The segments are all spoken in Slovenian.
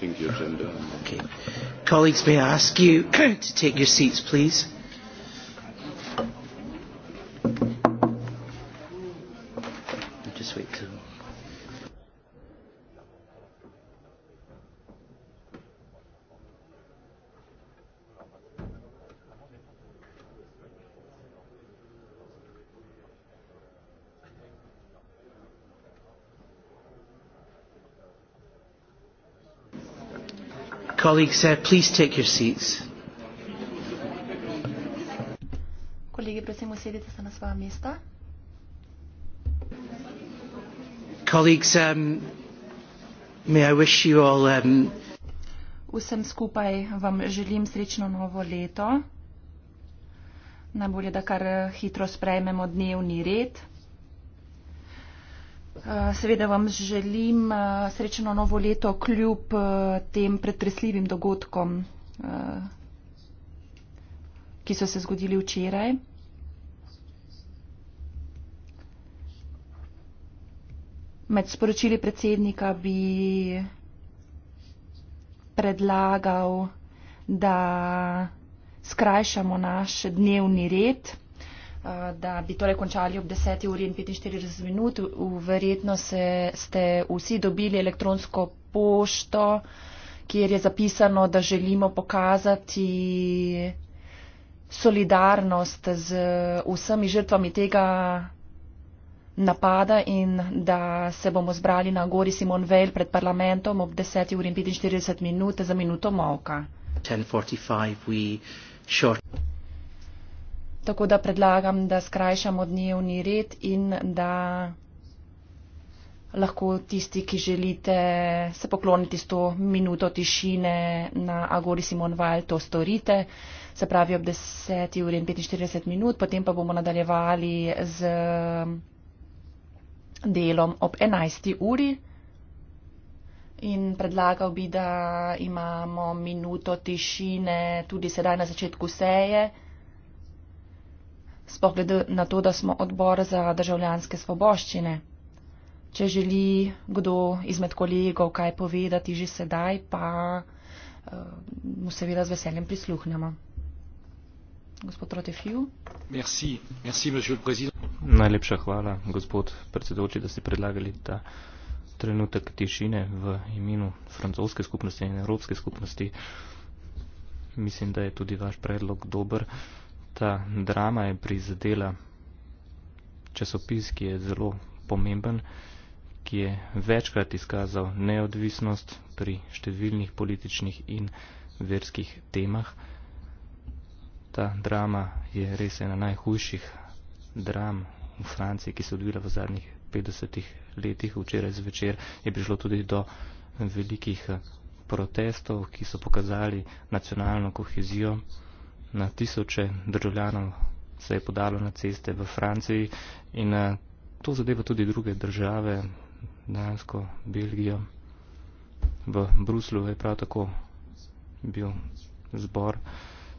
putting the agenda on. Okay. Colleagues, may I ask you to take your seats, please? colleagues, uh, please take your seats. colleagues, um, may I wish you all um, Vsem skupaj vam želim srečno novo leto. Najbolje, da kar hitro sprejmemo dnevni red. Seveda vam želim eh, srečno novo leto kljub eh, tem pretresljivim dogodkom, eh, ki so se zgodili včeraj. Med sporočili predsednika bi predlagal, da skrajšamo naš dnevni red. Eh, da bi torej končali ob 10. uri in 45 minut. Verjetno se, ste vsi dobili elektronsko pošto, kjer je zapisano, da želimo pokazati solidarnost z vsemi žrtvami tega napada in da se bomo zbrali na gori Simon Veil pred parlamentom ob 10. uri 45 minute za minuto molka. 10.45 we short. Tako da predlagam, da skrajšamo dnevni red in da lahko tisti, ki želite se pokloniti s to minuto tišine na Agori Simon Val, to storite. Se pravi ob 10. uri in 45 minut, potem pa bomo nadaljevali z delom ob 11. uri. In predlagal bi, da imamo minuto tišine tudi sedaj na začetku seje spogledu na to, da smo odbor za državljanske svoboščine. Če želi kdo izmed kolegov kaj povedati že sedaj, pa uh, mu seveda z veseljem prisluhnemo. Gospod Rotefiu. Merci, merci, monsieur le président. Najlepša hvala, gospod predsedoči, da ste predlagali ta trenutek tišine v imenu francoske skupnosti in evropske skupnosti. Mislim, da je tudi vaš predlog dober. Uh, ta drama je prizadela časopis, ki je zelo pomemben, ki je večkrat izkazal neodvisnost pri številnih političnih in verskih temah. Ta drama je res ena najhujših dram v Franciji, ki se odvila v zadnjih 50 letih. Včeraj zvečer je prišlo tudi do velikih protestov, ki so pokazali nacionalno kohezijo na tisoče državljanov se je podalo na ceste v Franciji in na eh, to zadeva tudi druge države, Dansko, Belgijo. V Bruslu je prav tako bil zbor.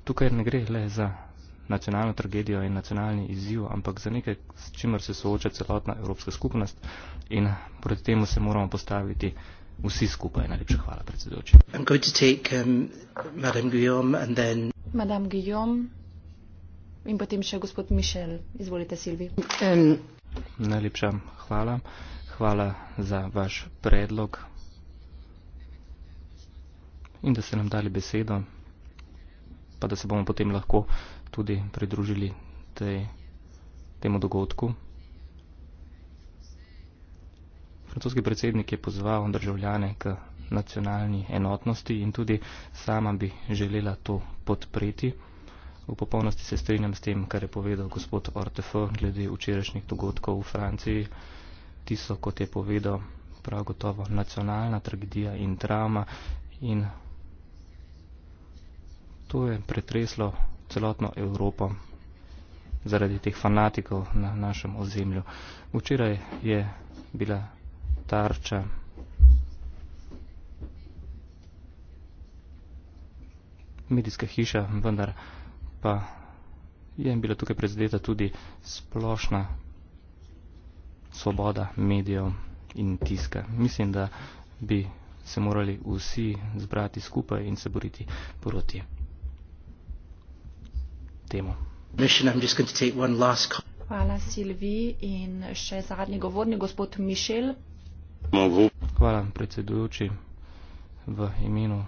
Tukaj ne gre le za nacionalno tragedijo in nacionalni izziv, ampak za nekaj, s čimer se sooča celotna evropska skupnost in proti temu se moramo postaviti vsi skupaj. Najlepša hvala, predsedujoči. Um, in potem še gospod Mišel, izvolite Silvi. Um. Najlepša hvala. Hvala za vaš predlog in da ste nam dali besedo, pa da se bomo potem lahko tudi pridružili tej, temu dogodku. Francoski predsednik je pozval državljane k nacionalni enotnosti in tudi sama bi želela to podpreti. V popolnosti se strinjam s tem, kar je povedal gospod RTF glede včerajšnjih dogodkov v Franciji. Ti so, kot je povedal, prav gotovo nacionalna tragedija in drama in to je pretreslo celotno Evropo zaradi teh fanatikov na našem ozemlju. Včeraj je bila tarča. Medijska hiša, vendar pa je bila tukaj prezdeta tudi splošna svoboda medijev in tiska. Mislim, da bi se morali vsi zbrati skupaj in se boriti proti temu. Hvala Silvi in še zadnji govornik, gospod Mišel. Hvala, predsedujoči. V imenu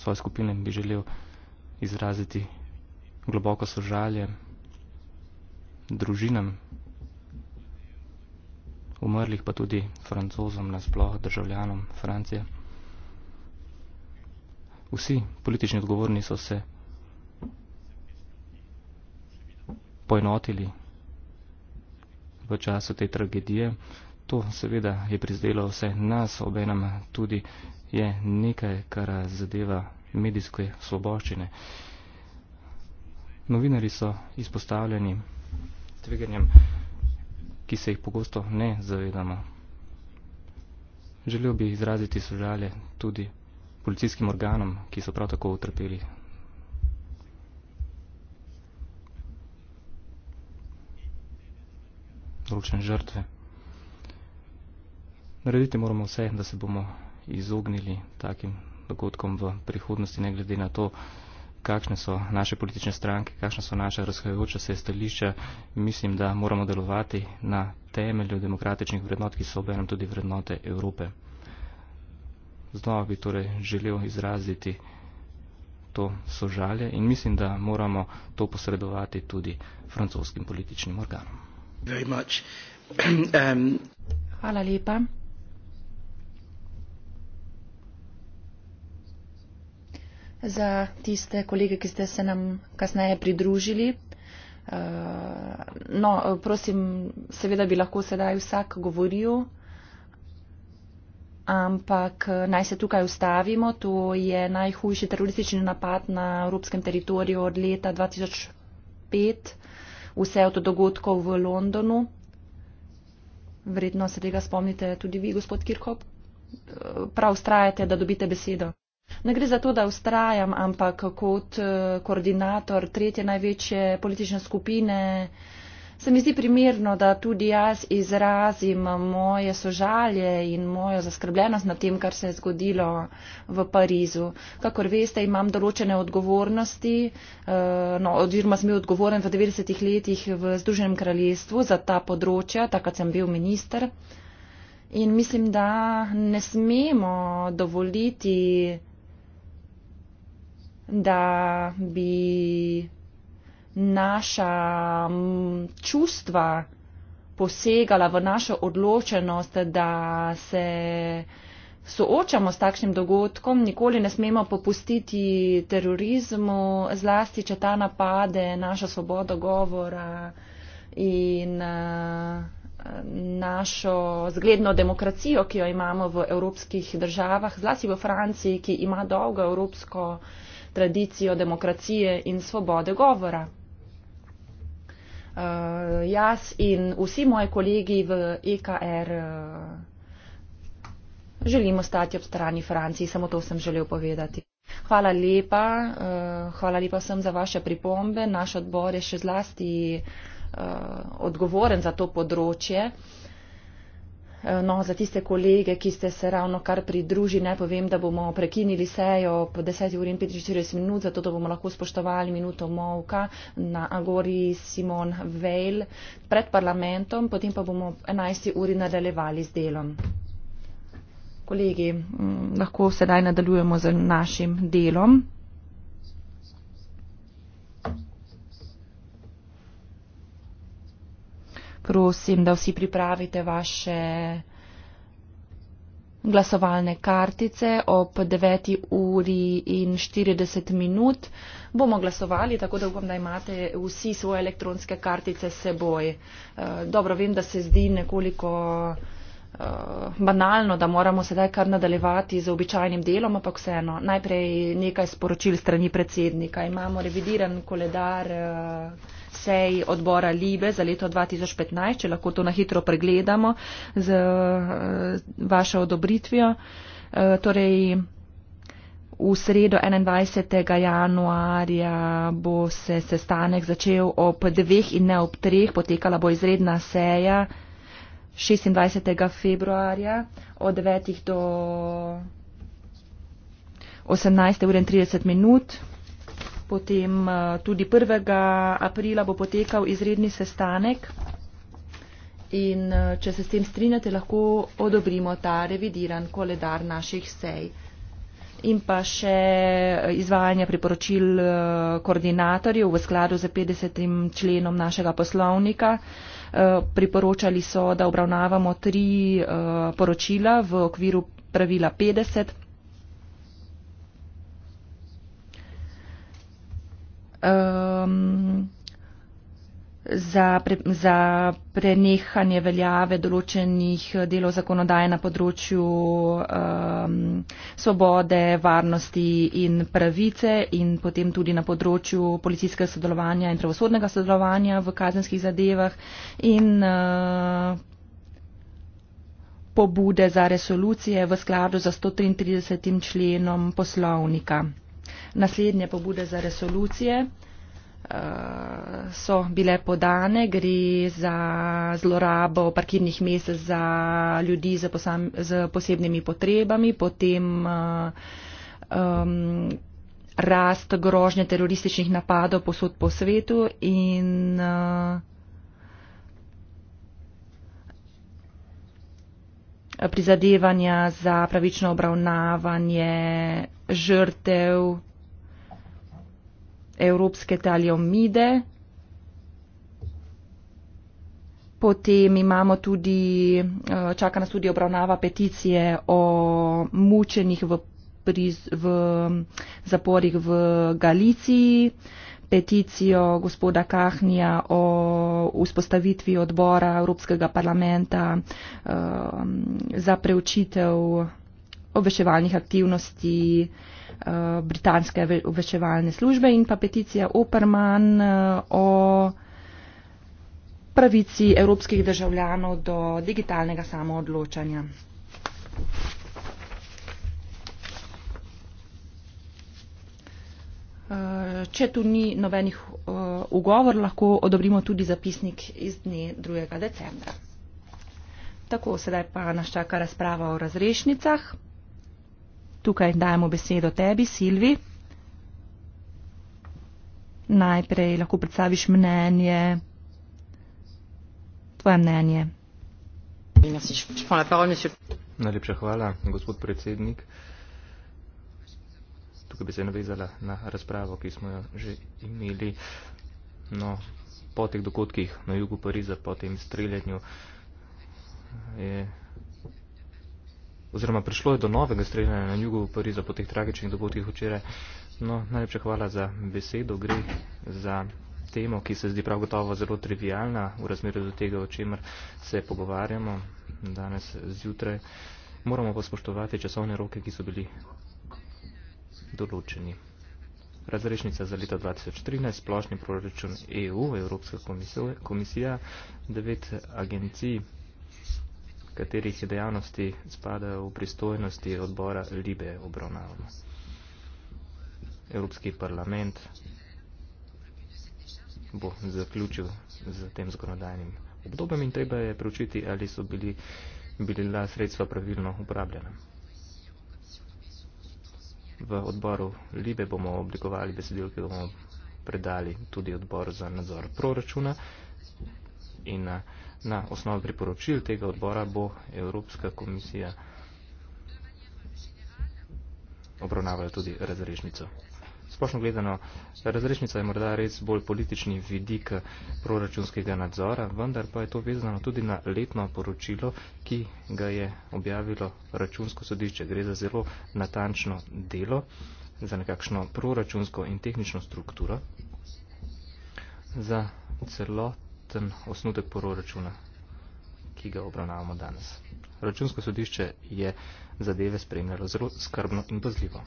svoje skupine bi želel izraziti globoko sožalje družinam umrlih, pa tudi francozom, nasploh državljanom Francije. Vsi politični odgovorni so se poenotili v času te tragedije. To seveda je prizdelo vse nas, obenem tudi je nekaj, kar zadeva medijske svoboščine. Novinari so izpostavljeni tveganjem, ki se jih pogosto ne zavedamo. Želel bi izraziti sožalje tudi policijskim organom, ki so prav tako utrpeli. Ručne žrtve. Narediti moramo vse, da se bomo izognili takim dogodkom v prihodnosti, ne glede na to, kakšne so naše politične stranke, kakšne so naše razhajajoče se stališča. Mislim, da moramo delovati na temelju demokratičnih vrednot, ki so obenem tudi vrednote Evrope. Znova bi torej želel izraziti to sožalje in mislim, da moramo to posredovati tudi francoskim političnim organom. Um, Hvala lepa. za tiste kolege, ki ste se nam kasneje pridružili. Eh, no, prosim, seveda bi lahko sedaj vsak govoril, ampak eh, naj se tukaj ustavimo. To je najhujši teroristični napad na evropskem teritoriju od leta 2005, vse od dogodkov v Londonu. Vredno se tega spomnite tudi vi, gospod Kirkop. Eh, prav ustrajate, da dobite besedo. Ne gre za to, da ustrajam, ampak kot eh, koordinator tretje največje politične skupine se mi zdi primerno, da tudi jaz izrazim moje sožalje in mojo zaskrbljenost nad tem, kar se je zgodilo v Parizu. Kakor veste, imam določene odgovornosti, eh, no, oziroma sem bil odgovoren v 90 letih v Združenem kraljestvu za ta področja, takrat sem bil minister. In mislim, da ne smemo dovoliti da bi naša mm, čustva posegala v našo odločenost, da se soočamo s takšnim dogodkom. Nikoli ne smemo popustiti terorizmu, zlasti, če ta napade našo svobodo govora in eh, našo zgledno demokracijo, ki jo imamo v evropskih državah, zlasti v Franciji, ki ima dolgo evropsko tradicijo demokracije in svobode govora. Uh, jaz in vsi moji kolegi v EKR uh, eh, želimo stati ob strani Franciji, samo to sem želel povedati. Hvala lepa, uh, hvala lepa vsem za vaše pripombe. Naš odbor je še zlasti uh, odgovoren za to področje. Uh, Eh, no, za tiste kolege, ki ste se ravno kar pridružili, ne povem, da bomo prekinili sejo po 10. uri in 45 minut, zato da bomo lahko spoštovali minuto molka na Agori Simon Veil pred parlamentom, potem pa bomo 11. uri nadaljevali z delom. Kolegi, mm, lahko sedaj nadaljujemo z našim delom. prosim, da vsi pripravite vaše glasovalne kartice ob 9. uri in 40 minut. Bomo glasovali, tako da upam, da imate vsi svoje elektronske kartice seboj. Eh, dobro, vem, da se zdi nekoliko eh, banalno, da moramo sedaj kar nadaljevati z običajnim delom, ampak vseeno. Najprej nekaj sporočil strani predsednika. Imamo revidiran koledar. Eh, seji odbora Libe za leto 2015, če lahko to na hitro pregledamo z eh, vašo odobritvijo. Eh, torej, V sredo 21. januarja bo se sestanek začel ob dveh in ne ob treh, potekala bo izredna seja 26. februarja od 9. do 18.30 minut potem eh, tudi 1. aprila bo potekal izredni sestanek in eh, če se s tem strinjate, lahko odobrimo ta revidiran koledar naših sej. In pa še eh, izvajanje priporočil koordinatorjev v skladu z 50. členom našega poslovnika. Priporočali so, da obravnavamo tri poročila v okviru pravila 50. um, za, pre, za prenehanje veljave določenih delov zakonodaje na področju um, svobode, varnosti in pravice in potem tudi na področju policijskega sodelovanja in pravosodnega sodelovanja v kazenskih zadevah in uh, pobude za resolucije v skladu za 133. členom poslovnika naslednje pobude za resolucije eh, so bile podane, gre za zlorabo parkirnih mest za ljudi z, posam, z posebnimi potrebami, potem um, rast grožnje terorističnih napadov posod po svetu in uh, prizadevanja za pravično obravnavanje žrtev evropske taliomide. Potem imamo tudi, eh, čaka nas tudi obravnava peticije o mučenih v, priz, v zaporih v Galiciji, peticijo gospoda Kahnija o vzpostavitvi odbora Evropskega parlamenta eh, za preučitev obveševalnih aktivnosti Eh, britanske obveščevalne službe in pa peticija Operman eh, o pravici evropskih državljanov do digitalnega samoodločanja. Eh, če tu ni nobenih ugovor, lahko odobrimo tudi zapisnik iz dne 2. decembra. Tako, sedaj pa nas čaka razprava o razrešnicah tukaj dajemo besedo tebi, Silvi. Najprej lahko predstaviš mnenje, tvoje mnenje. Najlepša hvala, gospod predsednik. Tukaj bi se navezala na razpravo, ki smo jo že imeli. No, po teh dogodkih na jugu Pariza, po tem streljanju, je oziroma prišlo je do novega streljanja na jugu Pariza po teh tragičnih dogodkih včeraj. No, najlepša hvala za besedo, gre za temo, ki se zdi prav gotovo zelo trivialna v razmeru do tega, o čemer se pogovarjamo danes zjutraj. Moramo pa spoštovati časovne roke, ki so bili določeni. Razrešnica za leto 2013, splošni proračun EU, Evropska komisija, devet agencij katerih dejavnosti spadajo v pristojnosti odbora Libe obravnavamo. Evropski parlament bo zaključil z tem zakonodajnim obdobjem in treba je preučiti, ali so bili, bila sredstva pravilno uporabljena. V odboru Libe bomo oblikovali besedil, ki bomo predali tudi odbor za nadzor proračuna in na Na osnovi priporočil tega odbora bo Evropska komisija obravnavala tudi razrešnico. Splošno gledano, razrešnica je morda res bolj politični vidik proračunskega nadzora, vendar pa je to vezano tudi na letno poročilo, ki ga je objavilo računsko sodišče. Gre za zelo natančno delo, za nekakšno proračunsko in tehnično strukturo, za celot ten osnutek proračuna, ki ga obravnavamo danes. Računsko sodišče je zadeve spremljalo zelo skrbno in pazljivo.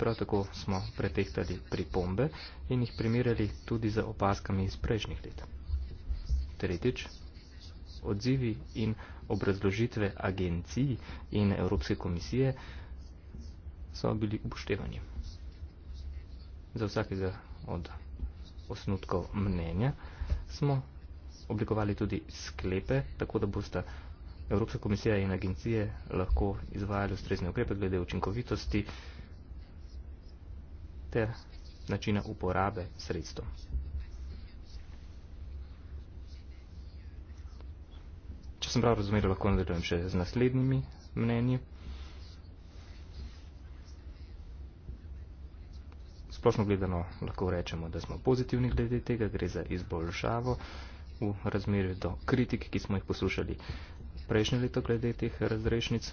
Prav tako smo pretehtali pripombe in jih primerjali tudi z opaskami iz prejšnjih let. Tretjič, odzivi in obrazložitve agencij in Evropske komisije so bili upoštevani. Za vsakega od osnutkov mnenja, smo oblikovali tudi sklepe, tako da boste Evropska komisija in agencije lahko izvajali ustrezne ukrepe glede učinkovitosti ter načina uporabe sredstv. Če sem prav razumel, lahko nadaljujem še z naslednjimi mnenji. Splošno gledano lahko rečemo, da smo pozitivni glede tega, gre za izboljšavo v razmerju do kritik, ki smo jih poslušali prejšnje leto glede teh razrešnic.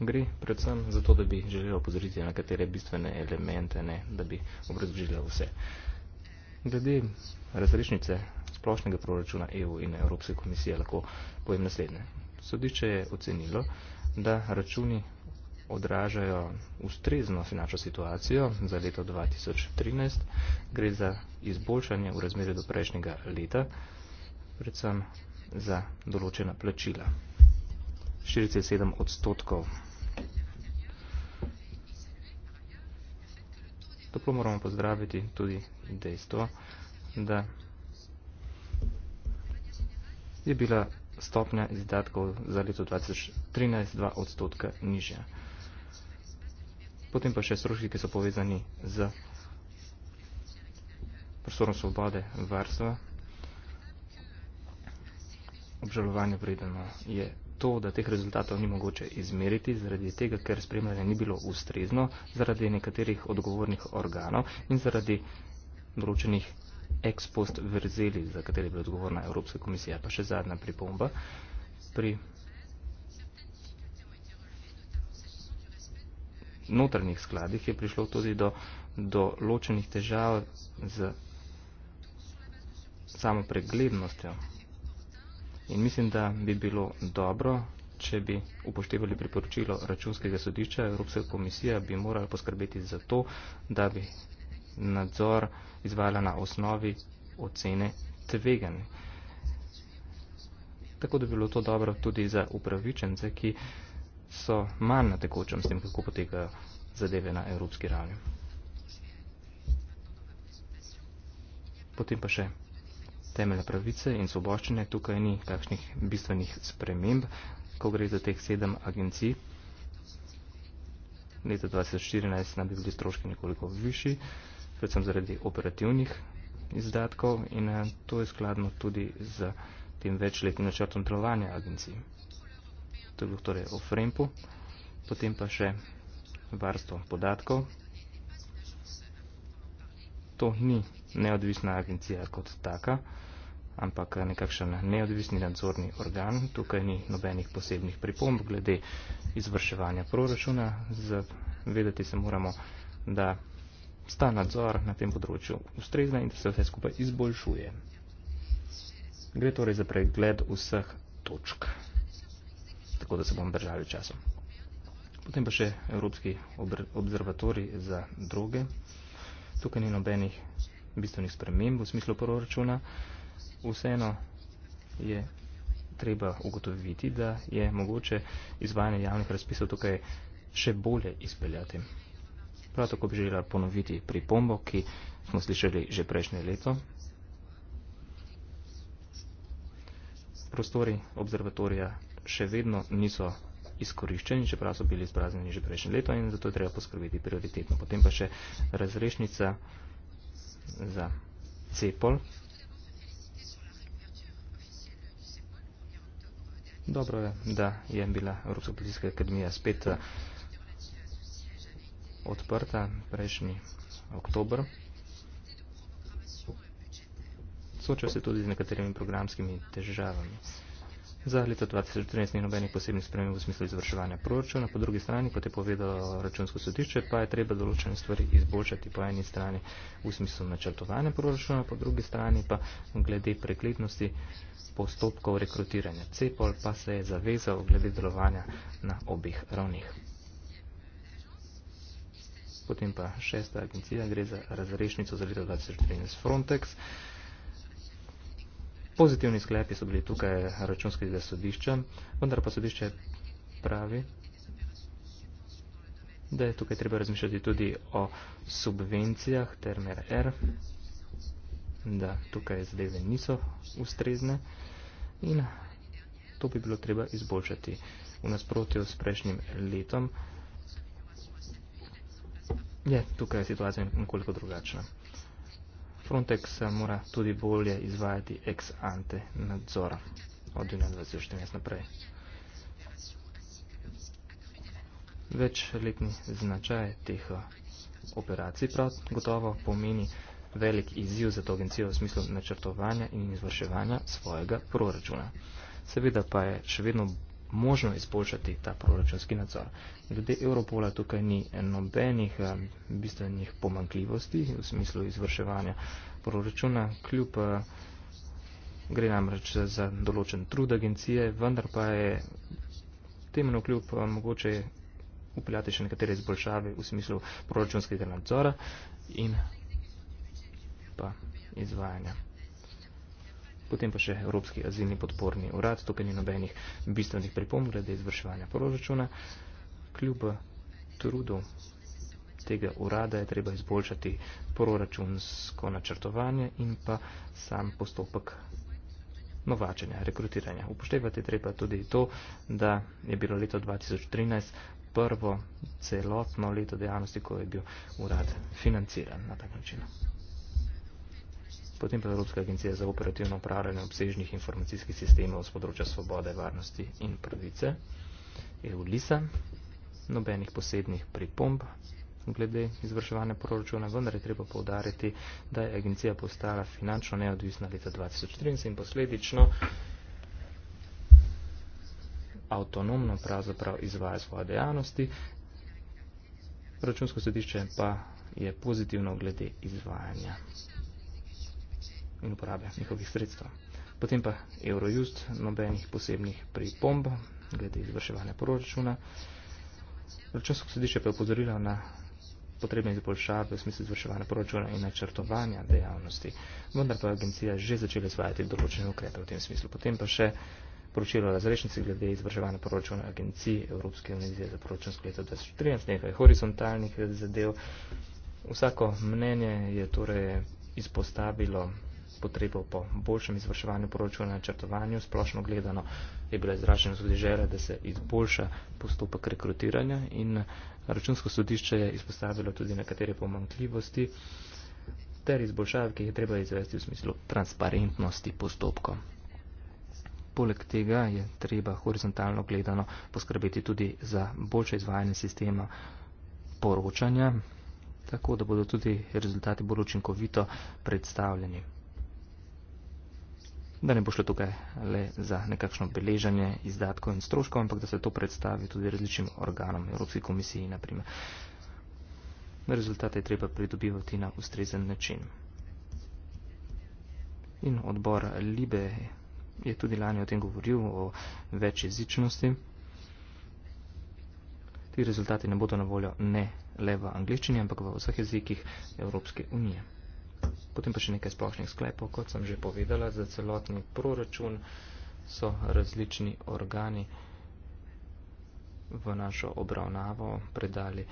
Gre predvsem za to, da bi želela opozoriti na katere bistvene elemente, ne, da bi obrazložila vse. Glede razrešnice splošnega proračuna EU in Evropske komisije lahko povem naslednje. Sodišče je ocenilo, da računi odražajo ustrezno finančno situacijo za leto 2013. Gre za izboljšanje v razmerju do prejšnjega leta, predvsem za določena plačila. 4,7 odstotkov. Toplo moramo pozdraviti tudi dejstvo, da je bila stopnja izdatkov za leto 2013 2 odstotka nižja potem pa še stroški, ki so povezani z prostorom svobode, varstva. Obžalovanje vredno je to, da teh rezultatov ni mogoče izmeriti, zaradi tega, ker spremljanje ni bilo ustrezno, zaradi nekaterih odgovornih organov in zaradi določenih ex post verzeli, za katere bi odgovorna Evropska komisija. Pa še zadnja pripomba pri notranjih skladih je prišlo tudi do, do ločenih težav z samo preglednostjo. In mislim, da bi bilo dobro, če bi upoštevali priporočilo računskega sodišča, Evropska komisija bi morala poskrbeti za to, da bi nadzor izvajala na osnovi ocene tveganja. Tako da bi bilo to dobro tudi za upravičence, ki so manj na tekočem s tem, kako potekajo zadeve na evropski ravni. Potem pa še temeljne pravice in svoboščine. Tukaj ni kakšnih bistvenih sprememb, ko gre za teh sedem agencij. Leta 2014 naj bi bili stroški nekoliko višji, predvsem zaradi operativnih izdatkov in eh, to je skladno tudi z tem večletnim načrtom delovanja agencij to je bil torej o frempu, potem pa še varstvo podatkov. To ni neodvisna agencija kot taka, ampak nekakšen neodvisni nadzorni organ. Tukaj ni nobenih posebnih pripomb glede izvrševanja proračuna. Zavedati se moramo, da sta nadzor na tem področju ustrezna in da se vse skupaj izboljšuje. Gre torej za pregled vseh točk tako da se bomo držali časom. Potem pa še Evropski observatori za droge. Tukaj ni nobenih bistvenih sprememb v smislu proračuna. Vseeno je treba ugotoviti, da je mogoče izvajanje javnih razpisov tukaj še bolje izpeljati. Prav tako bi želela ponoviti pripombo, ki smo slišali že prejšnje leto. Prostori observatorija še vedno niso izkoriščeni, čeprav so bili izprazneni že prejšnje leto in zato je treba poskrbeti prioritetno. Potem pa še razrešnica za cepol. Dobro je, da je bila Evropska politijska akademija spet eh, odprta prejšnji oktober. Soča se tudi z nekaterimi programskimi težavami. Za leto 2014 ni nobenih posebnih sprememb v smislu izvrševanja proračuna, po drugi strani, kot je povedalo računsko sodišče, pa je treba določene stvari izboljšati po eni strani v smislu načrtovanja proračuna, po drugi strani pa glede preglednosti postopkov rekrutiranja. Cepol pa se je zavezal glede delovanja na obih ravnih. Potem pa šesta agencija gre za razrešnico za leto 2014 Frontex. Pozitivni sklepi so bili tukaj računskega sodišča, vendar pa sodišče pravi, da je tukaj treba razmišljati tudi o subvencijah termera R, da tukaj zadeve niso ustrezne in to bi bilo treba izboljšati. V nasprotju s prejšnjim letom je tukaj situacija nekoliko drugačna. Frontex mora tudi bolje izvajati ex ante nadzora od 2014 naprej. Več letni značaj teh operacij prav gotovo pomeni velik izziv za to agencijo v smislu načrtovanja in izvrševanja svojega proračuna. Seveda pa je še vedno možno izboljšati ta proračunski nadzor. Glede Europola tukaj ni nobenih eh, bistvenih pomankljivosti v smislu izvrševanja proračuna, kljub eh, gre namreč za določen trud agencije, vendar pa je temeno kljub eh, mogoče upeljati še nekatere izboljšave v smislu proračunskega nadzora in pa izvajanja potem pa še Evropski azilni podporni urad, to pa ni nobenih bistvenih pripomb glede izvrševanja proračuna. Kljub trudu tega urada je treba izboljšati proračunsko načrtovanje in pa sam postopek novačenja, rekrutiranja. Upoštevati treba tudi to, da je bilo leto 2013 prvo celotno leto dejavnosti, ko je bil urad financiran na tak način potem pa Evropska agencija za operativno upravljanje obsežnih informacijskih sistemov z področja svobode, varnosti in pravice, EU-LISA, nobenih posebnih pripomb glede izvrševanja proračuna, vendar je treba povdariti, da je agencija postala finančno neodvisna leta 2014 in posledično avtonomno pravzaprav izvaja svoje dejavnosti, računsko sodišče pa je pozitivno glede izvajanja in uporabe njihovih sredstev. Potem pa Eurojust, nobenih posebnih pripomb glede izvrševanja proračuna. Računsko sodišče pa je upozorilo na potrebne izboljšave v smislu izvrševanja proračuna in načrtovanja dejavnosti, vendar pa je agencija že začela izvajati določene ukrepe v tem smislu. Potem pa še poročilo razrešnice glede izvrševanja proračuna agencije Evropske unije za proračunsko leto 2013, nekaj horizontalnih zadev. Vsako mnenje je torej izpostavilo potrebo po boljšem izvrševanju proračuna in črtovanju, splošno gledano je bila izražena tudi želja, da se izboljša postopek rekrutiranja in računsko sodišče je izpostavilo tudi nekatere pomankljivosti ter izboljšave, ki jih je treba izvesti v smislu transparentnosti postopkov. Poleg tega je treba horizontalno gledano poskrbeti tudi za boljše izvajanje sistema poročanja, tako da bodo tudi rezultati bolj učinkovito predstavljeni da ne bo šlo tukaj le za nekakšno beležanje izdatkov in stroškov, ampak da se to predstavi tudi različnim organom Evropske komisije, naprimer. Rezultate je treba pridobivati na ustrezen način. In odbor Libe je tudi lani o tem govoril, o večjezičnosti. Ti rezultati ne bodo na voljo ne le v angliščini, ampak v vseh jezikih Evropske unije. Potem pa še nekaj splošnih sklepov, kot sem že povedala, za celotni proračun so različni organi v našo obravnavo predali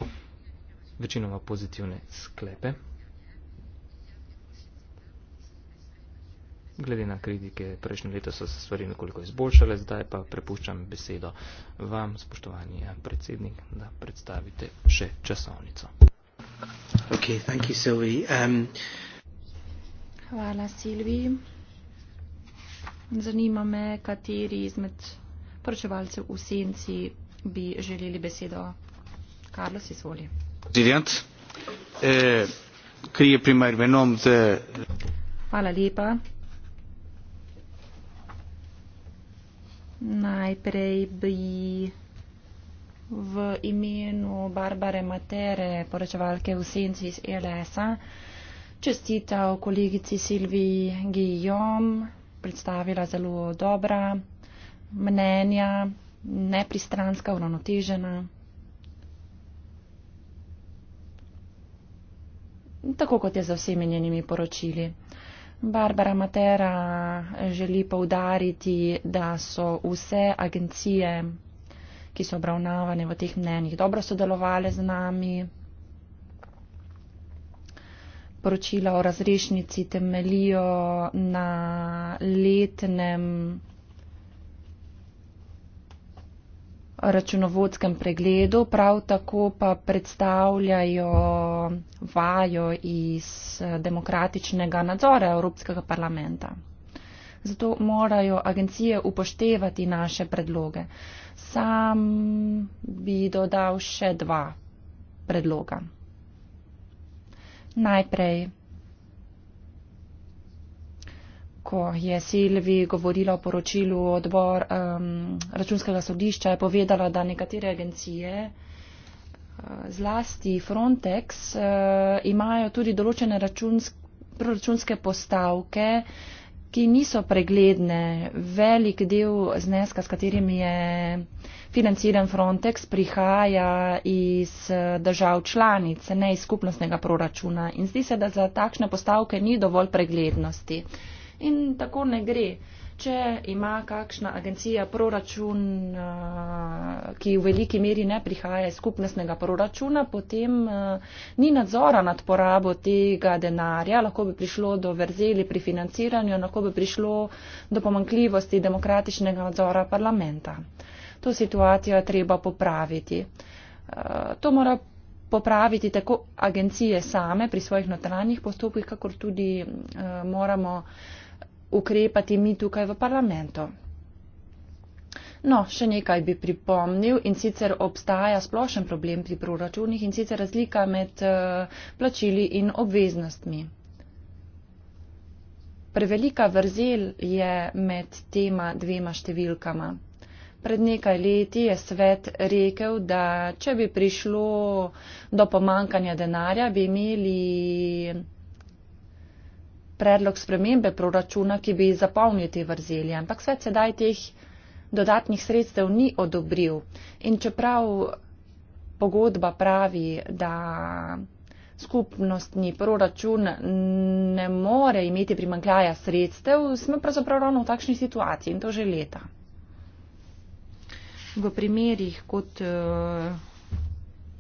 večinoma pozitivne sklepe. Glede na kritike prejšnje leto so se stvari nekoliko izboljšale, zdaj pa prepuščam besedo vam, spoštovani predsednik, da predstavite še časovnico. Okay, thank you, Hvala, Silvi. Zanima me, kateri izmed poročevalcev v senci bi želeli besedo. Carlos, izvoli. Prezident, eh, kri je primer venom z... Hvala lepa. Najprej bi v imenu Barbare Matere, poročevalke v senci iz LS-a, čestital kolegici Silviji Gijom, predstavila zelo dobra mnenja, nepristranska, uravnotežena. Tako kot je za vsemi njenimi poročili. Barbara Matera želi povdariti, da so vse agencije, ki so obravnavane v teh mnenjih, dobro sodelovali z nami poročila o razrešnici temelijo na letnem računovodskem pregledu, prav tako pa predstavljajo vajo iz eh, demokratičnega nadzora Evropskega parlamenta. Zato morajo agencije upoštevati naše predloge. Sam bi dodal še dva predloga. Najprej, ko je Silvi govorila o poročilu odbor um, računskega sodišča, je povedala, da nekatere agencije, eh, zlasti Frontex, uh, imajo tudi določene računske proračunske postavke, ki niso pregledne. Velik del zneska, s katerim je financiran Frontex, prihaja iz eh, držav članice, ne iz skupnostnega proračuna. In zdi se, da za takšne postavke ni dovolj preglednosti. In tako ne gre. Uh, če ima kakšna agencija proračun, eh, ki v veliki meri ne prihaja iz skupnostnega proračuna, potem eh, ni nadzora nad porabo tega denarja, lahko bi prišlo do verzeli pri financiranju, lahko bi prišlo do pomankljivosti demokratičnega nadzora parlamenta. To situacijo je treba popraviti. Eh, to mora popraviti tako agencije same pri svojih notranjih postopkih, kakor tudi moramo ukrepati mi tukaj v parlamentu. No, še nekaj bi pripomnil in sicer obstaja splošen problem pri proračunih in sicer razlika med eh, plačili in obveznostmi. Prevelika vrzel je med tema dvema številkama. Pred nekaj leti je svet rekel, da če bi prišlo do pomankanja denarja, bi imeli predlog spremembe proračuna, ki bi zapolnil te vrzelje, ampak svet sedaj teh dodatnih sredstev ni odobril. In čeprav pogodba pravi, da skupnostni proračun ne more imeti primankljaja sredstev, smo pravzaprav ravno v takšni situaciji in to že leta. V primerjih, kot eh,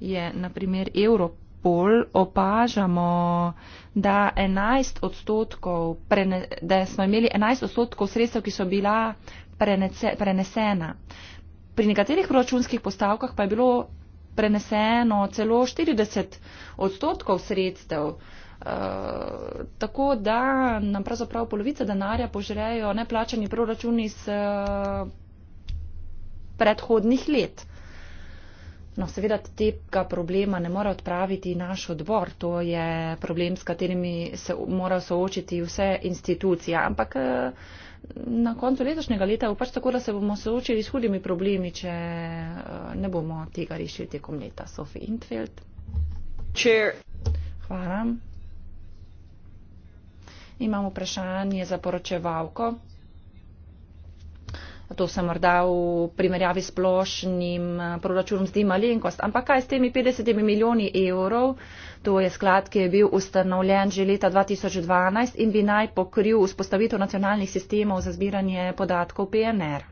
je na primer Evropa, spol opažamo, da, 11 prene, da smo imeli 11 odstotkov sredstev, ki so bila prenece, prenesena. Pri nekaterih proračunskih postavkah pa je bilo preneseno celo 40 odstotkov sredstev. Uh, tako da nam pravzaprav polovica denarja požrejo neplačani proračuni iz uh, eh, predhodnih let. Uh, No, seveda tega problema ne more odpraviti naš odbor, to je problem, s katerimi se morajo soočiti vse institucije, ampak eh, na koncu letošnjega leta bo pač tako, da se bomo soočili s hudimi problemi, če eh, ne bomo tega rešili tekom leta. Sophie Intfeld. Chair. Hvala. Imamo vprašanje za poročevalko. To se morda v primerjavi s splošnim eh, proračunom zdi malenkost, ampak kaj s temi 50 milijoni evrov? To je sklad, ki je bil ustanovljen že leta 2012 in bi naj pokril vzpostavitev nacionalnih sistemov za zbiranje podatkov PNR. Um,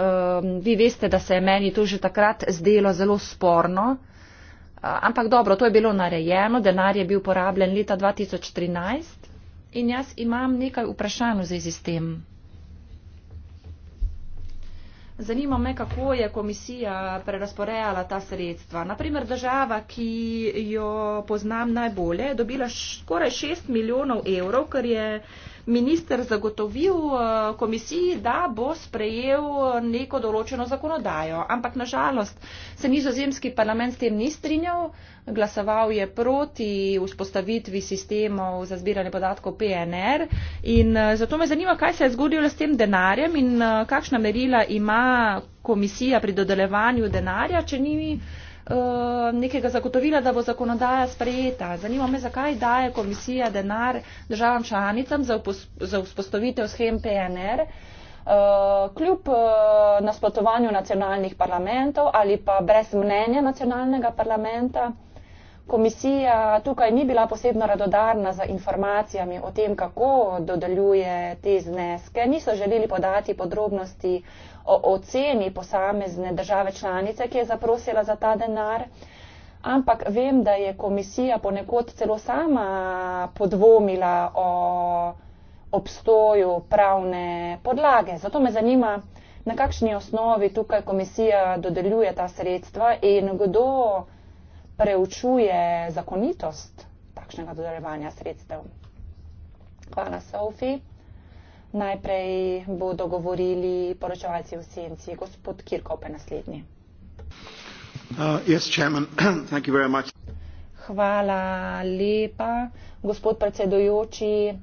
ehm, vi veste, da se je meni to že takrat zdelo zelo sporno, eh, ampak dobro, to je bilo narejeno, denar je bil porabljen leta 2013 in jaz imam nekaj vprašanj v zvezi s tem. Zanima me, kako je komisija prerasporejala ta sredstva. Naprimer, država, ki jo poznam najbolje, je dobila skoraj 6 milijonov evrov, kar je uh, minister zagotovil eh, komisiji, da bo sprejel neko določeno zakonodajo. Ampak nažalost se nizozemski parlament s tem ni strinjal, glasoval je proti vzpostavitvi sistemov za zbiranje podatkov PNR in eh, zato me zanima, kaj se je zgodilo s tem denarjem in eh, kakšna merila ima komisija pri dodelevanju denarja, če ni. Eh, nekega zagotovila, da bo zakonodaja sprejeta. Zanima me, zakaj daje komisija denar državam članicam za, za vzpostavitev schem PNR. Uh, eh, kljub uh, nasprotovanju nacionalnih parlamentov ali pa brez mnenja nacionalnega parlamenta, komisija tukaj ni bila posebno radodarna z informacijami o tem, kako dodeljuje te zneske, niso želeli podati podrobnosti o oceni posamezne države članice, ki je zaprosila za ta denar, ampak vem, da je komisija ponekod celo sama podvomila o obstoju pravne podlage. Zato me zanima, na kakšni osnovi tukaj komisija dodeljuje ta sredstva in kdo preučuje zakonitost takšnega dodeljevanja sredstev. Hvala, Sophie. Najprej bodo govorili poročevalci v senci. Gospod Kirkope naslednji. Uh, yes, Hvala lepa, gospod predsedujoči.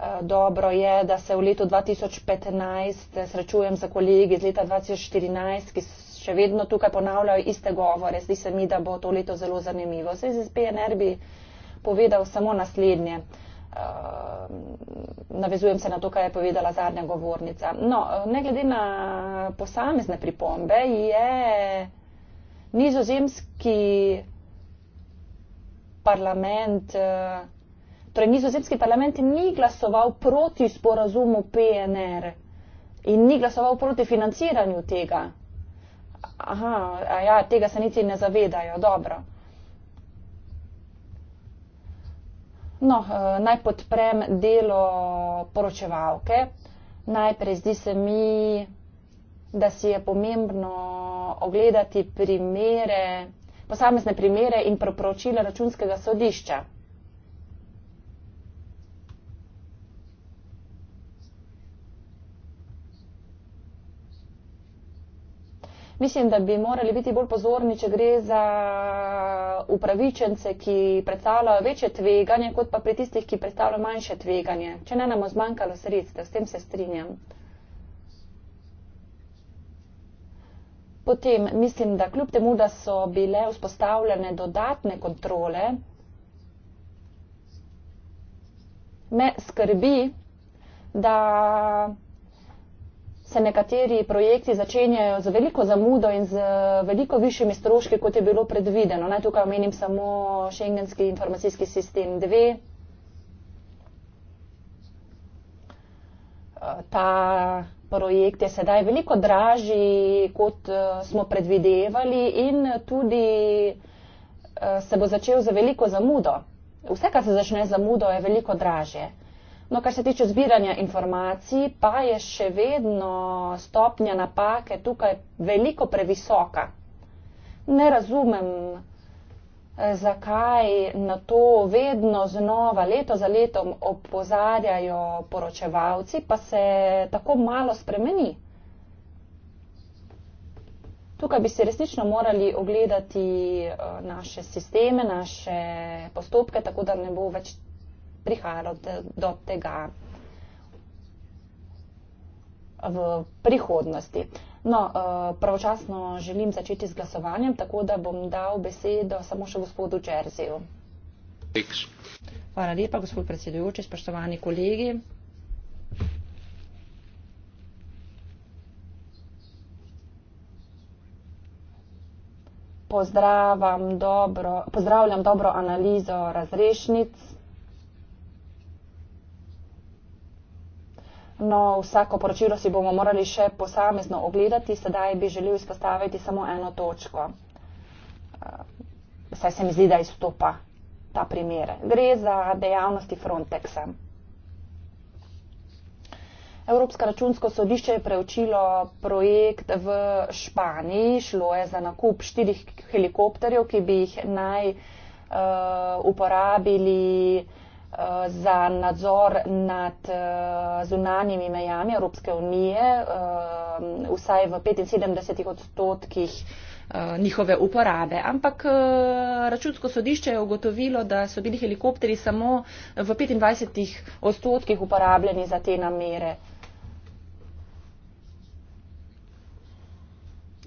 Uh, dobro je, da se v letu 2015 srečujem za kolegi iz leta 2014, ki še vedno tukaj ponavljajo iste govore. Zdi se mi, da bo to leto zelo zanimivo. Zdaj z PNR bi povedal samo naslednje. Uh, Ehm, navezujem se na to, kaj je povedala zadnja govornica. No, ne glede na posamezne pripombe, je nizozemski parlament, eh, torej nizozemski parlament ni glasoval proti sporazumu PNR in ni glasoval proti financiranju tega. Aha, ja, tega se niti ne zavedajo, dobro. no, eh, naj podprem delo poročevalke. Najprej zdi se mi, da si je pomembno ogledati primere, posamezne primere in proporočila računskega sodišča. Mislim, da bi morali biti bolj pozorni, če gre za upravičence, ki predstavljajo večje tveganje, kot pa pri tistih, ki predstavljajo manjše tveganje. Če ne nam ozmanjkalo sredstev, s tem se strinjam. Potem mislim, da kljub temu, da so bile vzpostavljene dodatne kontrole, me skrbi, da se nekateri projekti začenjajo z veliko zamudo in z eh, veliko višjimi stroški, kot je bilo predvideno. Naj tukaj omenim samo šengenski informacijski sistem 2. Eh, ta projekt je sedaj veliko dražji, kot eh, smo predvidevali in tudi se bo začel z veliko zamudo. Vse, kar se začne z zamudo, je veliko dražje. No, kar se tiče zbiranja informacij, pa je še vedno stopnja napake tukaj veliko previsoka. Ne razumem, eh, zakaj na to vedno znova, leto za letom, opozarjajo poročevalci, pa se tako malo spremeni. Tukaj bi si resnično morali ogledati eh, naše sisteme, naše postopke, tako da ne bo več prihajalo do tega v prihodnosti. No, eh, pravočasno želim začeti z glasovanjem, tako da bom dal besedo samo še gospodu Džerzeju. Hvala lepa, gospod predsedujoči, spoštovani kolegi. Pozdravam dobro, pozdravljam dobro analizo razrešnic. No, vsako poročilo si bomo morali še posamezno ogledati, sedaj bi želel izpostaviti samo eno točko. Eh, saj se mi zdi, da izstopa ta primer. Gre za dejavnosti Frontexa. Evropsko računsko sodišče je preučilo projekt v Španiji, šlo je za nakup štirih helikopterjev, ki bi jih naj uh, uporabili. Eh, za nadzor nad eh, zunanjimi mejami Evropske unije, eh, vsaj v 75 odstotkih njihove uporabe. Ampak računsko sodišče je ugotovilo, da so bili helikopteri samo v 25 odstotkih uporabljeni za te namere.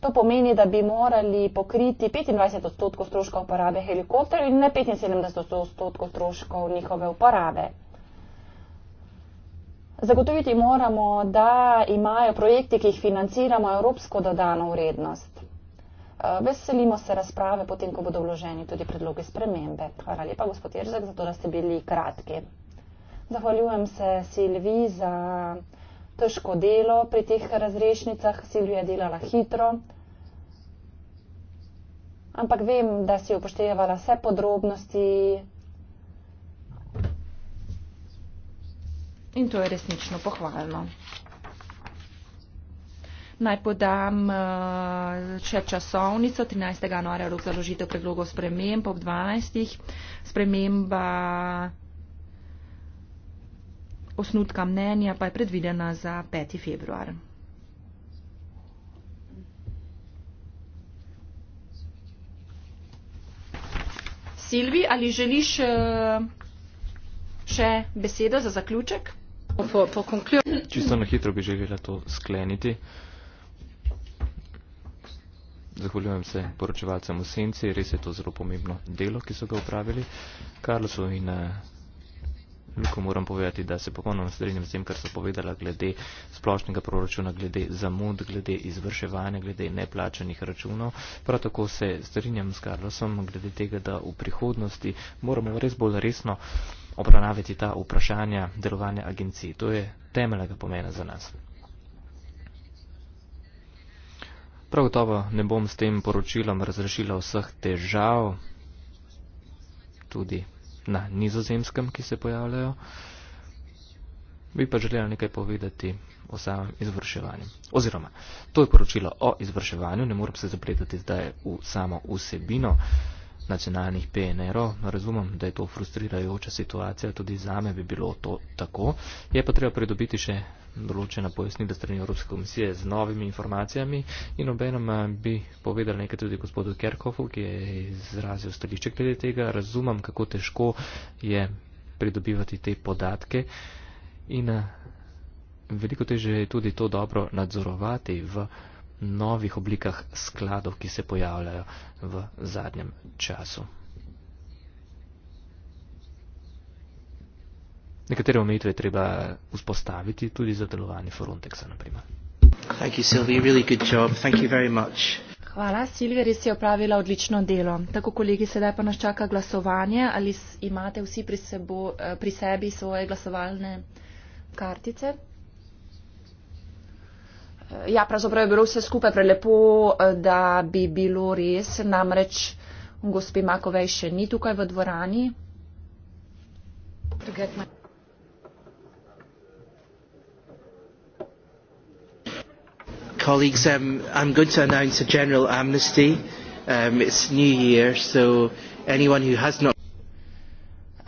To pomeni, da bi morali pokriti 25 odstotkov stroškov uporabe helikopterjev in ne 75 odstotkov stroškov njihove uporabe. Zagotoviti moramo, da imajo projekti, ki jih financiramo, evropsko dodano vrednost. Eh, veselimo se razprave potem, ko bodo vloženi tudi predlogi spremembe. Hvala lepa, gospod Jerzak, za to, da ste bili kratki. Zahvaljujem se Silvi za težko delo pri teh razrešnicah, Silvija je delala hitro. Ampak vem, da si upoštevala vse podrobnosti. In to je resnično pohvalno. Naj podam eh, še časovnico. 13. januarja rok založitev predlogov sprememb ob 12. Sprememba Osnutka mnenja pa je predvidena za 5. februar. Silvi, ali želiš eh, še besedo za zaključek? Po, po Čisto na hitro bi želela to skleniti. Zahvaljujem se poročevalcem v Senci, res je to zelo pomembno delo, ki so ga upravili. Karlsov in eh, Luko moram povedati, da se popolnoma strinjam s tem, kar so povedala glede splošnega proračuna, glede zamud, glede izvrševanja, glede neplačanih računov. Prav tako se strinjam s Karlosom glede tega, da v prihodnosti moramo res bolj resno obravnaviti ta vprašanja delovanja agencij. To je temeljega pomena za nas. Prav gotovo ne bom s tem poročilom razrešila vseh težav, tudi na nizozemskem, ki se pojavljajo, bi pa želela nekaj povedati o samem izvrševanju. Oziroma, to je poročilo o izvrševanju, ne moram se zapletati zdaj v samo vsebino nacionalnih PNR-ov. Razumem, da je to frustrirajoča situacija, tudi zame bi bilo to tako. Je pa treba pridobiti še določena pojasnila strani Evropske komisije z novimi informacijami in obenem eh, bi povedal nekaj tudi gospodu Kerkofu, ki je izrazil stališče glede tega. Razumem, kako težko je pridobivati te podatke in eh, veliko teže je tudi to dobro nadzorovati v novih oblikah skladov, ki se pojavljajo v zadnjem času. Nekatere omejitve je treba vzpostaviti tudi za delovanje Frontexa, naprimer. Thank you, Sylvie, really good job. Thank you very much. Hvala, Silvija, res je opravila odlično delo. Tako kolegi, sedaj pa nas čaka glasovanje. Ali imate vsi pri, sebo, eh, pri sebi svoje glasovalne kartice? Ja, pravzaprav je bilo vse skupaj prelepo, eh, da bi bilo res, namreč gospe Makovej še ni tukaj v dvorani. Colleagues, um, I'm going to announce a general amnesty. Um, it's New Year, so anyone who has not.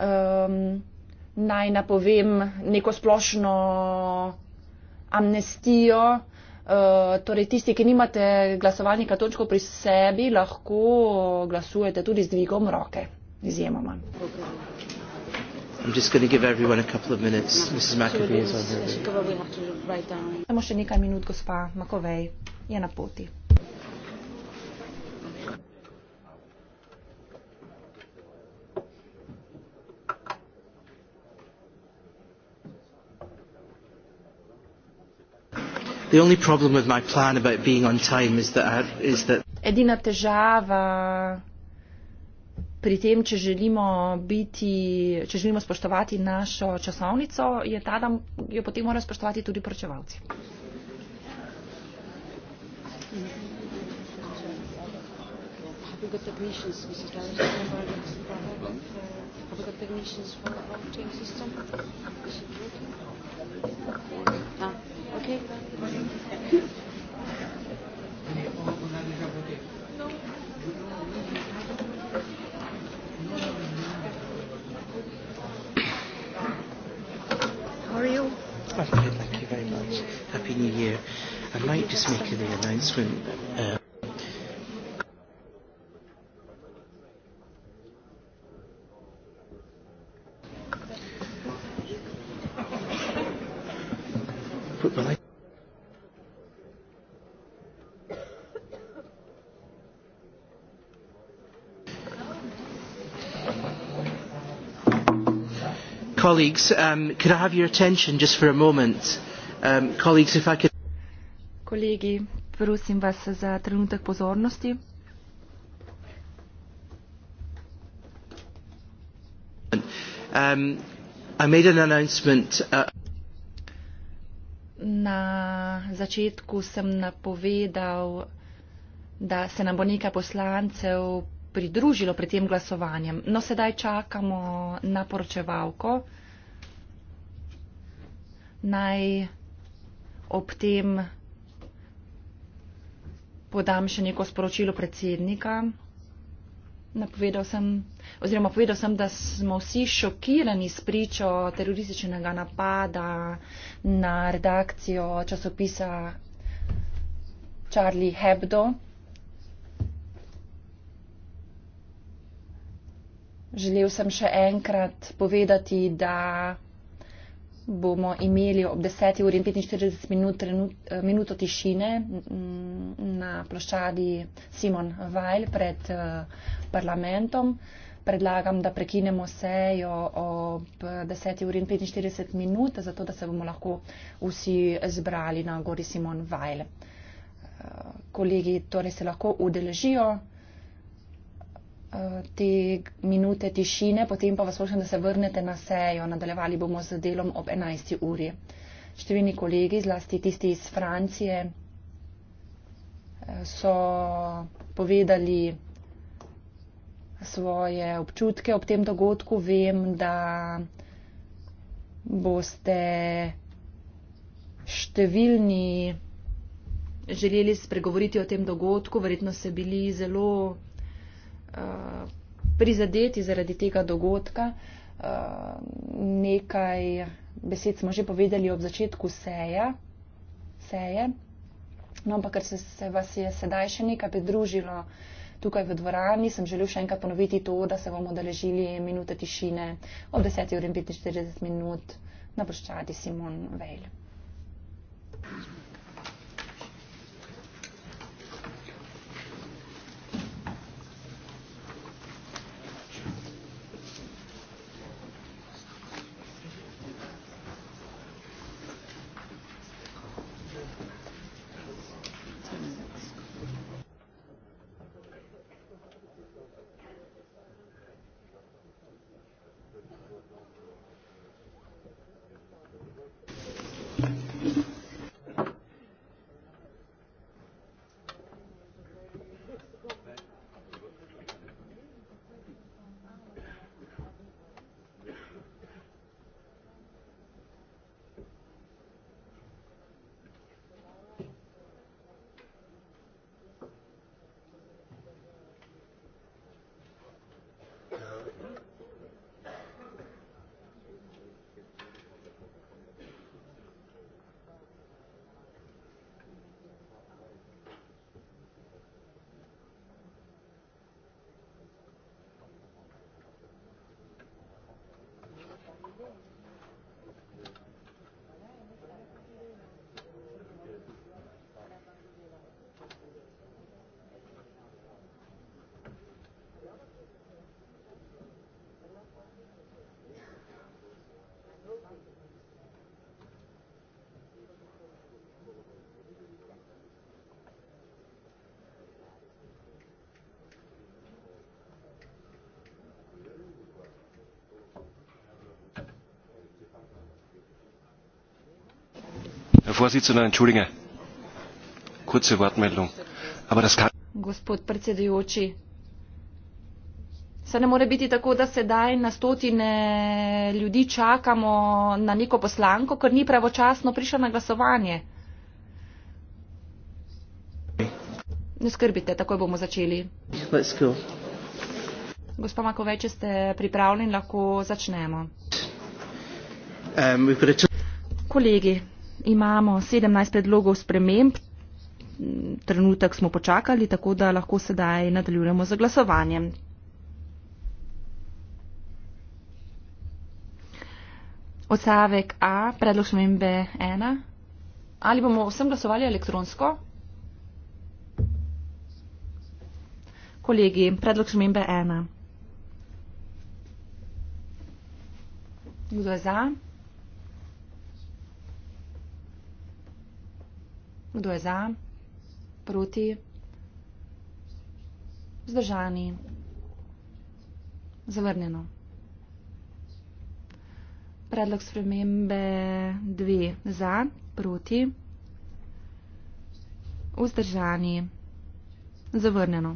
Um, naj napovem neko splošno amnestijo. Eh, torej tisti, ki nimate glasovalnih kartončkov pri sebi, lahko glasujete tudi z dvigom roke. Izjemoma. Samo še nekaj minut, gospa Makovej je na poti. The only problem with my plan about being on time is that I, is that Edina težava pri tem, če želimo biti, če želimo spoštovati našo časovnico, je ta, da jo potem morajo spoštovati tudi poročevalci. Have we got technicians, Mrs. Dyer? Have we got technicians for the blockchain system? Is it working? Ah, thank you very much. Happy New Year. I might just make the announcement. Uh colleagues, um, could I have your attention just for a moment? Um, colleagues, if I could. Kolegi, prosim vas za trenutek pozornosti. Um, I made an announcement. Uh, Na začetku sem napovedal, da se nam bo nekaj poslancev pridružilo pri tem glasovanjem. No, sedaj čakamo na poročevalko. Naj ob tem podam še neko sporočilo predsednika. Napovedal sem, oziroma povedal sem, da smo vsi šokirani s pričo terorističnega napada na redakcijo časopisa Charlie Hebdo. Želel sem še enkrat povedati, da bomo imeli ob 10. uri 45 minut minuto tišine mm, na ploščadi Simon Weil pred parlamentom. Predlagam, da prekinemo sejo ob 10. uri 45 minut, zato da se bomo lahko vsi zbrali na gori Simon Weil. Kolegi torej se lahko udeležijo te minute tišine, potem pa vas prosim, da se vrnete na sejo. Nadaljevali bomo z delom ob 11. uri. Številni kolegi, zlasti tisti iz Francije, eh, so povedali svoje občutke ob tem dogodku. Vem, da boste številni želeli spregovoriti o tem dogodku. Verjetno ste bili zelo Eh, prizadeti zaradi tega dogodka. Uh, nekaj besed smo že povedali ob začetku seja, seje, no, ampak ker se, se vas je sedaj še nekaj pridružilo tukaj v dvorani, sem želel še enkrat ponoviti to, da se bomo odeležili minute tišine ob 10.45 na poščadi Simon Vejl. Vale. Vorsitzender, entschuldige. Kurze Wortmeldung. Aber das kann. Gospod Se ne more biti tako, da sedaj na stotine ljudi čakamo na neko poslanko, ker ni pravočasno prišla na glasovanje. Ne skrbite, takoj bomo začeli. Gospa Makoveč, če ste pripravljeni, lahko začnemo. Um, Kolegi, imamo 17 predlogov sprememb. Trenutek smo počakali, tako da lahko sedaj nadaljujemo z glasovanjem. Odstavek A, predlog spremembe 1. Ali bomo vsem glasovali elektronsko? Kolegi, predlog spremembe 1. Kdo je za? Kdo je za? Proti? Zdržani? Zavrnjeno. Predlog spremembe dve za, proti, vzdržani, zavrnjeno.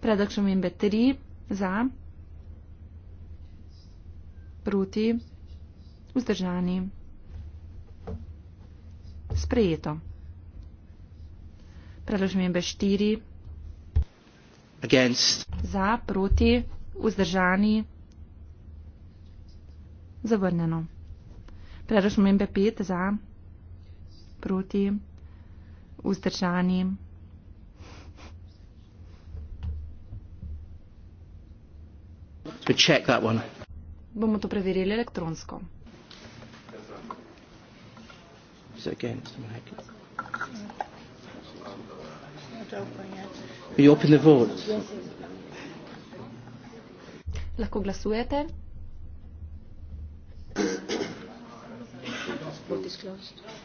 Predlog spremembe tri za, proti, vzdržani, zavrnjeno sprejeto. Preložmembe štiri. Against. Za, proti, vzdržani, zavrnjeno. Preložmembe pet. Za, proti, vzdržani. Bomo to preverili elektronsko. it against the mic. Will you open the vote? Lahko glasujete?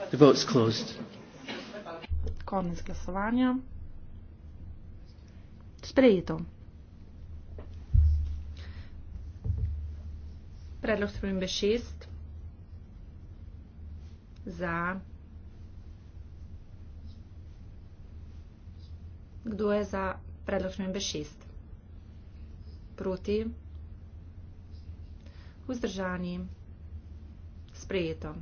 The vote's closed. Konec glasovanja. Sprejeto. Predlog spremembe šest. Za. Kdo je za predlog smembe 6? Proti? Vzdržani? Sprejeto.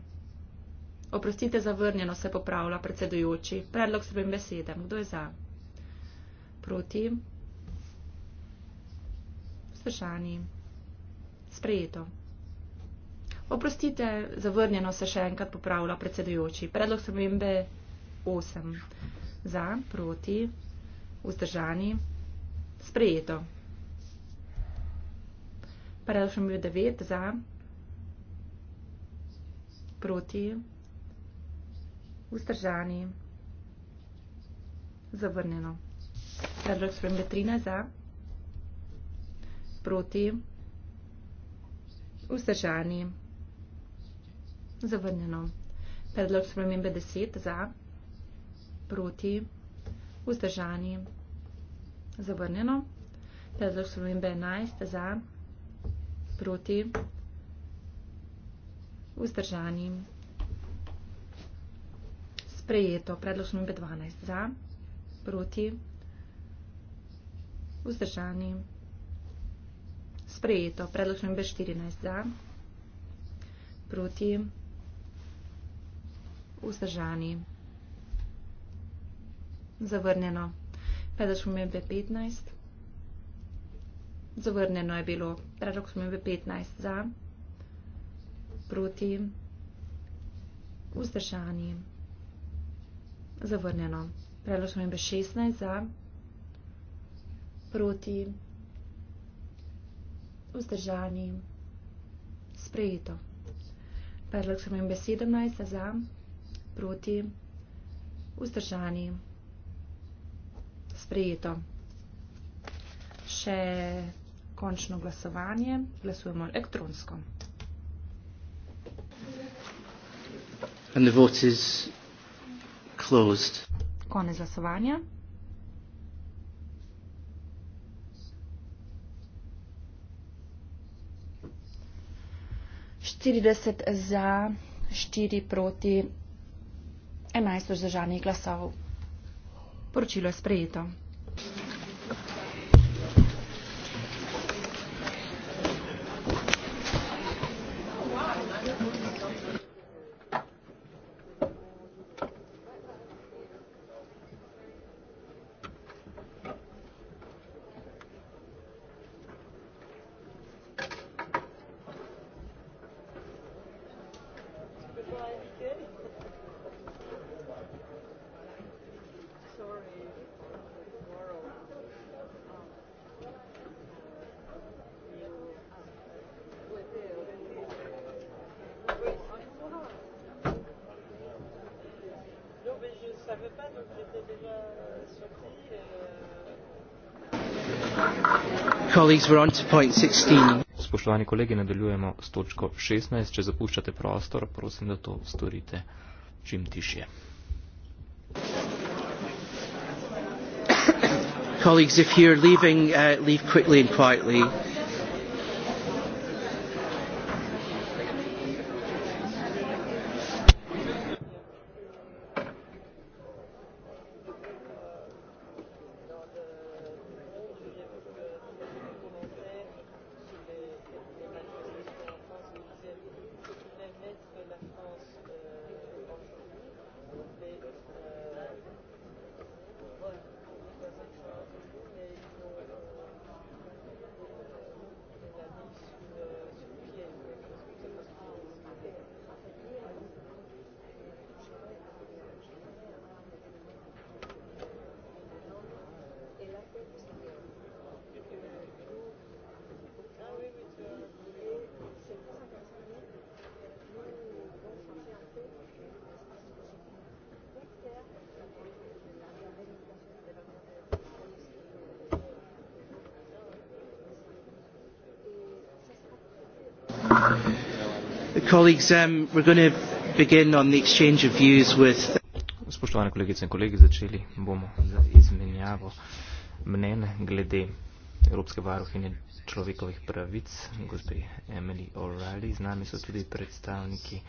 Oprostite, zavrnjeno se popravlja predsedujoči. Predlog smembe 7. Kdo je za? Proti? Vzdržani? Sprejeto. Oprostite, zavrnjeno se še enkrat popravlja predsedujoči. Predlog smembe 8. Za, proti, vzdržani, sprejeto. Paralelno je bilo 9 za, proti, vzdržani, zavrnjeno. Paralelno je bilo 13 za, proti, vzdržani, zavrnjeno. Predlog spremembe 10 za, proti, vzdržani. Zavrnjeno. Predlog spremembe 11 za, proti, vzdržani. Sprejeto. Predlog spremembe 12 za, proti, vzdržani. Sprejeto. Predlog spremembe 14 za, proti, vzdržani. Zavrnjeno. Predlog spremembe 15. Zavrnjeno je bilo predlog spremembe 15 za, proti, vzdržani. Zavrnjeno. Predlog spremembe 16 za, proti, vzdržani. Sprejeto. Predlog spremembe 17 za, proti, vzdržani sprejeto. Še končno glasovanje. Glasujemo elektronsko. And the vote is closed. Konec glasovanja. Štirideset za, štiri proti, enajst vzdržanih glasov. Poročilo je sprejeto. Spoštovani kolegi, nadaljujemo s točko 16. Če zapuščate prostor, prosim, da to storite čim tišje. Colleagues, if you're leaving, uh, leave quickly and quietly. Um, Spoštovane kolegice in kolegi, začeli bomo z izmenjavo mnen glede Evropske varuhinje človekovih pravic, gospe Emily O'Reilly. Z nami so tudi predstavniki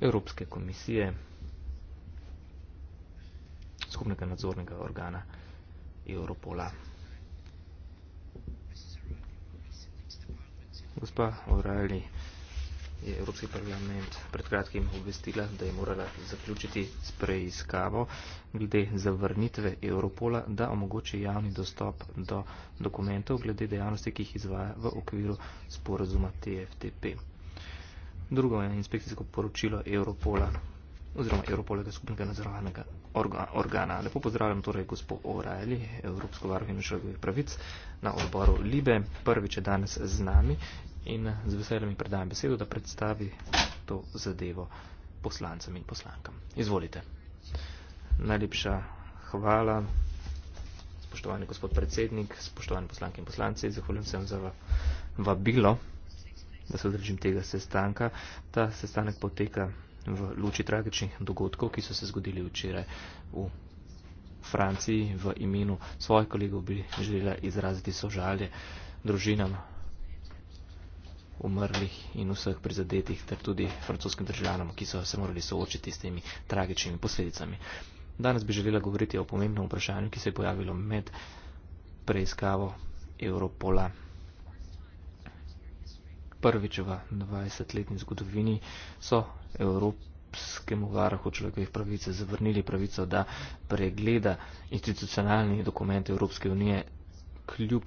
Evropske komisije, skupnega nadzornega organa Europola. Gospa O'Reilly, je Evropski parlament pred kratkim obvestila, da je morala zaključiti s preiskavo glede zavrnitve Europola, da omogoči javni dostop do dokumentov glede dejavnosti, ki jih izvaja v okviru sporazuma TFTP. Drugo je inspekcijsko poročilo Europola oziroma Europolega skupnega nadzorovanega organa. Lepo pozdravljam torej gospod O'Reilly, Evropsko varuhinjo človekovih pravic na odboru Libe. Prvič je danes z nami in z veseljem jim predajam besedo, da predstavi to zadevo poslancem in poslankam. Izvolite. Najlepša hvala, spoštovani gospod predsednik, spoštovani poslanki in poslanci, zahvaljujem se vam za vabilo, da se odrežim tega sestanka. Ta sestanek poteka v luči tragičnih dogodkov, ki so se zgodili včeraj v Franciji. V imenu svojih kolegov bi želela izraziti sožalje družinam umrlih in vseh prizadetih ter tudi francoskim državljanom, ki so se morali soočiti s temi tragičnimi posledicami. Danes bi želela govoriti o pomembnem vprašanju, ki se je pojavilo med preiskavo Evropola. Prvič v 20-letni zgodovini so Evropskemu varuhu človekovih pravic zavrnili pravico, da pregleda institucionalni dokument Evropske unije kljub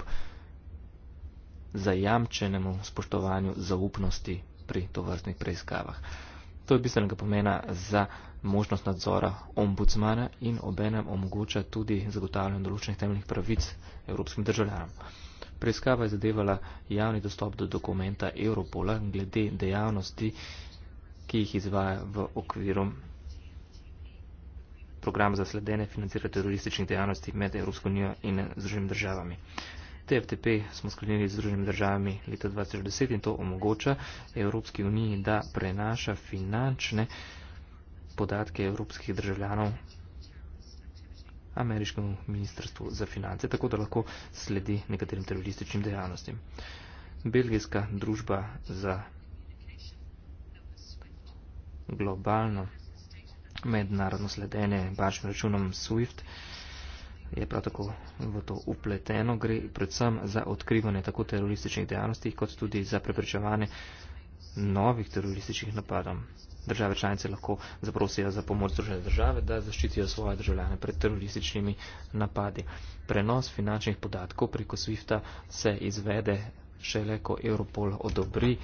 zajamčenemu spoštovanju zaupnosti pri tovrstnih preiskavah. To je bistvenega pomena za možnost nadzora ombudsmana in obenem omogoča tudi zagotavljanje določenih temeljnih pravic evropskim državljanom. Preiskava je zadevala javni dostop do dokumenta Europola glede dejavnosti, ki jih izvaja v okviru programa za sledene financiranje terorističnih dejavnosti med Evropsko unijo in Združenimi državami. TFTP smo sklenili z Združenimi državami leta 2010 in to omogoča Evropski uniji, da prenaša finančne podatke evropskih državljanov ameriškemu ministrstvu za finance, tako da lahko sledi nekaterim terorističnim dejavnostim. Belgijska družba za globalno mednarodno sledenje bančnim računom SWIFT je prav tako v to upleteno, gre predvsem za odkrivanje tako terorističnih dejavnosti, kot tudi za preprečevanje novih terorističnih napadov. Države članice lahko zaprosijo za pomoč združene države, da zaščitijo svoje državljane pred terorističnimi napadi. Prenos finančnih podatkov preko SWIFT-a se izvede šele, ko Europol odobri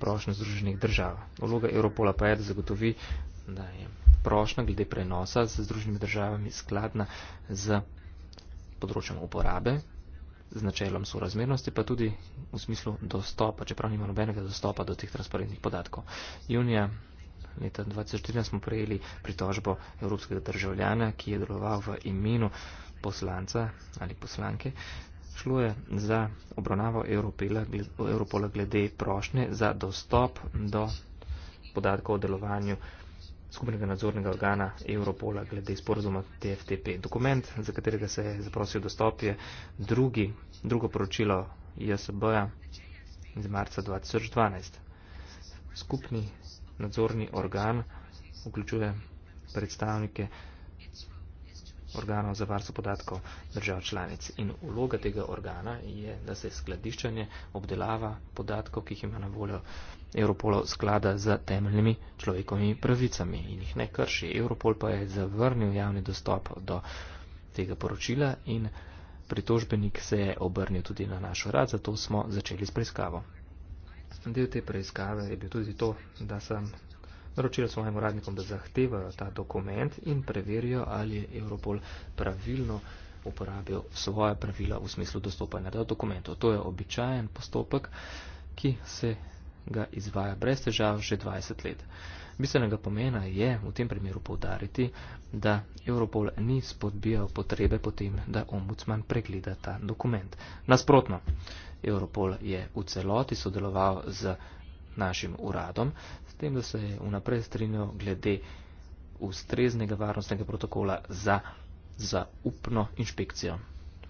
prošnjo združenih držav. Vloga Europola pa je, da zagotovi, da je prošnja glede prenosa z združenimi državami skladna z področjem uporabe, z načelom sorazmernosti, pa tudi v smislu dostopa, čeprav nima nobenega dostopa do teh transparentnih podatkov. Junija leta 2014 smo prejeli pritožbo evropskega državljana, ki je deloval v imenu poslanca ali poslanke. Šlo je za obravnavo Evropola glede prošnje za dostop do podatkov o delovanju skupnega nadzornega organa Europola glede sporozuma TFTP. Dokument, za katerega se je zaprosil dostop, je drugi, drugo poročilo JSB-ja iz marca 2012. Skupni nadzorni organ vključuje predstavnike organov za varstvo podatkov držav članic. In vloga tega organa je, da se skladiščanje, obdelava podatkov, ki jih ima na voljo Europol, sklada z temeljnimi človekovimi pravicami in jih ne krši. Europol pa je zavrnil javni dostop do tega poročila in pritožbenik se je obrnil tudi na našo rad, zato smo začeli s preiskavo. Del te preiskave je bil tudi to, da sem naročila svojim uradnikom, da zahtevajo ta dokument in preverijo, ali je Europol pravilno uporabil svoje pravila v smislu dostopanja do dokumentov. To je običajen postopek, ki se ga izvaja brez težav že 20 let. Bistvenega pomena je v tem primeru povdariti, da Europol ni spodbijal potrebe potem, da ombudsman pregleda ta dokument. Nasprotno, Europol je v celoti sodeloval z našim uradom, s tem, da se je vnaprej strinjal glede ustreznega varnostnega protokola za zaupno inšpekcijo.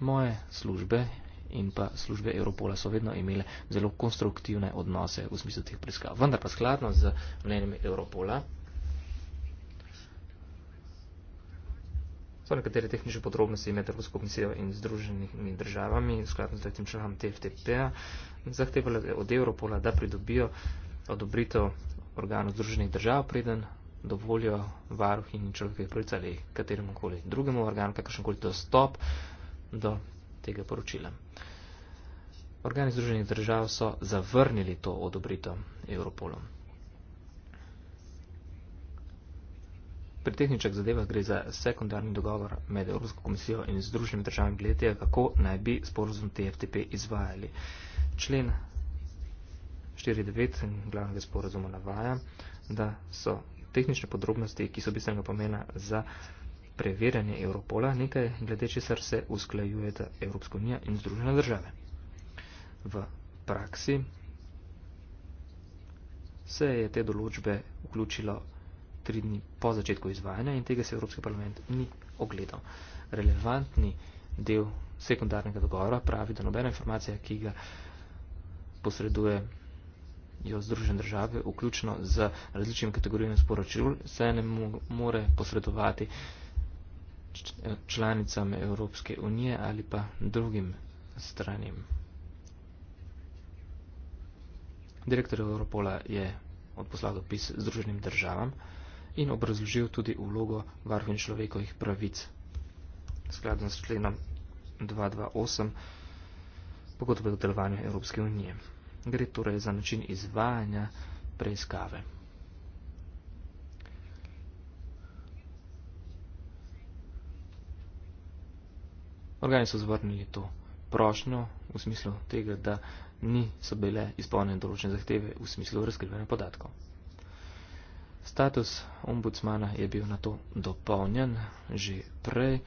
Moje službe in pa službe Europola so vedno imele zelo konstruktivne odnose v smislu teh preiskav. Vendar pa skladno z mnenjem Europola, so nekatere tehnične podrobnosti med Evropsko komisijo in združenimi državami, skladno z tretjim članom TFTP-a, zahtevali od Evropola, da pridobijo odobritev organov združenih držav, preden dovolijo varuh in človekovih pravic ali kateremu koli drugemu organu kakršenkoli dostop do tega poročila. Organi združenih držav so zavrnili to odobritev Evropolom. Pri tehničnih zadevah gre za sekundarni dogovor med Evropsko komisijo in Združenimi državami glede tega, kako naj bi sporozum TFTP izvajali. Člen 4.9 glavnega sporozuma navaja, da so tehnične podrobnosti, ki so bistvenega pomena za preverjanje Evropola, nekaj glede česar se usklajujeta Evropska unija in Združene države. V praksi se je te določbe vključilo tri dni po začetku izvajanja in tega se Evropski parlament ni ogledal. Relevantni del sekundarnega dogovora pravi, da nobena informacija, ki ga posreduje jo Združene države, vključno z različnimi kategorijami sporočil, se ne more posredovati članicam Evropske unije ali pa drugim stranim. Direktor Europola je odposlal dopis Združenim državam in obrazložil tudi vlogo varvin človekovih pravic. Skladno s členom 228 pogodbe o delovanju Evropske unije. Gre torej za način izvajanja preiskave. Organi so zvrnili to prošnjo v smislu tega, da niso bile izpolnjene določene zahteve v smislu razkrivanja podatkov. Status ombudsmana je bil na to dopolnjen že prej,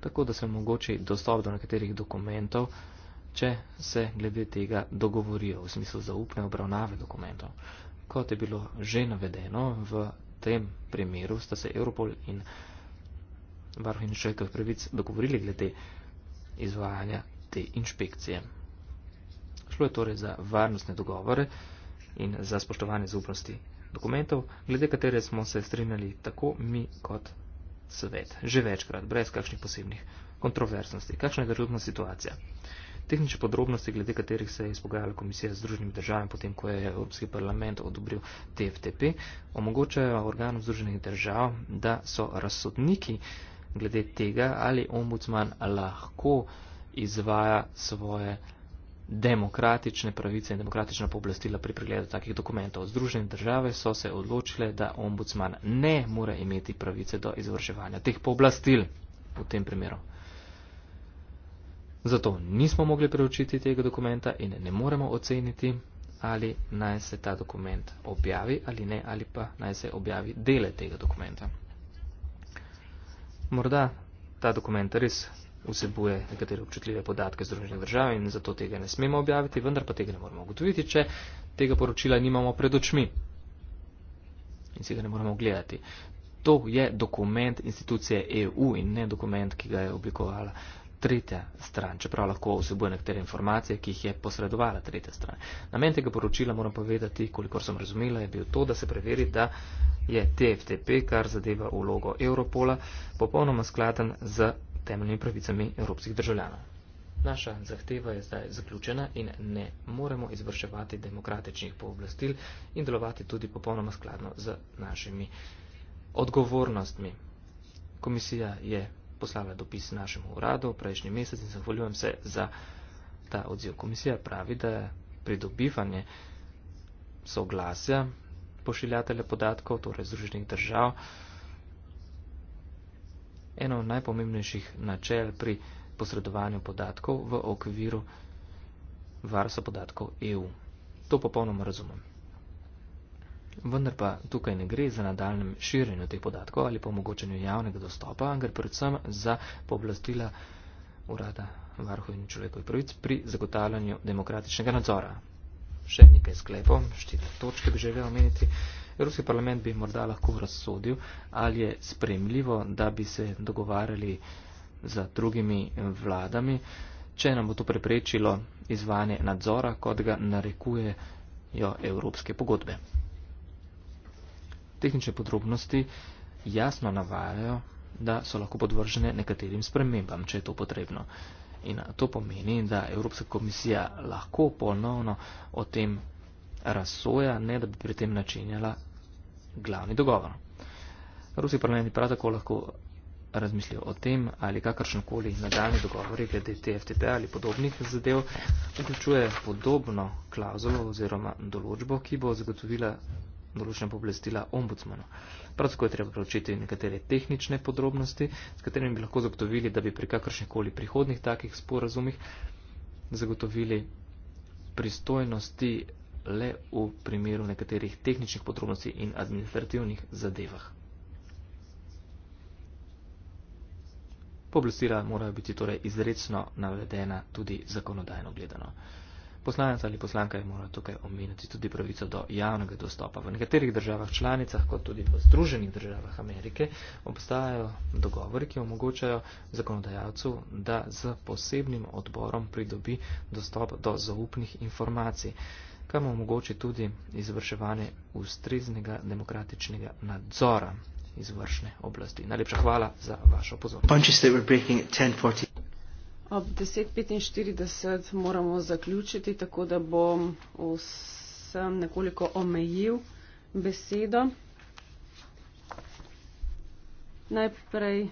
tako da se mogoče dostop do nekaterih dokumentov, če se glede tega dogovorijo v smislu zaupne obravnave dokumentov. Kot je bilo že navedeno, v tem primeru sta se Europol in Varhin človekov pravic dogovorili glede izvajanja te inšpekcije. Šlo je torej za varnostne dogovore in za spoštovanje zaupnosti dokumentov, glede katere smo se strinjali tako mi kot svet, že večkrat, brez kakšnih posebnih kontroversnosti. Kakšna je trenutna situacija? Tehnične podrobnosti, glede katerih se je izpogajala komisija z Združenimi državami, potem ko je Evropski parlament odobril TFTP, omogočajo organom Združenih držav, da so razsodniki glede tega, ali ombudsman lahko izvaja svoje demokratične pravice in demokratična pooblastila pri pregledu takih dokumentov. Združene države so se odločile, da ombudsman ne more imeti pravice do izvrševanja teh pooblastil v tem primeru. Zato nismo mogli preučiti tega dokumenta in ne moremo oceniti, ali naj se ta dokument objavi ali ne, ali pa naj se objavi dele tega dokumenta. Morda ta dokument res vsebuje nekatere občutljive podatke Združenih držav in zato tega ne smemo objaviti, vendar pa tega ne moramo ugotoviti, če tega poročila nimamo pred očmi in si ga ne moramo gledati. To je dokument institucije EU in ne dokument, ki ga je oblikovala tretja stran, čeprav lahko vsebuje nekatere informacije, ki jih je posredovala tretja stran. Namen tega poročila, moram povedati, kolikor sem razumela, je bil to, da se preveri, da je TFTP, kar zadeva vlogo Europola, popolnoma skladen z temeljnimi pravicami evropskih državljanov. Naša zahteva je zdaj zaključena in ne moremo izvrševati demokratičnih pooblastil in delovati tudi popolnoma skladno z našimi odgovornostmi. Komisija je poslala dopis našemu uradu prejšnji mesec in zahvaljujem se za ta odziv. Komisija pravi, da pridobivanje soglasja pošiljatelja podatkov, torej združenih držav, eno najpomembnejših načel pri posredovanju podatkov v okviru varstva podatkov EU. To popolnoma razumem. Vendar pa tukaj ne gre za nadaljem širjenju teh podatkov ali pa omogočanju javnega dostopa, ampak predvsem za pooblastila urada varhov in človekovih pravic pri zagotavljanju demokratičnega nadzora. Še nekaj sklepov, štiri točke bi želel omeniti. Evropski parlament bi morda lahko razsodil, ali je spremljivo, da bi se dogovarjali za drugimi vladami, če nam bo to preprečilo izvanje nadzora, kot ga narekujejo evropske pogodbe. Tehnične podrobnosti jasno navajajo, da so lahko podvržene nekaterim spremembam, če je to potrebno. In to pomeni, da Evropska komisija lahko ponovno o tem razsoja, ne da bi pri tem načinjala glavni dogovor. Ruski parlamenti prav tako lahko razmislijo o tem, ali kakršnokoli nadaljni dogovori glede TFTP ali podobnih zadev vključuje podobno klauzulo oziroma določbo, ki bo zagotovila določena poblestila ombudsmanu. Prav tako je treba preučiti nekatere tehnične podrobnosti, s katerimi bi lahko zagotovili, da bi pri kakršnikoli prihodnih takih sporazumih zagotovili pristojnosti le v primeru nekaterih tehničnih podrobnosti in administrativnih zadevah. Poblestila morajo biti torej izrecno navedena tudi zakonodajno gledano. Poslanec ali poslanka je mora tukaj omeniti tudi pravico do javnega dostopa. V nekaterih državah članicah, kot tudi v Združenih državah Amerike, obstajajo dogovori, ki omogočajo zakonodajalcu, da z posebnim odborom pridobi dostop do zaupnih informacij kam omogoči tudi izvrševanje ustreznega demokratičnega nadzora izvršne oblasti. Najlepša hvala za vašo pozornost. Ob 10.45 moramo zaključiti, tako da bom vsem nekoliko omejil besedo. Najprej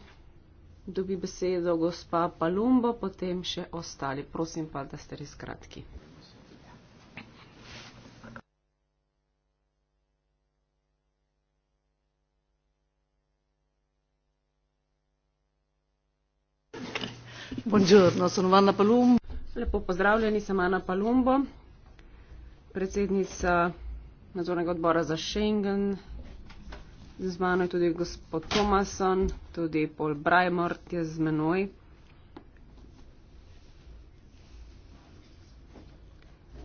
dobi besedo gospa Palumbo, potem še ostali. Prosim pa, da ste res kratki. lepo pozdravljeni sem ana palumbo predsednica nadzornega odbora za schengen z mano je tudi gospod thomason tudi paul breimort je z menoj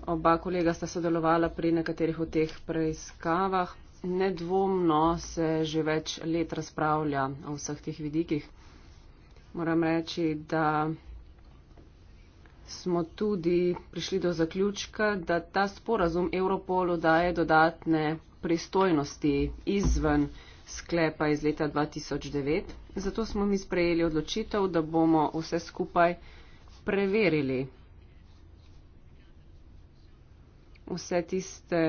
oba kolega sta sodelovala pri nekaterih od teh preiskavah nedvomno se že več let razpravlja o vseh teh vidikih moram reči, da smo tudi prišli do zaključka, da ta sporazum Europolu daje dodatne pristojnosti izven sklepa iz leta 2009. Zato smo mi sprejeli odločitev, da bomo vse skupaj preverili. Vse tiste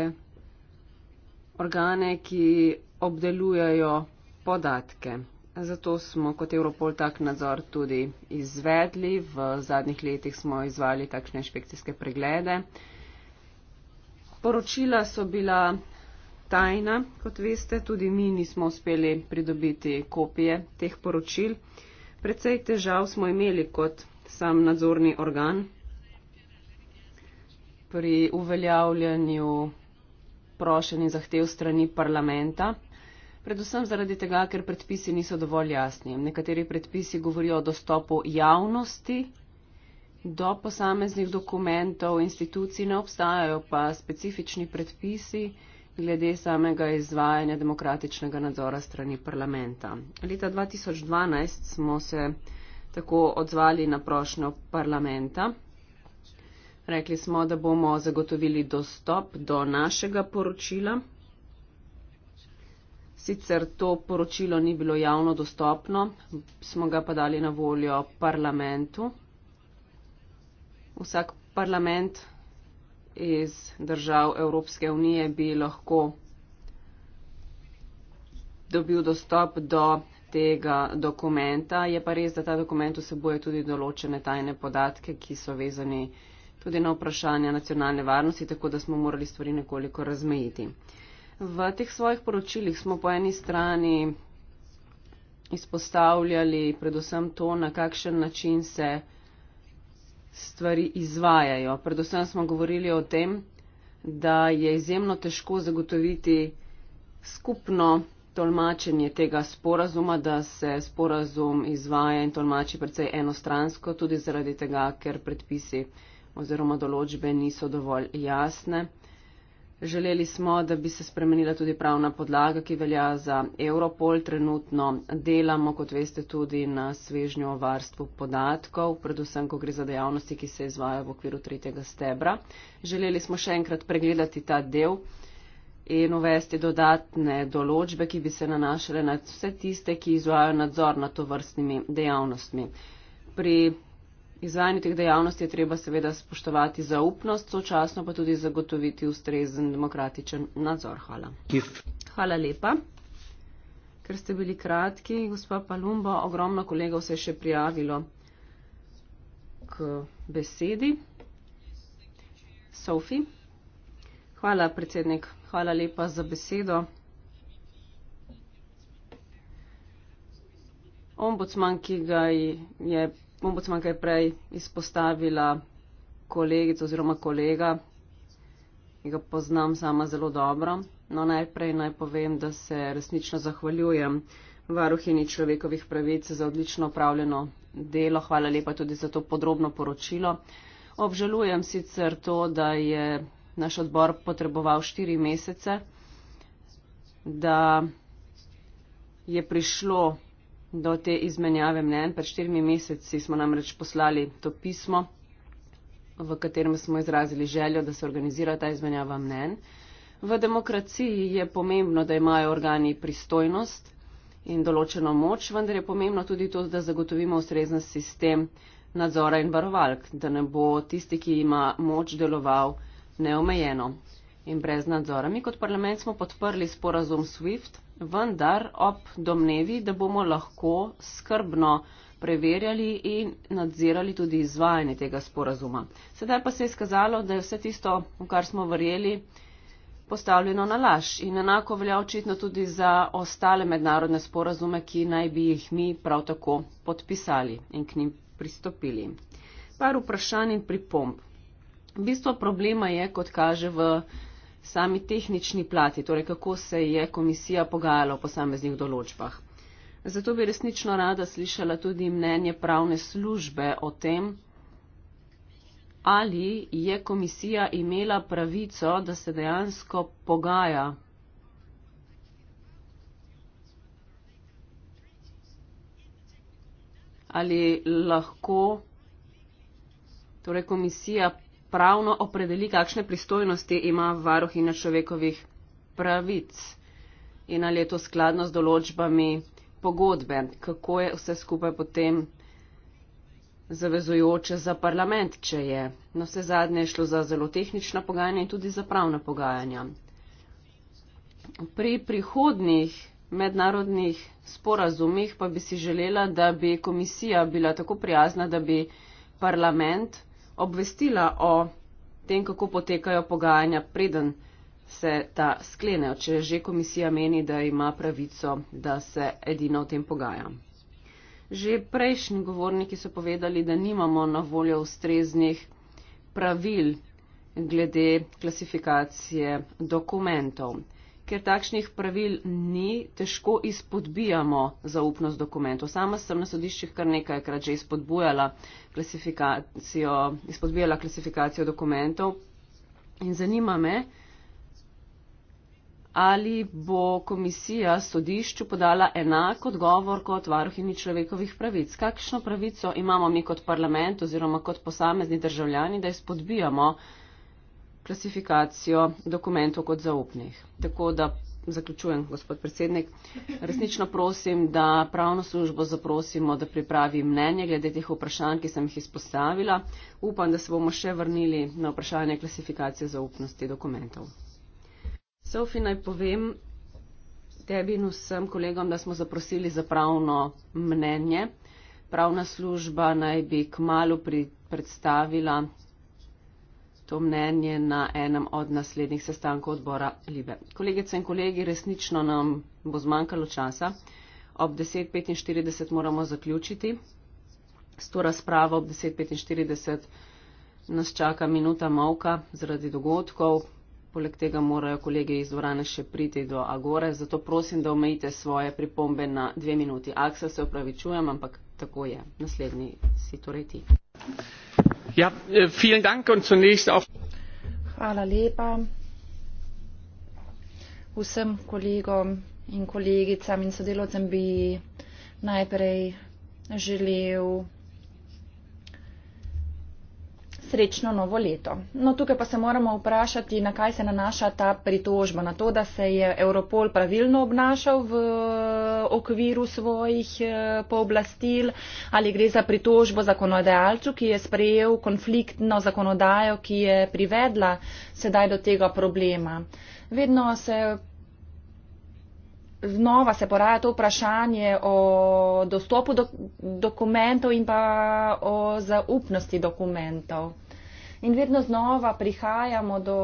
organe, ki obdelujejo podatke. Zato smo kot Europol tak nadzor tudi izvedli. V zadnjih letih smo izvali takšne inšpekcijske preglede. Poročila so bila tajna, kot veste, tudi mi nismo uspeli pridobiti kopije teh poročil. Predvsej težav smo imeli kot sam nadzorni organ pri uveljavljanju prošenj in zahtev strani parlamenta. Predvsem zaradi tega, ker predpisi niso dovolj jasni. Nekateri predpisi govorijo o dostopu javnosti do posameznih dokumentov institucij, ne obstajajo pa specifični predpisi glede samega izvajanja demokratičnega nadzora strani parlamenta. Leta 2012 smo se tako odzvali na prošnjo parlamenta. Rekli smo, da bomo zagotovili dostop do našega poročila Sicer to poročilo ni bilo javno dostopno, smo ga pa dali na voljo parlamentu. Vsak parlament iz držav Evropske unije bi lahko dobil dostop do tega dokumenta. Je pa res, da ta dokument vseboje tudi določene tajne podatke, ki so vezani tudi na vprašanje nacionalne varnosti, tako da smo morali stvari nekoliko razmejiti. V teh svojih poročilih smo po eni strani izpostavljali predvsem to, na kakšen način se stvari izvajajo. Predvsem smo govorili o tem, da je izjemno težko zagotoviti skupno tolmačenje tega sporazuma, da se sporazum izvaja in tolmači predvsej enostransko, tudi zaradi tega, ker predpisi oziroma določbe niso dovolj jasne. Želeli smo, da bi se spremenila tudi pravna podlaga, ki velja za Europol. Trenutno delamo, kot veste, tudi na svežnjo varstvu podatkov, predvsem, ko gre za dejavnosti, ki se izvajo v okviru tretjega stebra. Želeli smo še enkrat pregledati ta del in uvesti dodatne določbe, ki bi se nanašale na vse tiste, ki izvajo nadzor nad to vrstnimi dejavnostmi. Pri Izvajanje teh dejavnosti je treba seveda spoštovati zaupnost, sočasno pa tudi zagotoviti ustrezen demokratičen nadzor. Hvala. Hvala lepa. Ker ste bili kratki, gospa Palumbo, ogromno kolegov se je še prijavilo k besedi. Sofi. Hvala, predsednik. Hvala lepa za besedo. Ombudsman, ki ga je ombudsmanka je prej izpostavila kolegico oziroma kolega, ki ga poznam sama zelo dobro. No, najprej naj povem, da se resnično zahvaljujem varuhini človekovih pravic za odlično upravljeno delo. Hvala lepa tudi za to podrobno poročilo. Obžalujem sicer to, da je naš odbor potreboval štiri mesece, da je prišlo do te izmenjave mnen. Pred štirimi meseci smo namreč poslali to pismo, v katerem smo izrazili željo, da se organizira ta izmenjava mnen. V demokraciji je pomembno, da imajo organi pristojnost in določeno moč, vendar je pomembno tudi to, da zagotovimo ustrezen sistem nadzora in varovalk, da ne bo tisti, ki ima moč, deloval neomejeno in brez nadzora. Mi kot parlament smo podprli sporazum SWIFT vendar ob domnevi, da bomo lahko skrbno preverjali in nadzirali tudi izvajanje tega sporazuma. Sedaj pa se je skazalo, da je vse tisto, v kar smo verjeli, postavljeno na laž in enako velja očitno tudi za ostale mednarodne sporazume, ki naj bi jih mi prav tako podpisali in k njim pristopili. Par vprašanj in pripomb. Bistvo problema je, kot kaže v sami tehnični plati, torej kako se je komisija pogajala o posameznih določbah. Zato bi resnično rada slišala tudi mnenje pravne službe o tem, ali je komisija imela pravico, da se dejansko pogaja. Ali lahko torej komisija pravno opredeli, kakšne pristojnosti ima varuhinja človekovih pravic in ali je to skladno z določbami pogodbe, kako je vse skupaj potem zavezujoče za parlament, če je. Na vse zadnje je šlo za zelo tehnična pogajanja in tudi za pravna pogajanja. Pri prihodnih mednarodnih sporazumih pa bi si želela, da bi komisija bila tako prijazna, da bi parlament obvestila o tem, kako potekajo pogajanja, preden se ta sklenejo, če že komisija meni, da ima pravico, da se edino o tem pogaja. Že prejšnji govorniki so povedali, da nimamo na voljo ustreznih pravil glede klasifikacije dokumentov ker takšnih pravil ni, težko izpodbijamo zaupnost dokumentov. Sama sem na sodiščih kar nekajkrat že izpodbujala klasifikacijo, izpodbijala klasifikacijo dokumentov in zanima me, ali bo komisija sodišču podala enak odgovor kot varuhini človekovih pravic. Kakšno pravico imamo mi kot parlament oziroma kot posamezni državljani, da izpodbijamo klasifikacijo dokumentov kot zaupnih. Tako da zaključujem, gospod predsednik. Resnično prosim, da pravno službo zaprosimo, da pripravi mnenje glede teh vprašanj, ki sem jih izpostavila. Upam, da se bomo še vrnili na vprašanje klasifikacije zaupnosti dokumentov. Sofi, naj povem tebi in vsem kolegom, da smo zaprosili za pravno mnenje. Pravna služba naj bi k malu predstavila to mnenje na enem od naslednjih sestankov odbora Libe. Kolegice in kolegi, resnično nam bo zmanjkalo časa. Ob 10.45 moramo zaključiti. S to razpravo ob 10.45 nas čaka minuta mavka zaradi dogodkov. Poleg tega morajo kolege iz dvorane še priti do Agore, zato prosim, da omejite svoje pripombe na dve minuti. Aksa se opravičujem, ampak tako je. Naslednji si torej ti. Ja, eh, hvala lepa vsem kolegom in kolegicam in sodelavcem bi najprej želel dober dan in lepo zdravljeni v novem mandatu srečno novo leto. No, tukaj pa se moramo vprašati, na kaj se nanaša ta pritožba. Na to, da se je Europol pravilno obnašal v eh, okviru svojih eh, pooblastil ali gre za pritožbo zakonodajalcu, ki je sprejel konfliktno zakonodajo, ki je privedla sedaj do tega problema. Vedno se znova se poraja to vprašanje o dostopu do dokumentov in pa o zaupnosti dokumentov. In vedno znova prihajamo do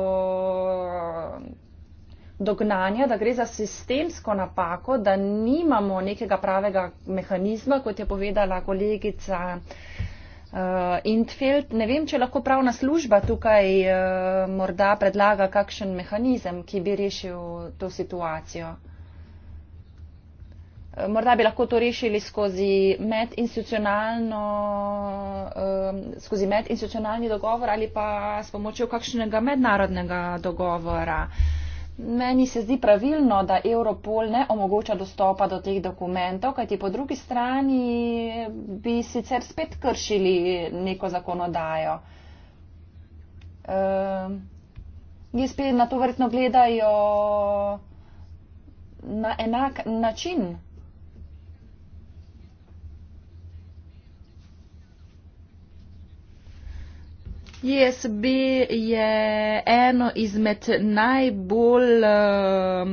dognanja, da gre za sistemsko napako, da nimamo nekega pravega mehanizma, kot je povedala kolegica uh, Intfeld. Ne vem, če lahko pravna služba tukaj uh, morda predlaga kakšen mehanizem, ki bi rešil to situacijo. Eh, morda bi lahko to rešili skozi medinstitucionalno, skozi medinstitucionalni dogovor ali pa s pomočjo kakšnega mednarodnega dogovora. Meni se zdi pravilno, da Europol ne omogoča dostopa do teh dokumentov, kajti po drugi strani bi sicer spet kršili neko zakonodajo. Je spet na to verjetno gledajo na enak način. ISB je eno izmed najbolj um,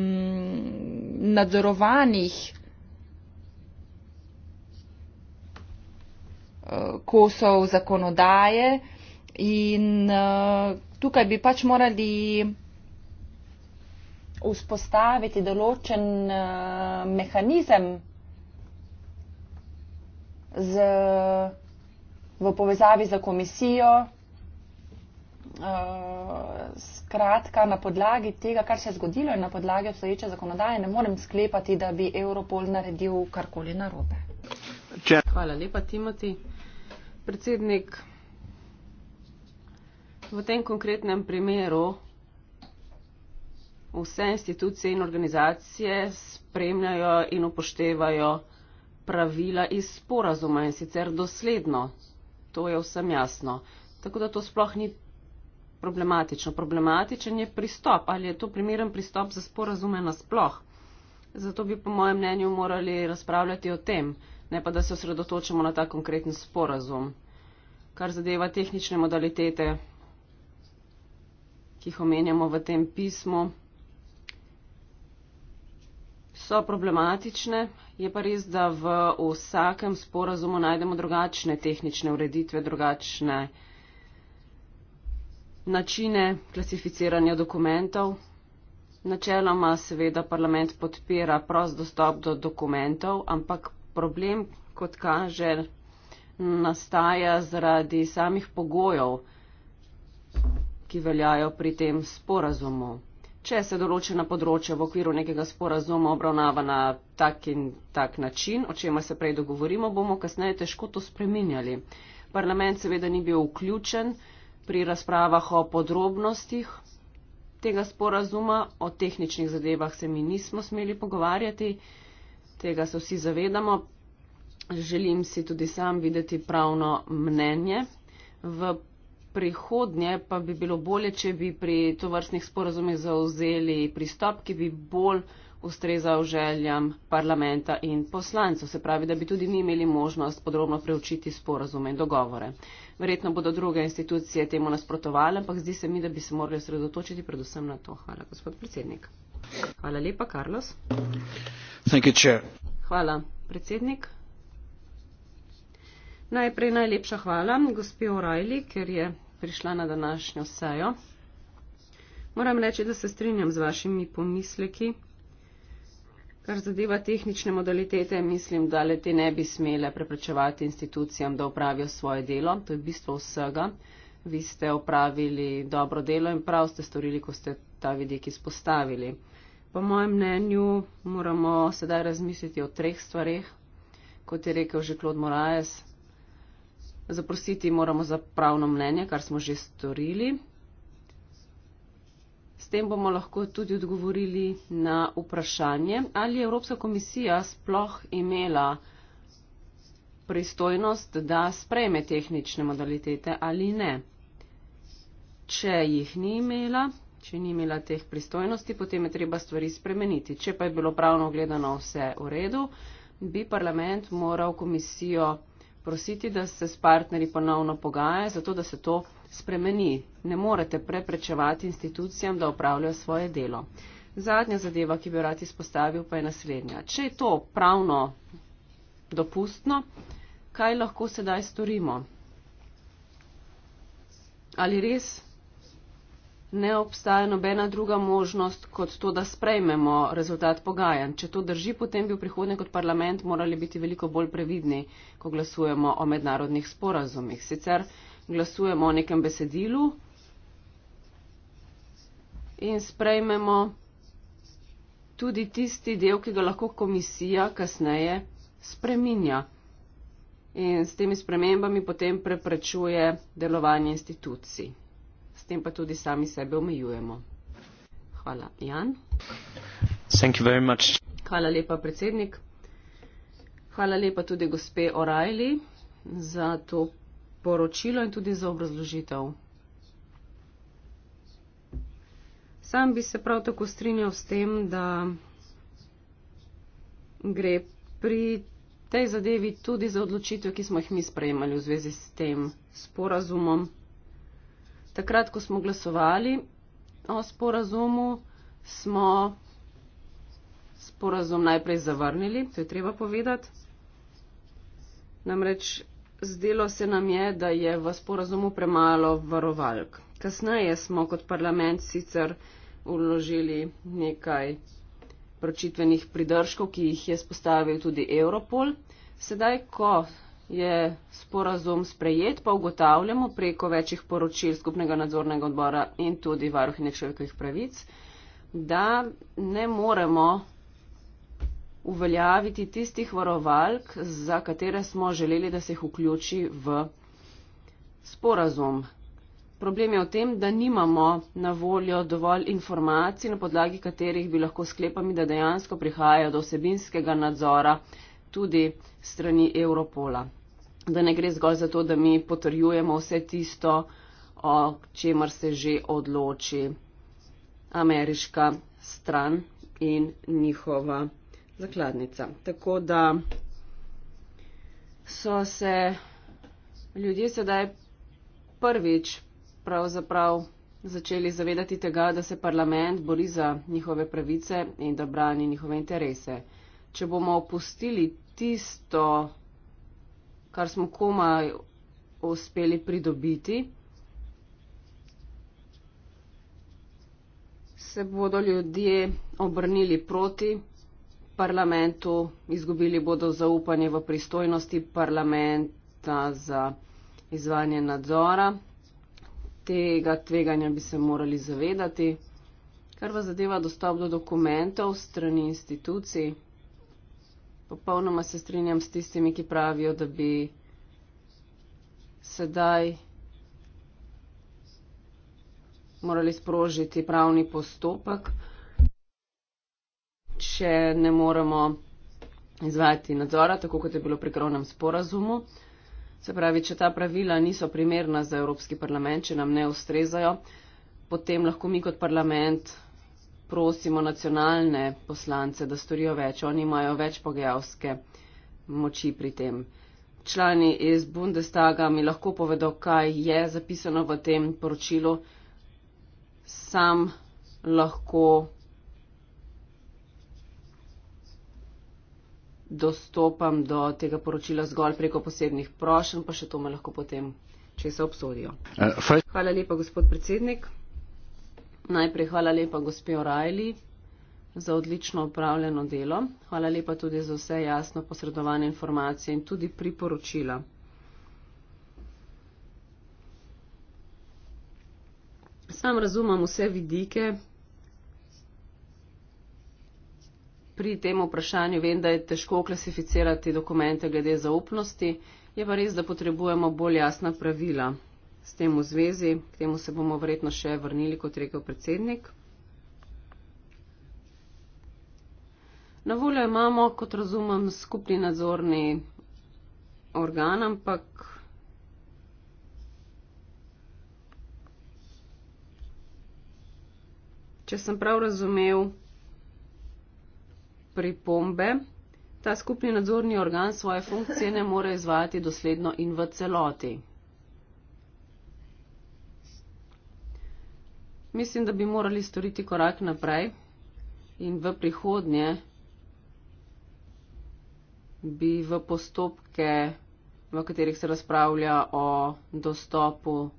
nadzorovanih uh, kosov zakonodaje in uh, tukaj bi pač morali vzpostaviti določen uh, mehanizem z, v povezavi z komisijo, Eh, skratka, na podlagi tega, kar se je zgodilo in na podlagi obstoječe zakonodaje, ne morem sklepati, da bi Europol naredil karkoli narobe. Če. Hvala lepa, Timoti. Predsednik, v tem konkretnem primeru vse institucije in organizacije spremljajo in upoštevajo pravila iz sporazuma in sicer dosledno. To je vsem jasno. Tako da to sploh ni problematično. Problematičen je pristop, ali je to primeren pristop za sporazume nasploh. Zato bi, po mojem mnenju, morali razpravljati o tem, ne pa da se osredotočamo na ta konkreten sporazum, kar zadeva tehnične modalitete, ki jih omenjamo v tem pismu. So problematične, je pa res, da v vsakem sporazumu najdemo drugačne tehnične ureditve, drugačne uh, načine klasificiranja dokumentov. Načeloma seveda parlament podpira prost dostop do dokumentov, ampak problem, kot kaže, nastaja zaradi samih pogojev, ki veljajo pri tem sporazumu. Če se določena področja v okviru nekega sporazuma obravnava na tak in tak način, o čemer se prej dogovorimo, bomo kasneje težko to spreminjali. Parlament seveda ni bil vključen pri razpravah o podrobnostih tega sporazuma, o tehničnih zadevah se mi nismo smeli pogovarjati, tega se vsi zavedamo. Želim si tudi sam videti pravno mnenje. V prihodnje pa bi bilo bolje, če bi pri tovrstnih sporazumih zauzeli pristop, ki bi bolj ustrezal željam parlamenta in poslancev, se pravi, da bi tudi mi imeli možnost podrobno preučiti sporazume in dogovore. Verjetno bodo druge institucije temu nasprotovali, ampak zdi se mi, da bi se morali osredotočiti predvsem na to. Hvala, gospod predsednik. Hvala lepa, Carlos. Hvala, predsednik. Najprej najlepša hvala gospe O'Reilly, ker je prišla na današnjo sejo. Moram reči, da se strinjam z vašimi pomisleki. Kar zadeva tehnične modalitete, mislim, da le te ne bi smele preprečevati institucijam, da upravijo svoje delo. To je bistvo vsega. Vi ste upravili dobro delo in prav ste storili, ko ste ta vidik izpostavili. Po mojem mnenju moramo sedaj razmisliti o treh stvareh, kot je rekel že Klod Moraes. Zaprositi moramo za pravno mnenje, kar smo že storili, tem bomo lahko tudi odgovorili na vprašanje, ali je Evropska komisija sploh imela pristojnost, da spreme tehnične modalitete ali ne. Če jih ni imela, če ni imela teh pristojnosti, potem je treba stvari spremeniti. Če pa je bilo pravno gledano vse v redu, bi parlament moral komisijo prositi, da se s partnerji ponovno pogaja, zato da se to spremeni. Ne morete preprečevati institucijam, da upravljajo svoje delo. Zadnja zadeva, ki bi jo rad izpostavil, pa je naslednja. Če je to pravno dopustno, kaj lahko sedaj storimo? Ali res ne obstaja nobena druga možnost, kot to, da sprejmemo rezultat pogajanj? Če to drži, potem bi v prihodnje kot parlament morali biti veliko bolj previdni, ko glasujemo o mednarodnih sporazumih. Sicer glasujemo o nekem besedilu in sprejmemo tudi tisti del, ki ga lahko komisija kasneje spreminja. In s temi spremembami potem preprečuje delovanje institucij. S tem pa tudi sami sebe omejujemo. Hvala, Jan. Hvala lepa, predsednik. Hvala lepa tudi gospe O'Reilly za to poročilo in tudi za obrazložitev. Sam bi se prav tako strinjal s tem, da gre pri tej zadevi tudi za odločitve, ki smo jih mi sprejemali v zvezi s tem sporazumom. Takrat, ko smo glasovali o sporazumu, smo sporazum najprej zavrnili, to je treba povedati. Namreč zdelo se nam je, da je v sporazumu premalo varovalk. Kasneje smo kot parlament sicer uložili nekaj pročitvenih pridržkov, ki jih je spostavil tudi Europol. Sedaj, ko je sporazum sprejet, pa ugotavljamo preko večjih poročil skupnega nadzornega odbora in tudi varuhine človekovih pravic, da ne moremo uveljaviti tistih varovalk, za katere smo želeli, da se jih vključi v sporazum. Problem je v tem, da nimamo na voljo dovolj informacij, na podlagi katerih bi lahko sklepali, da dejansko prihaja do osebinskega nadzora tudi strani Europola. Da ne gre zgolj za to, da mi potrjujemo vse tisto, o čemer se že odloči ameriška stran in njihova zakladnica. Tako da so se ljudje sedaj prvič pravzaprav začeli zavedati tega, da se parlament bori za njihove pravice in da brani njihove interese. Če bomo opustili tisto, kar smo komaj uspeli pridobiti, se bodo ljudje obrnili proti parlamentu, izgubili bodo zaupanje v pristojnosti parlamenta za izvanje nadzora. Tega tveganja bi se morali zavedati. Kar pa zadeva dostop do dokumentov strani institucij, popolnoma se strinjam s tistimi, ki pravijo, da bi sedaj morali sprožiti pravni postopek če ne moremo izvajati nadzora, tako kot je bilo pri kronem sporazumu. Se pravi, če ta pravila niso primerna za Evropski parlament, če nam ne ustrezajo, potem lahko mi kot parlament prosimo nacionalne poslance, da storijo več. Oni imajo več pogajalske moči pri tem. Člani iz Bundestaga mi lahko povedo, kaj je zapisano v tem poročilu. Sam lahko dostopam do tega poročila zgolj preko posebnih prošen, pa še to me lahko potem, če se obsodijo. Eh, hvala lepa, gospod predsednik. Najprej hvala lepa, gospe O'Reilly, za odlično upravljeno delo. Hvala lepa tudi za vse jasno posredovane informacije in tudi priporočila. Sam razumem vse vidike pri tem vprašanju vem, da je težko klasificirati dokumente glede zaupnosti, je pa res, da potrebujemo bolj jasna pravila s tem v zvezi. K temu se bomo verjetno še vrnili, kot rekel predsednik. Na voljo imamo, kot razumem, skupni nadzorni organ, ampak. Če sem prav razumel, pripombe. Ta skupni nadzorni organ svoje funkcije ne more izvajati dosledno in v celoti. Mislim, da bi morali storiti korak naprej in v prihodnje bi v postopke, v katerih se razpravlja o dostopu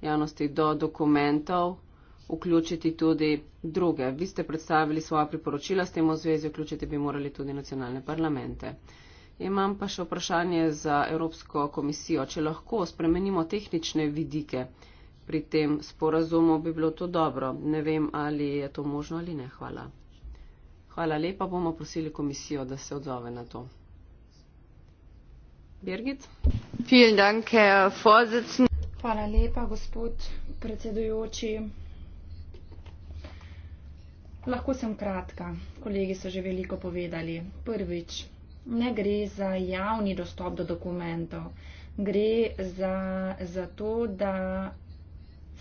javnosti do dokumentov, vključiti tudi druge. Vi ste predstavili svoja priporočila s tem v zvezi, vključiti bi morali tudi nacionalne parlamente. Imam pa še vprašanje za Evropsko komisijo. Če lahko spremenimo tehnične vidike pri tem sporazumu, bi bilo to dobro. Ne vem, ali je to možno ali ne. Hvala. Hvala lepa. Bomo prosili komisijo, da se odzove na to. Birgit? Hvala lepa, gospod predsedujoči. Lahko sem kratka, kolegi so že veliko povedali. Prvič, ne gre za javni dostop do dokumentov, gre za, za to, da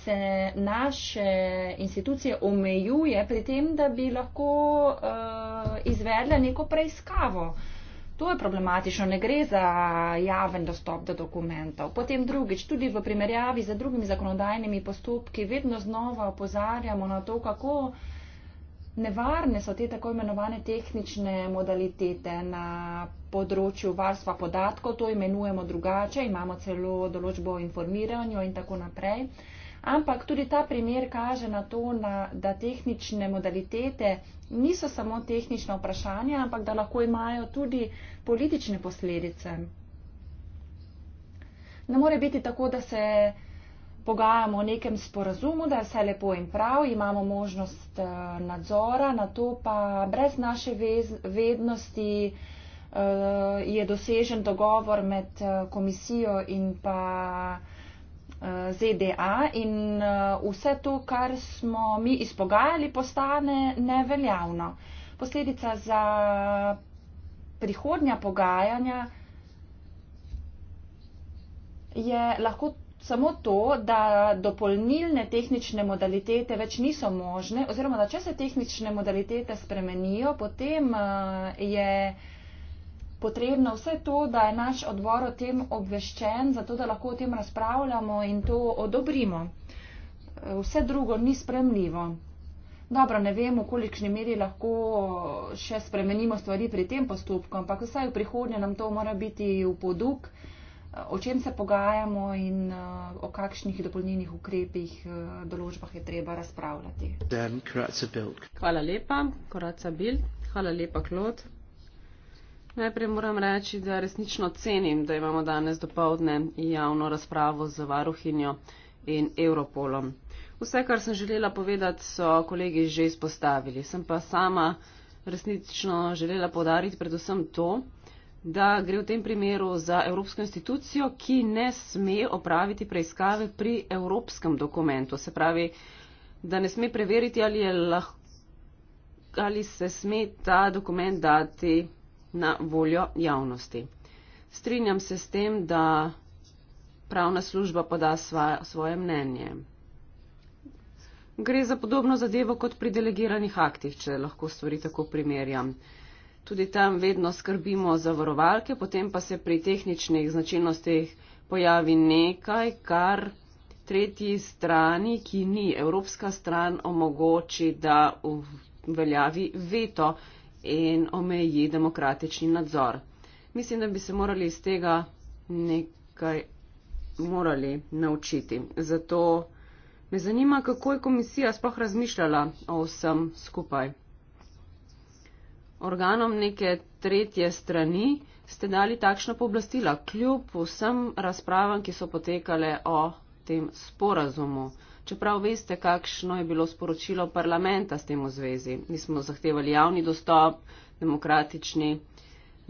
se naše institucije omejuje pri tem, da bi lahko uh, izvedle neko preiskavo. To je problematično, ne gre za javen dostop do dokumentov. Potem drugič, tudi v primerjavi z drugimi zakonodajnimi postopki, vedno znova opozarjamo na to, kako nevarne so te tako imenovane tehnične modalitete na področju varstva podatkov, to imenujemo drugače, imamo celo določbo o informiranju in tako naprej. Ampak tudi ta primer kaže na to, na, da tehnične modalitete niso samo tehnična vprašanja, ampak da lahko imajo tudi politične posledice. Ne more biti tako, da se pogajamo o nekem sporazumu, da je vse lepo in prav, imamo možnost eh, nadzora, na to pa brez naše vednosti eh, je dosežen dogovor med eh, komisijo in pa ZDA in vse to, kar smo mi izpogajali, postane neveljavno. Posledica za prihodnja pogajanja je lahko samo to, da dopolnilne tehnične modalitete več niso možne, oziroma da če se tehnične modalitete spremenijo, potem eh, je potrebno vse to, da je naš odbor o tem obveščen, zato da lahko o tem razpravljamo in to odobrimo. Eh, vse drugo ni spremljivo. Dobro, ne vem, v kolikšni meri lahko še spremenimo stvari pri tem postopku, ampak vsaj v prihodnje nam to mora biti v poduk o čem se pogajamo in eh, o kakšnih dopolnjenih ukrepih, eh, določbah je treba razpravljati. Hvala lepa, Koraca Bild. Hvala lepa, Klod. Najprej moram reči, da resnično cenim, da imamo danes dopovdne javno razpravo z varuhinjo in Europolom. Vse, kar sem želela povedati, so kolegi že izpostavili. Sem pa sama resnično želela podariti predvsem to, da gre v tem primeru za evropsko institucijo, ki ne sme opraviti preiskave pri evropskem dokumentu. Se pravi, da ne sme preveriti, ali, lahko, ali se sme ta dokument dati na voljo javnosti. Strinjam se s tem, da pravna služba poda svoje, svoje mnenje. Gre za podobno zadevo kot pri delegiranih aktih, če lahko stvari tako primerjam tudi tam vedno skrbimo za varovalke, potem pa se pri tehničnih značilnostih pojavi nekaj, kar tretji strani, ki ni evropska stran, omogoči, da uveljavi veto in omeji demokratični nadzor. Mislim, da bi se morali iz tega nekaj morali naučiti. Zato me zanima, kako je komisija sploh razmišljala o vsem skupaj organom neke tretje strani ste dali takšno pooblastila, kljub vsem razpravam, ki so potekale o tem sporazumu. Čeprav veste, kakšno je bilo sporočilo parlamenta s tem v zvezi. Mi smo zahtevali javni dostop, demokratični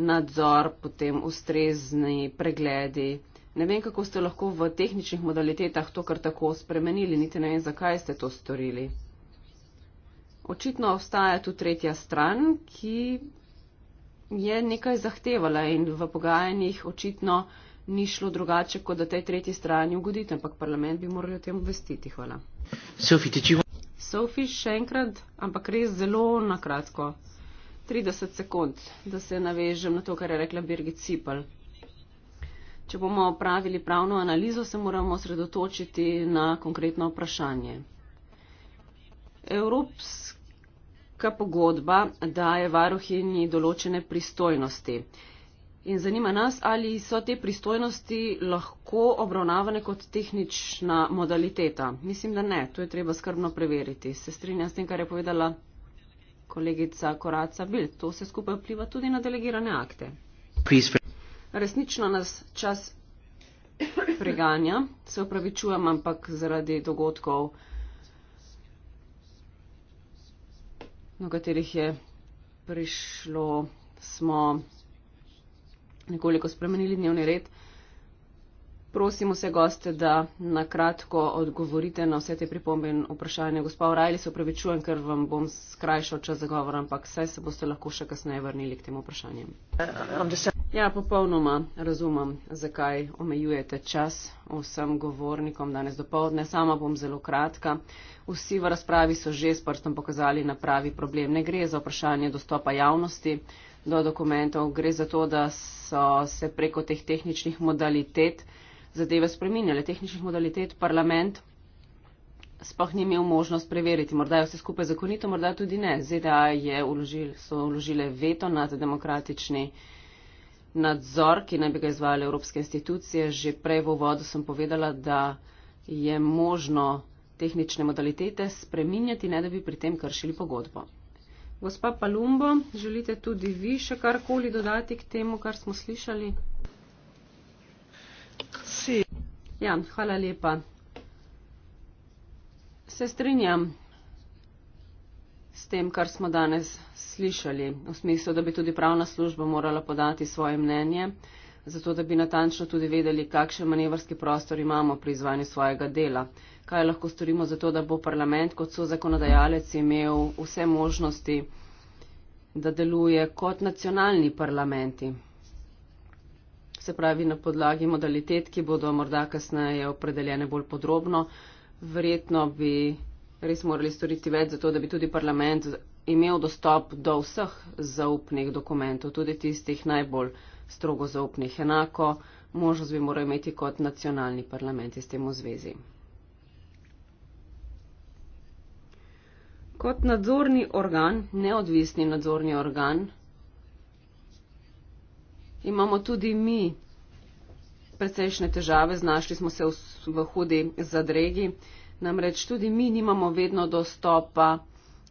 nadzor, potem ustrezni pregledi. Ne vem, kako ste lahko v tehničnih modalitetah to kar tako spremenili, niti ne vem, zakaj ste to storili očitno obstaja tu tretja stran, ki je nekaj zahtevala in v pogajanjih očitno ni šlo drugače, kot da tej tretji strani ugoditi, ampak parlament bi morali o tem obvestiti. Hvala. Sophie, want... Sophie, še enkrat, ampak res zelo nakratko. 30 sekund, da se navežem na to, kar je rekla Birgit Cipel. Če bomo opravili pravno analizo, se moramo osredotočiti na konkretno vprašanje. Evropska pogodba daje varuhinji določene pristojnosti. In zanima nas, ali so te pristojnosti lahko obravnavane kot tehnična modaliteta. Mislim, da ne. To je treba skrbno preveriti. Se strinjam s tem, kar je povedala kolegica Koraca Bil. To se skupaj vpliva tudi na delegirane akte. Resnično nas čas preganja. Se upravičujem, ampak zaradi dogodkov. do katerih je prišlo, smo nekoliko spremenili dnevni red. Prosim vse goste, da nakratko odgovorite na vse te pripombe in vprašanje. Gospa Vrajli, se upravičujem, ker vam bom skrajšal čas zagovora, ampak saj se boste lahko še kasneje vrnili k tem vprašanjem. Uh, Ja, popolnoma razumem, zakaj omejujete čas vsem govornikom danes do povdne. Sama bom zelo kratka. Vsi v razpravi so že s prstom pokazali na pravi problem. Ne gre za vprašanje dostopa javnosti do dokumentov, gre za to, da so se preko teh tehničnih modalitet zadeve spreminjale. Tehničnih modalitet parlament sploh ni imel možnost preveriti. Morda je vse skupaj zakonito, morda tudi ne. ZDA je vložil, so vložile veto nad demokratični nadzor, ki naj bi ga izvajali evropske institucije. Že prej v uvodu sem povedala, da je možno tehnične modalitete spreminjati, ne da bi pri tem kršili pogodbo. Gospa Palumbo, želite tudi vi še karkoli dodati k temu, kar smo slišali? Si. Ja, hvala lepa. Se strinjam s tem, kar smo danes slišali, v smislu, da bi tudi pravna služba morala podati svoje mnenje, zato da bi natančno tudi vedeli, kakšen manevrski prostor imamo pri izvajanju svojega dela, kaj lahko storimo zato, da bo parlament kot so zakonodajalec imel vse možnosti, da deluje kot nacionalni parlamenti. Se pravi, na podlagi modalitet, ki bodo morda kasneje opredeljene bolj podrobno, verjetno bi res morali storiti več za to, da bi tudi parlament imel dostop do vseh zaupnih dokumentov, tudi tistih najbolj strogo zaupnih. Enako možnost bi morali imeti kot nacionalni parlamenti s tem v zvezi. Kot nadzorni organ, neodvisni nadzorni organ, imamo tudi mi precejšnje težave, znašli smo se v, v hudi zadregi. Namreč tudi mi nimamo vedno dostopa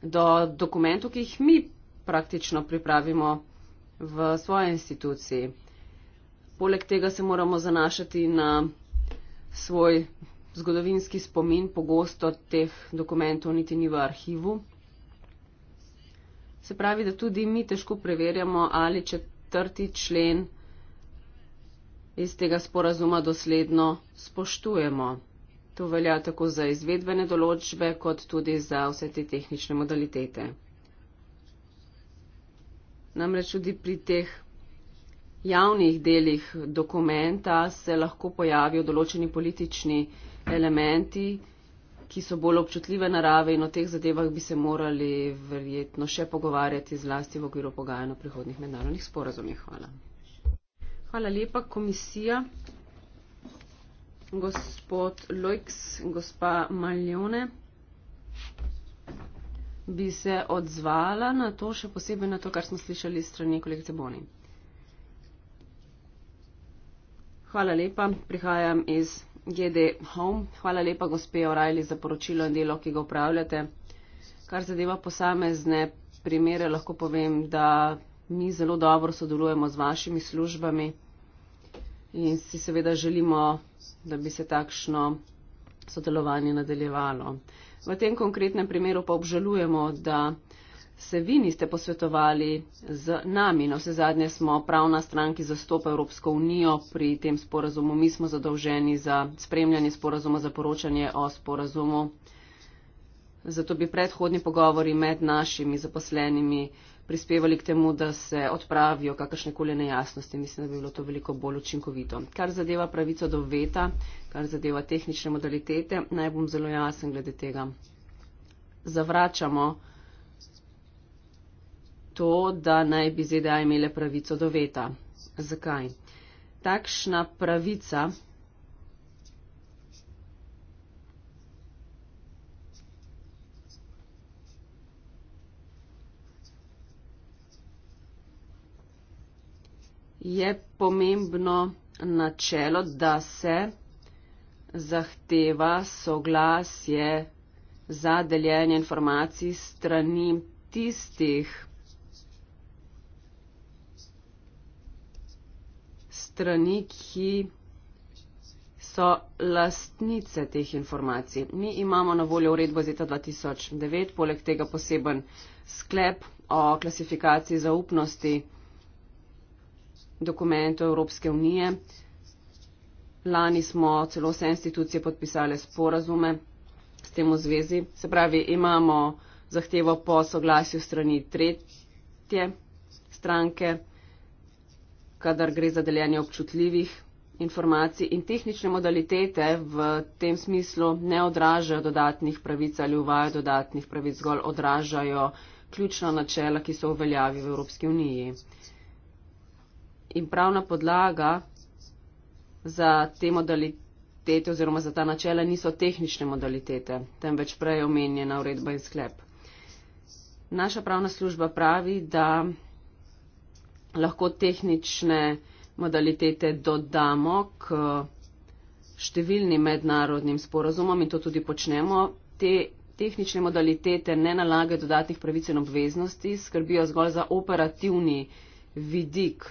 do dokumentov, ki jih mi praktično pripravimo v svoje instituciji. Poleg tega se moramo zanašati na svoj zgodovinski spomin, pogosto teh dokumentov niti ni v arhivu. Se pravi, da tudi mi težko preverjamo, ali četrti člen iz tega sporazuma dosledno spoštujemo. To velja tako za izvedbene določbe, kot tudi za vse te tehnične modalitete. Namreč tudi pri teh javnih delih dokumenta se lahko pojavijo določeni politični elementi, ki so bolj občutljive narave in o teh zadevah bi se morali verjetno še pogovarjati zlasti v okviru pogajanja o prihodnih mednarodnih sporazumih. Hvala. Hvala lepa, komisija gospod Lux, gospa Maljone, bi se odzvala na to, še posebej na to, kar smo slišali strani kolegice Boni. Hvala lepa, prihajam iz GD Home. Hvala lepa, gospe Orajli, za poročilo in delo, ki ga upravljate. Kar zadeva posamezne primere, lahko povem, da mi zelo dobro sodelujemo z vašimi službami in si seveda želimo, da bi se takšno sodelovanje nadaljevalo. V tem konkretnem primeru pa obžalujemo, da se vi niste posvetovali z nami. Na vse zadnje smo pravna stranki zastopa Evropsko unijo pri tem sporazumu. Mi smo zadolženi za spremljanje sporazuma, za poročanje o sporazumu. Zato bi predhodni pogovori med našimi zaposlenimi prispevali k temu, da se odpravijo kakršnekoli nejasnosti. Mislim, da bi bilo to veliko bolj učinkovito. Kar zadeva pravico do veta, kar zadeva tehnične modalitete, naj bom zelo jasen glede tega. Zavračamo to, da naj bi ZDA imele pravico do veta. Zakaj? Takšna pravica je pomembno načelo, da se zahteva soglasje za deljenje informacij strani tistih, strani, ki so lastnice teh informacij. Mi imamo na voljo uredbo z leta 2009, poleg tega poseben sklep o klasifikaciji zaupnosti dokumentov Evropske unije. Lani smo celo vse institucije podpisali sporazume s tem v zvezi. Se pravi, imamo zahtevo po soglasju strani tretje stranke, kadar gre za deljenje občutljivih informacij in tehnične modalitete v tem smislu ne odražajo dodatnih pravic ali uvajo dodatnih pravic, zgolj odražajo ključna načela, ki so uveljavi v Evropski uniji in pravna podlaga za te modalitete oziroma za ta načela niso tehnične modalitete, temveč prej omenjena uredba in sklep. Naša pravna služba pravi, da lahko tehnične modalitete dodamo k številnim mednarodnim sporozumom in to tudi počnemo. Te tehnične modalitete ne nalagajo dodatnih pravic in obveznosti, skrbijo zgolj za operativni vidik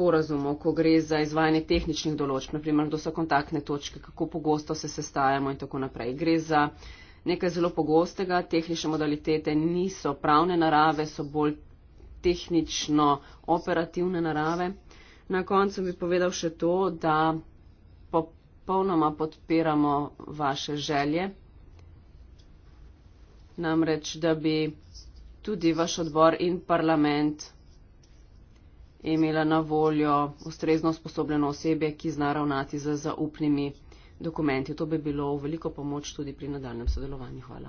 sporazumov, ko gre za izvajanje tehničnih določb, naprimer, kdo so kontaktne točke, kako pogosto se sestajamo in tako naprej. Gre za nekaj zelo pogostega, tehnične modalitete niso pravne narave, so bolj tehnično-operativne narave. Na koncu bi povedal še to, da popolnoma podpiramo vaše želje. Namreč, da bi tudi vaš odbor in parlament imela na voljo ustrezno sposobljeno osebe, ki zna ravnati z zaupnimi dokumenti. To bi bilo v veliko pomoč tudi pri nadaljem sodelovanju. Hvala.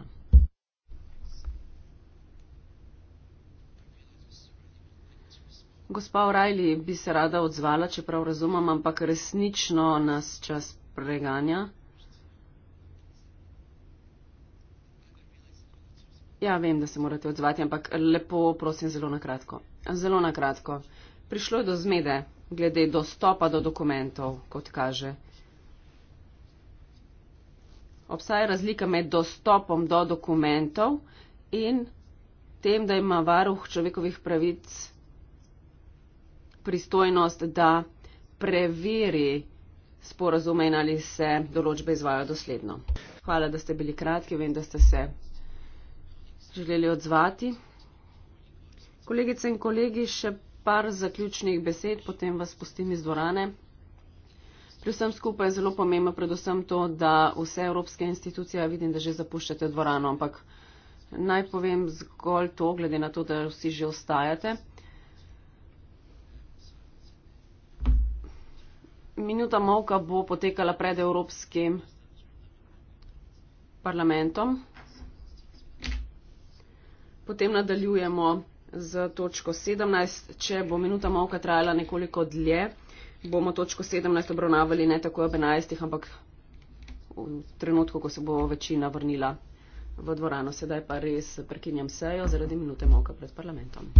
Gospa Orajli bi se rada odzvala, čeprav razumem, ampak resnično nas čas preganja. Ja, vem, da se morate odzvati, ampak lepo prosim zelo na kratko. Zelo na kratko prišlo je do zmede glede dostopa do dokumentov, kot kaže. Obstaja razlika med dostopom do dokumentov in tem, da ima varuh človekovih pravic pristojnost, da preveri sporazume in ali se določbe izvajo dosledno. Hvala, da ste bili kratki, vem, da ste se želeli odzvati. Kolegice in kolegi, še par zaključnih besed, potem vas spustim iz dvorane. Pri vsem skupaj je zelo pomembno predvsem to, da vse evropske institucije, vidim, da že zapuščate dvorano, ampak naj povem zgolj to, glede na to, da vsi že ostajate. Minuta molka bo potekala pred Evropskim parlamentom. Potem nadaljujemo z točko 17. Če bo minuta molka trajala nekoliko dlje, bomo točko 17 obravnavali ne tako ob 11, ampak v trenutku, ko se bo večina vrnila v dvorano. Sedaj pa res prekinjam sejo zaradi minute molka pred parlamentom.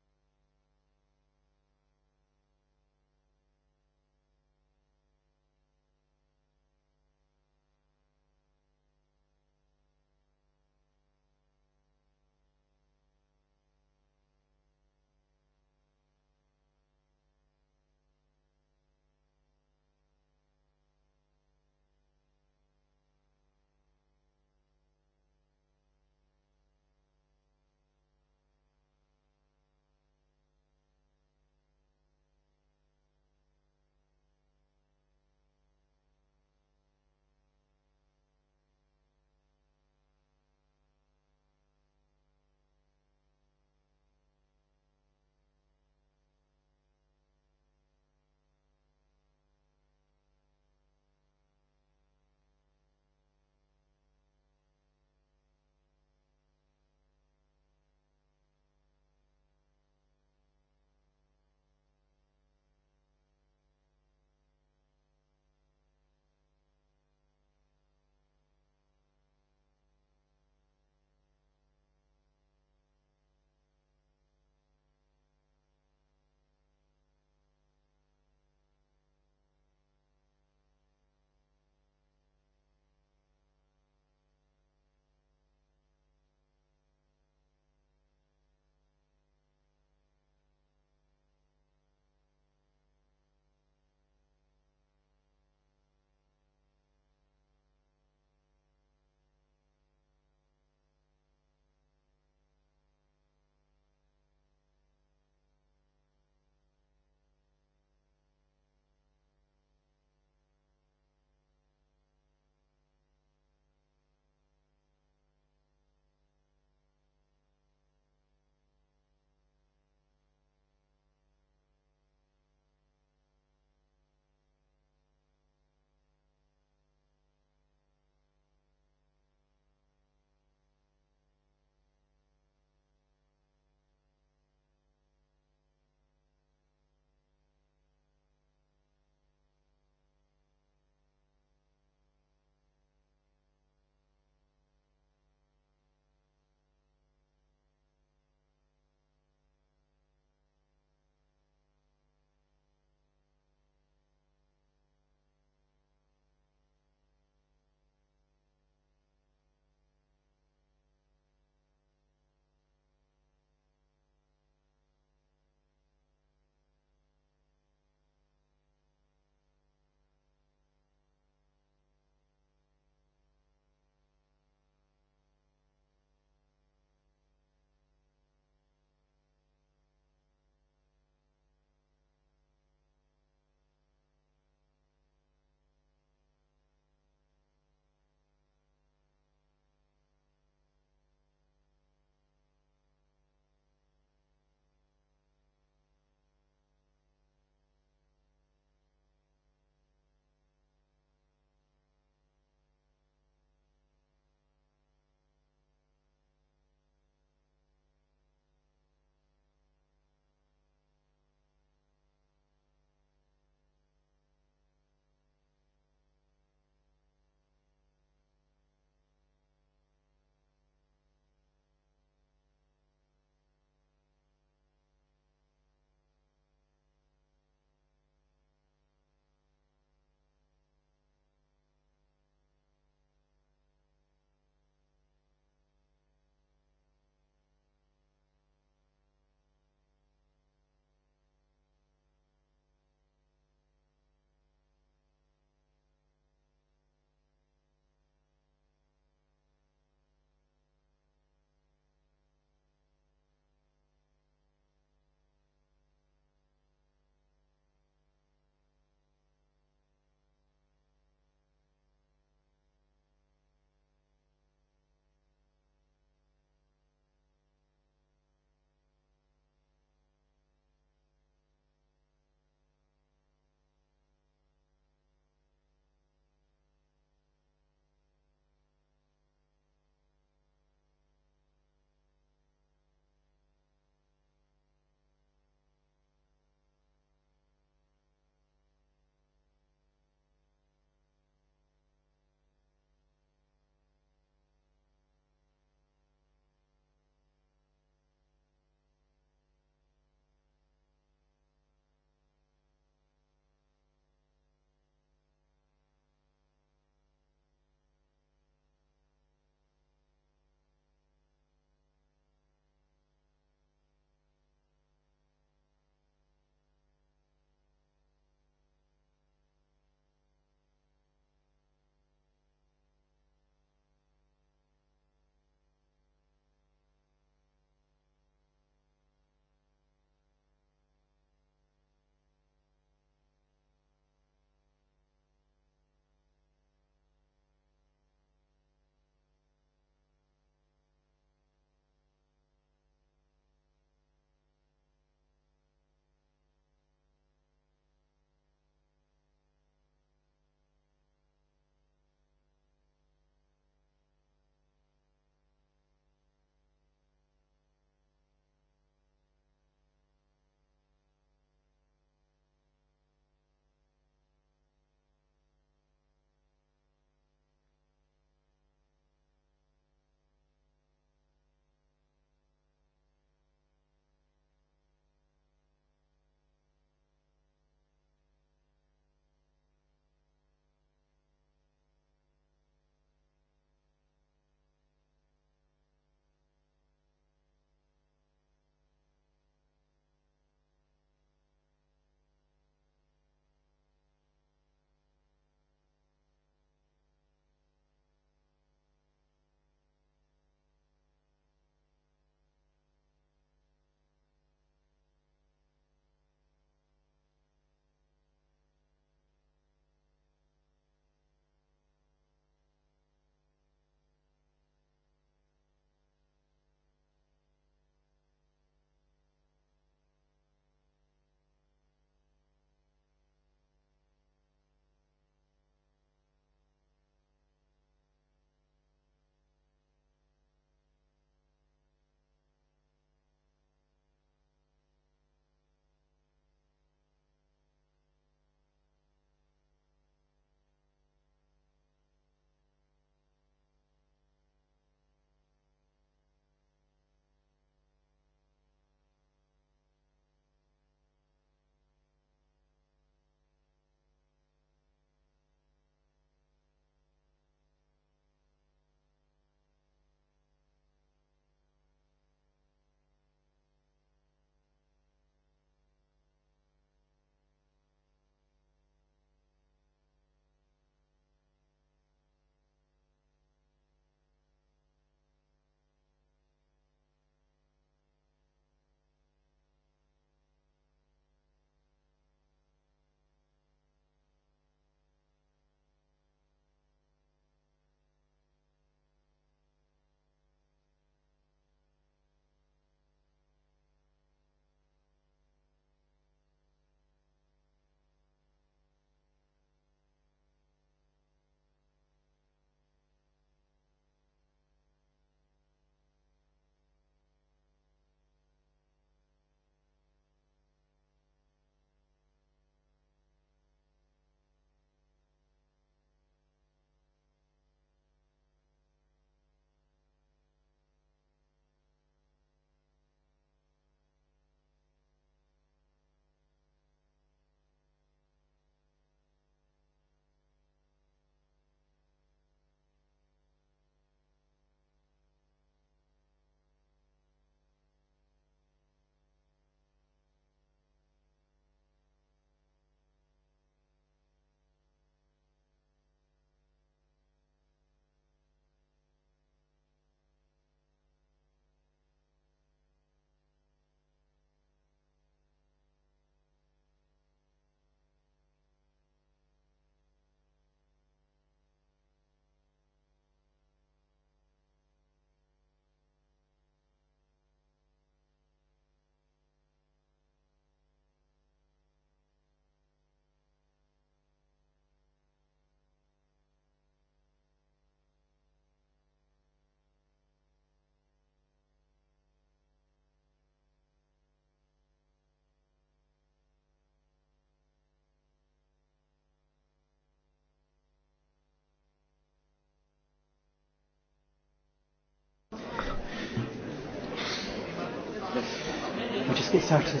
get started.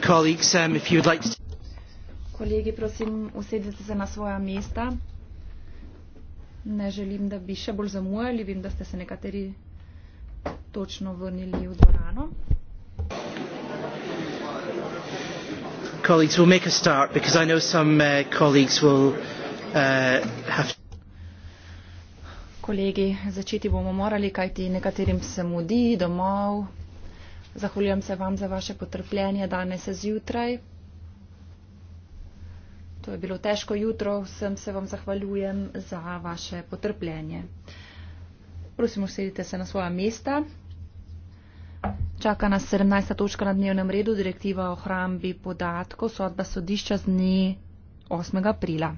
Colleagues, um, if you would like to... Kolegi, prosim, usedite se na svoja mesta. Ne želim, da bi še bolj zamujali. Vem, da ste se nekateri točno vrnili v dvorano. Colleagues, we'll make a start because I know some uh, colleagues will uh, have to kolegi. Začeti bomo morali, kajti nekaterim se mudi domov. Zahvaljujem se vam za vaše potrpljenje danes zjutraj. To je bilo težko jutro, vsem se vam zahvaljujem za vaše potrpljenje. Prosim, usedite se na svoja mesta. Čaka nas 17. točka na dnevnem redu, direktiva o hrambi podatkov, sodba sodišča z dne 8. aprila.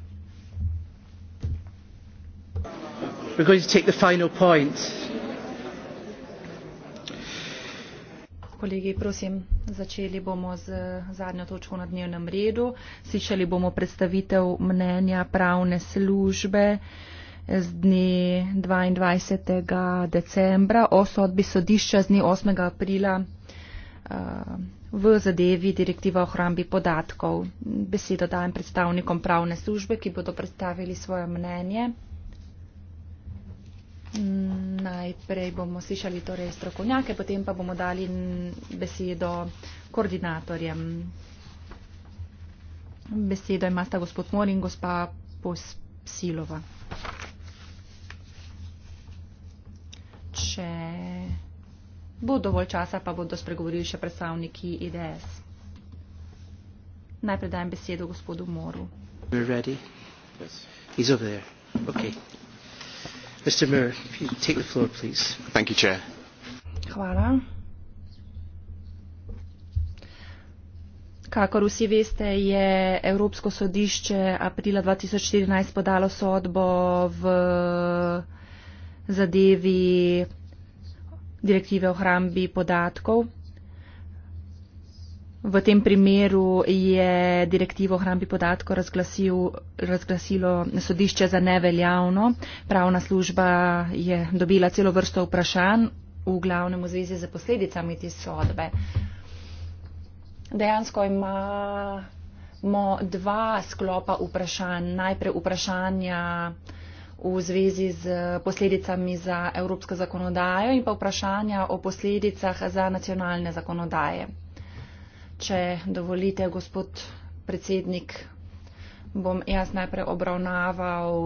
we are going to take the final point. Kolegi, prosim, začeli bomo z zadnjo točko na dnevnem redu. Slišali bomo predstavitev mnenja pravne službe z dne 22. decembra o sodbi sodišča z dne 8. aprila eh, v zadevi direktiva o hrambi podatkov. Besedo dajem predstavnikom pravne službe, ki bodo predstavili svoje mnenje. Najprej bomo slišali torej strokovnjake, potem pa bomo dali besedo koordinatorjem. Besedo imata gospod Mor in gospa Posilova. Če bo dovolj časa, pa bodo spregovorili še predstavniki IDS. Najprej dajem besedo gospodu Moru. Yes. Okay. Mr. Moore, if you take the floor, please. Thank you, Chair. Hvala. Kakor vsi veste, je Evropsko sodišče aprila 2014 podalo sodbo v zadevi direktive o hrambi podatkov. V tem primeru je direktivo o hrambi podatkov razglasil, razglasilo sodišče za neveljavno. Pravna služba je dobila celo vrsto vprašanj v glavnem v zvezi z posledicami te sodbe. Dejansko imamo dva sklopa vprašanj. Najprej vprašanja v zvezi z posledicami za evropsko zakonodajo in pa vprašanja o posledicah za nacionalne zakonodaje. Če dovolite, gospod predsednik, bom jaz najprej obravnaval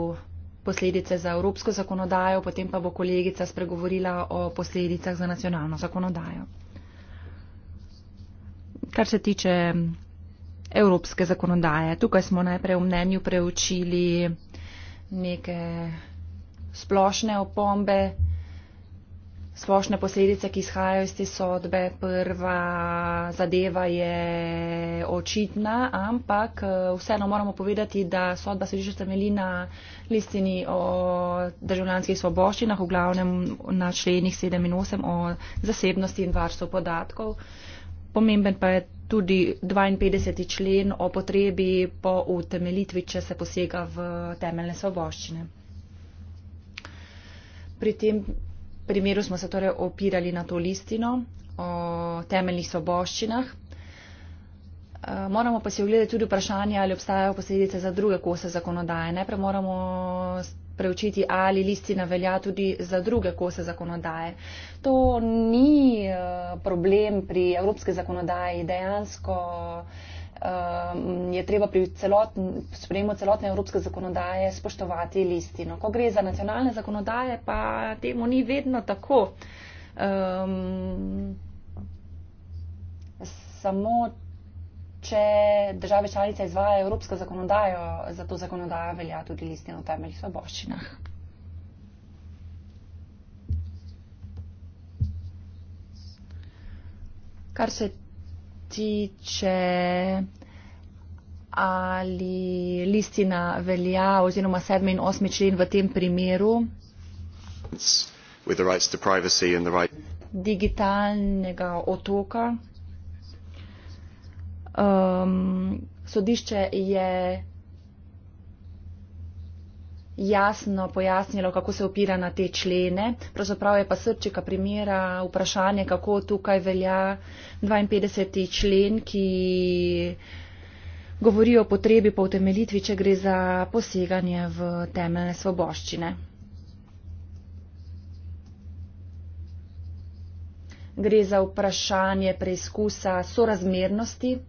posledice za evropsko zakonodajo, potem pa bo kolegica spregovorila o posledicah za nacionalno zakonodajo. Kar se tiče evropske zakonodaje, tukaj smo najprej v mnenju preučili neke splošne opombe, splošne posledice, ki izhajajo iz te sodbe. Prva zadeva je očitna, ampak eh, vseeno moramo povedati, da sodba se že temeli na listini o državljanskih svoboščinah, v glavnem na členih 7 in 8 o zasebnosti in varstvu podatkov. Pomemben pa je tudi 52. člen o potrebi po utemelitvi, če se posega v temeljne svoboščine. Pri tem primeru smo se torej opirali na to listino o temeljnih soboščinah. Eh, moramo pa si ogledati tudi vprašanje, ali obstajajo posledice za druge kose zakonodaje. Najprej moramo preučiti, ali listina velja tudi za druge kose zakonodaje. To ni eh, problem pri evropske zakonodaji. Dejansko uh, Um, je treba pri celotn, sprejemu celotne evropske zakonodaje spoštovati listino. Ko gre za nacionalne zakonodaje, pa temu ni vedno tako. Um, samo, če države članice izvajajo evropsko zakonodajo, za to zakonodajo velja tudi listina o temeljih svoboščinah. Kar se tiče ali listina velja oziroma 7. in 8. člen v tem primeru the right the right digitalnega otoka. Um, sodišče je jasno pojasnilo, kako se opira na te člene. Pravzaprav je pa srčika primera vprašanje, kako tukaj velja 52. člen, ki govori o potrebi po utemelitvi, če gre za poseganje v temeljne svoboščine. Gre za vprašanje preizkusa sorazmernosti in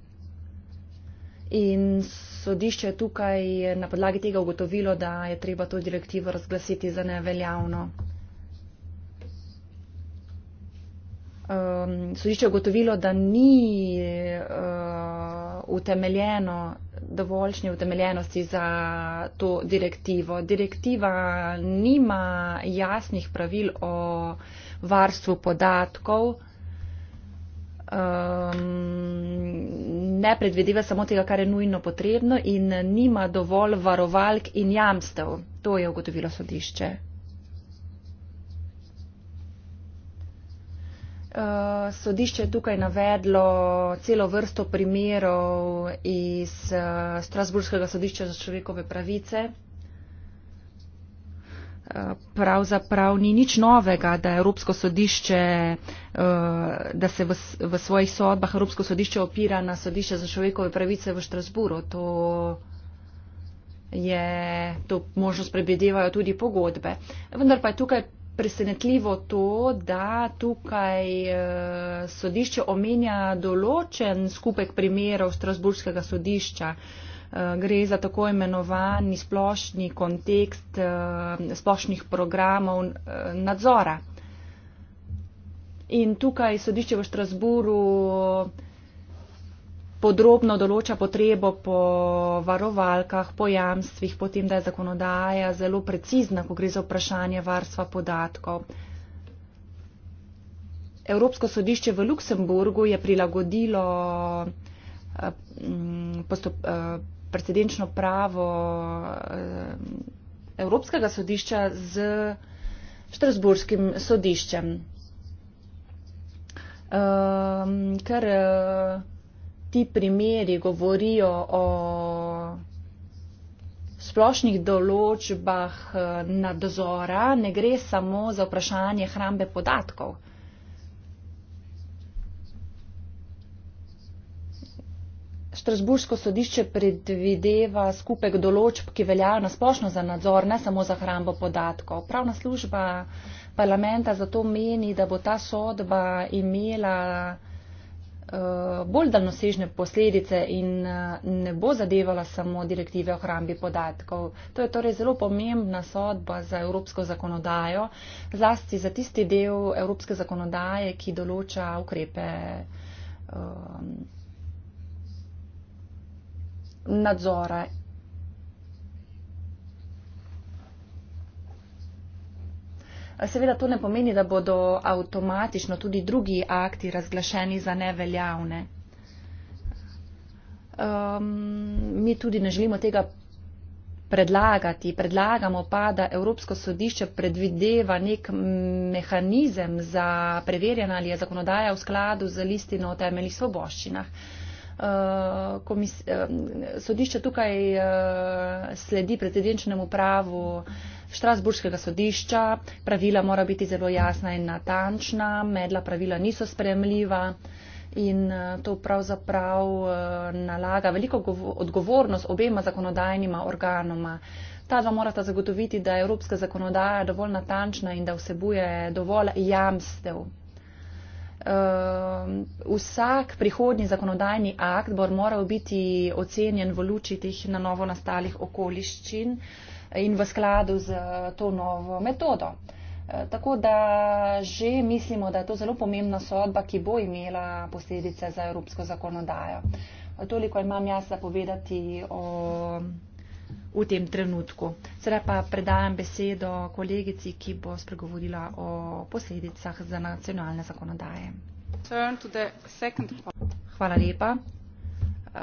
sorazmernosti sodišče tukaj na podlagi tega ugotovilo, da je treba to direktivo razglasiti za neveljavno. Um, sodišče je ugotovilo, da ni uh, utemeljeno, dovoljšnje utemeljenosti za to direktivo. Direktiva nima jasnih pravil o varstvu podatkov. Um, ne predvideva samo tega, kar je nujno potrebno in nima dovolj varovalk in jamstev. To je ugotovilo sodišče. Eh, sodišče je tukaj navedlo celo vrsto primerov iz eh, Strasburskega sodišča za človekove pravice pravzaprav ni nič novega, da, sodišče, eh, da se v, v svojih sodbah Evropsko sodišče opira na sodišče za človekove pravice v Štrasburu. To je, to možnost prebedevajo tudi pogodbe. Vendar pa je tukaj presenetljivo to, da tukaj eh, sodišče omenja določen skupek primerov Strasburskega sodišča, Eh, gre za tako imenovani splošni kontekst eh, splošnih programov eh, nadzora. In tukaj sodišče v Štrasburu podrobno določa potrebo po varovalkah, po jamstvih, potem, da je zakonodaja zelo precizna, ko gre za vprašanje varstva podatkov. Evropsko sodišče v Luksemburgu je prilagodilo precedenčno pravo eh, Evropskega sodišča z Štrasburskim sodiščem. Um, ker uh, ti primeri govorijo o splošnih določbah uh, nadzora, ne gre samo za vprašanje hrambe podatkov. Strasbursko sodišče predvideva skupek določb, ki veljajo nasplošno za nadzor, ne samo za hrambo podatkov. Pravna služba parlamenta zato meni, da bo ta sodba imela eh, bolj daljnosežne posledice in eh, ne bo zadevala samo direktive o hrambi podatkov. To je torej zelo pomembna sodba za evropsko zakonodajo, zlasti za tisti del evropske zakonodaje, ki določa ukrepe. Um, nadzora. Seveda to ne pomeni, da bodo avtomatično tudi drugi akti razglašeni za neveljavne. Um, mi tudi ne želimo tega predlagati. Predlagamo pa, da Evropsko sodišče predvideva nek mehanizem za preverjanje, ali je zakonodaja v skladu z listino o temeljih svoboščinah. Uh, Eh, komis, uh, sodišče tukaj uh, sledi predsedničnemu pravu Štrasburskega sodišča. Pravila mora biti zelo jasna in natančna, medla pravila niso spremljiva. In to pravzaprav nalaga veliko odgovornost obema zakonodajnima organoma. Ta dva morata zagotoviti, da je evropska zakonodaja dovolj natančna in da vsebuje dovolj jamstev Ehm, vsak prihodnji zakonodajni akt bo moral biti ocenjen v luči teh na novo nastalih okoliščin in v skladu z to novo metodo. Eh, tako da že mislimo, da je to zelo pomembna sodba, ki bo imela posledice za evropsko zakonodajo. Toliko imam jaz za povedati o v tem trenutku. Sedaj pa predajam besedo kolegici, ki bo spregovorila o posledicah za nacionalne zakonodaje. Hvala lepa. Eh,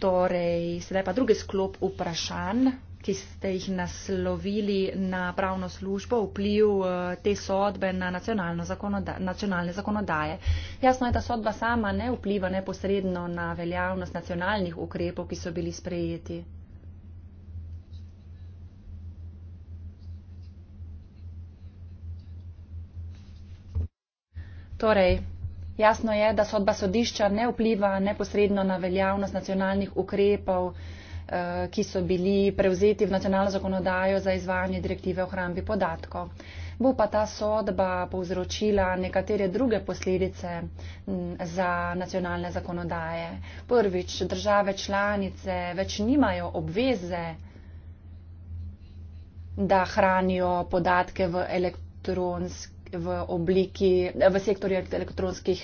torej, sedaj pa drugi sklop vprašanj, ki ste jih naslovili na pravno službo, vpliv eh, te sodbe na zakonoda nacionalne zakonodaje. Jasno je, da sodba sama ne vpliva neposredno na veljavnost nacionalnih ukrepov, ki so bili sprejeti. Torej, jasno je, da sodba sodišča ne vpliva neposredno na veljavnost nacionalnih ukrepov, eh, ki so bili prevzeti v nacionalno zakonodajo za izvajanje direktive o hrambi podatkov. Bo pa ta sodba povzročila nekatere druge posledice za nacionalne zakonodaje. Prvič, države članice več nimajo obveze, da hranijo podatke v elektronski v obliki, v sektorju elektronskih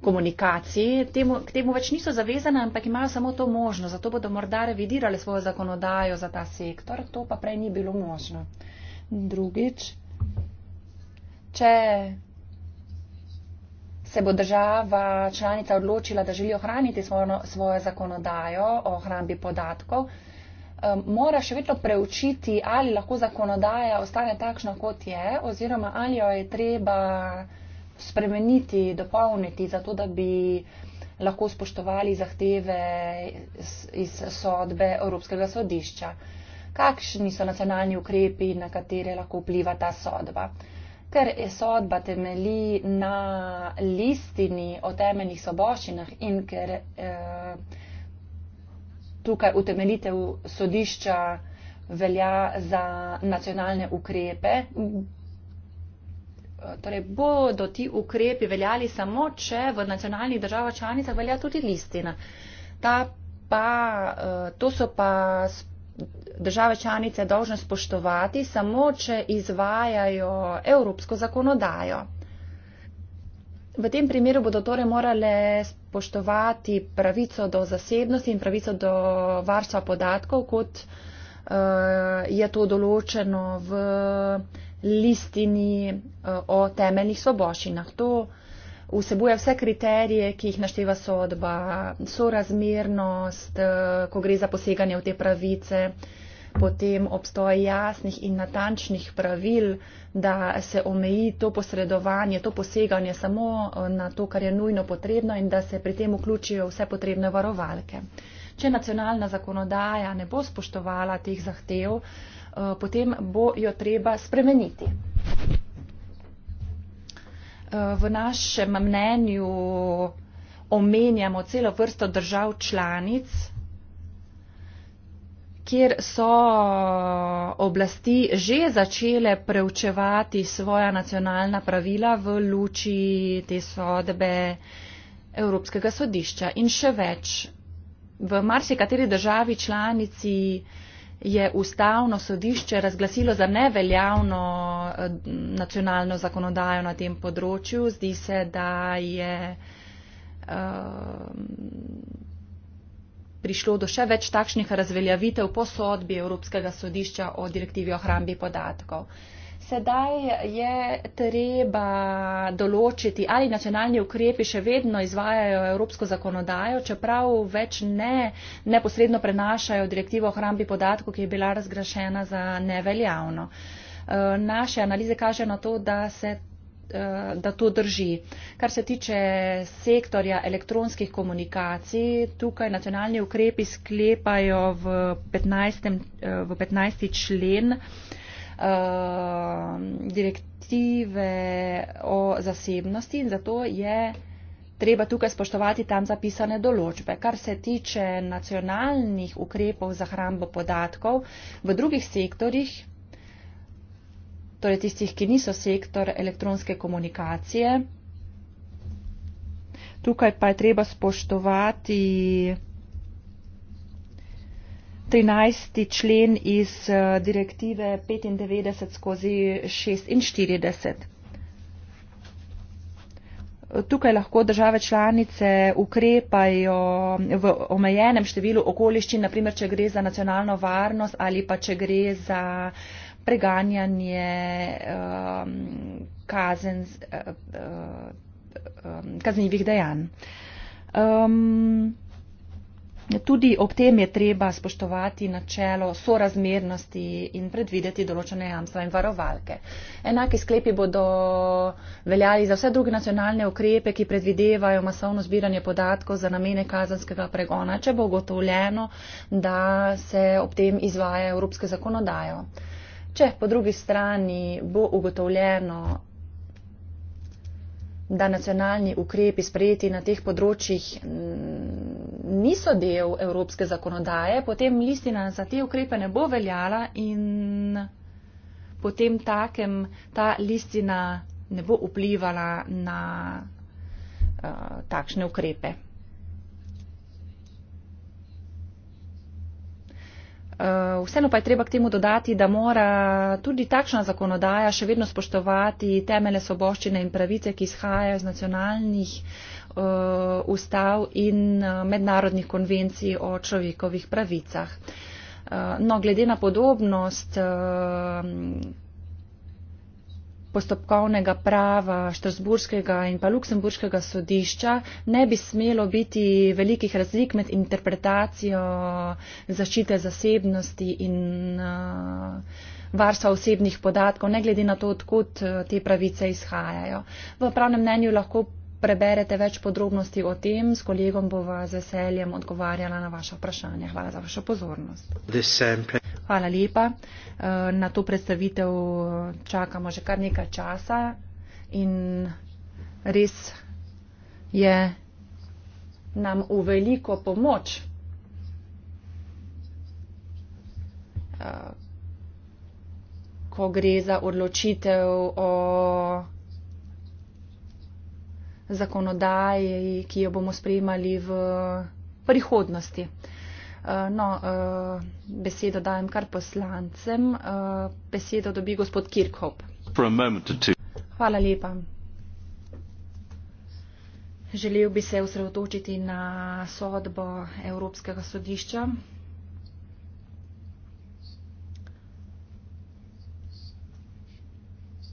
komunikacij. Temu, k temu več niso zavezane, ampak imajo samo to možnost. Zato bodo morda revidirale svojo zakonodajo za ta sektor. To pa prej ni bilo možno. Drugič, če se bo država članica odločila, da želi ohraniti svojo, no, svojo zakonodajo o ohrambi podatkov, um, mora še vedno preučiti, ali lahko zakonodaja ostane takšna, kot je, oziroma ali jo je treba spremeniti, dopolniti, zato da bi lahko spoštovali zahteve iz sodbe Evropskega sodišča. Kakšni so nacionalni ukrepi, na katere lahko vpliva ta sodba? Ker je sodba temeli na listini o temeljnih soboščinah in ker. Eh, tukaj utemeljitev sodišča velja za nacionalne ukrepe. Torej, bodo ti ukrepi veljali samo, če v nacionalnih državah članicah velja tudi listina. Ta pa, eh, to so pa države članice dolžne spoštovati samo, če izvajajo evropsko zakonodajo. V tem primeru bodo torej morale spoštovati pravico do zasebnosti in pravico do varstva podatkov, kot eh, je to določeno v listini eh, o temeljnih soboščinah. To vsebuje vse kriterije, ki jih našteva sodba, sorazmernost, eh, ko gre za poseganje v te pravice, potem obstoj jasnih in natančnih pravil, da se omeji to posredovanje, to poseganje samo eh, na to, kar je nujno potrebno in da se pri tem vključijo vse potrebne varovalke. Če nacionalna zakonodaja ne bo spoštovala teh zahtev, eh, potem bo jo treba spremeniti. Eh, v našem mnenju omenjamo celo vrsto držav članic, kjer so uh, oblasti že začele preučevati svoja nacionalna pravila v luči te sodbe Evropskega sodišča. In še več, v marsikateri državi članici je ustavno sodišče razglasilo za neveljavno uh, nacionalno zakonodajo na tem področju. Zdi se, da je. Uh, prišlo do še več takšnih razveljavitev po sodbi Evropskega sodišča o direktivi o hrambi podatkov. Sedaj je treba določiti, ali nacionalni ukrepi še vedno izvajajo evropsko zakonodajo, čeprav več ne neposredno prenašajo direktivo o hrambi podatkov, ki je bila razgrašena za neveljavno. Naše analize kaže na to, da se Eh, da to drži. Kar se tiče sektorja elektronskih komunikacij, tukaj nacionalni ukrepi sklepajo v 15. Eh, v 15. člen eh, direktive o zasebnosti in zato je treba tukaj spoštovati tam zapisane določbe. Kar se tiče nacionalnih ukrepov za hrambo podatkov, v drugih sektorjih torej tistih, ki niso sektor elektronske komunikacije. Tukaj pa je treba spoštovati 13. člen iz eh, direktive 95 skozi 46. Tukaj lahko države članice ukrepajo v omejenem številu okoliščin, naprimer, če gre za nacionalno varnost ali pa če gre za uh, preganjanje, um, kazen, eh, eh, um, kaznjivih dejanj. Um, tudi ob tem je treba spoštovati načelo sorazmernosti in predvideti določene jamstva in varovalke. Enaki sklepi bodo veljali za vse druge nacionalne ukrepe, ki predvidevajo masovno zbiranje podatkov za namene kazanskega pregona, če bo ugotovljeno, da se ob tem izvaja evropske zakonodajo če po drugi strani bo ugotovljeno, da nacionalni ukrepi sprejeti na teh področjih mm, niso del evropske zakonodaje, potem listina za te ukrepe ne bo veljala in potem takem ta listina ne bo vplivala na uh, takšne ukrepe. Eh, vseeno pa je treba k temu dodati, da mora tudi takšna zakonodaja še vedno spoštovati temele soboščine in pravice, ki izhajajo iz nacionalnih eh, ustav in eh, mednarodnih konvencij o človekovih pravicah. No, glede na podobnost postopkovnega prava Štrasburskega in pa Luksemburškega sodišča ne bi smelo biti velikih razlik med interpretacijo zaščite zasebnosti in varstva osebnih podatkov, ne glede na to, odkot te pravice izhajajo. V pravnem mnenju lahko preberete več podrobnosti o tem, s kolegom bova z veseljem odgovarjala na vaše vprašanje. Hvala za vašo pozornost. Um, Hvala lepa. Eh, na to predstavitev eh, čakamo že kar nekaj časa in res je nam v veliko pomoč. Eh, ko gre za odločitev o zakonodaji, ki jo bomo sprejemali v prihodnosti. Eh, no, eh, besedo dajem kar poslancem. Eh, besedo dobi gospod Kirkhop. Hvala lepa. Želel bi se osredotočiti na sodbo Evropskega sodišča.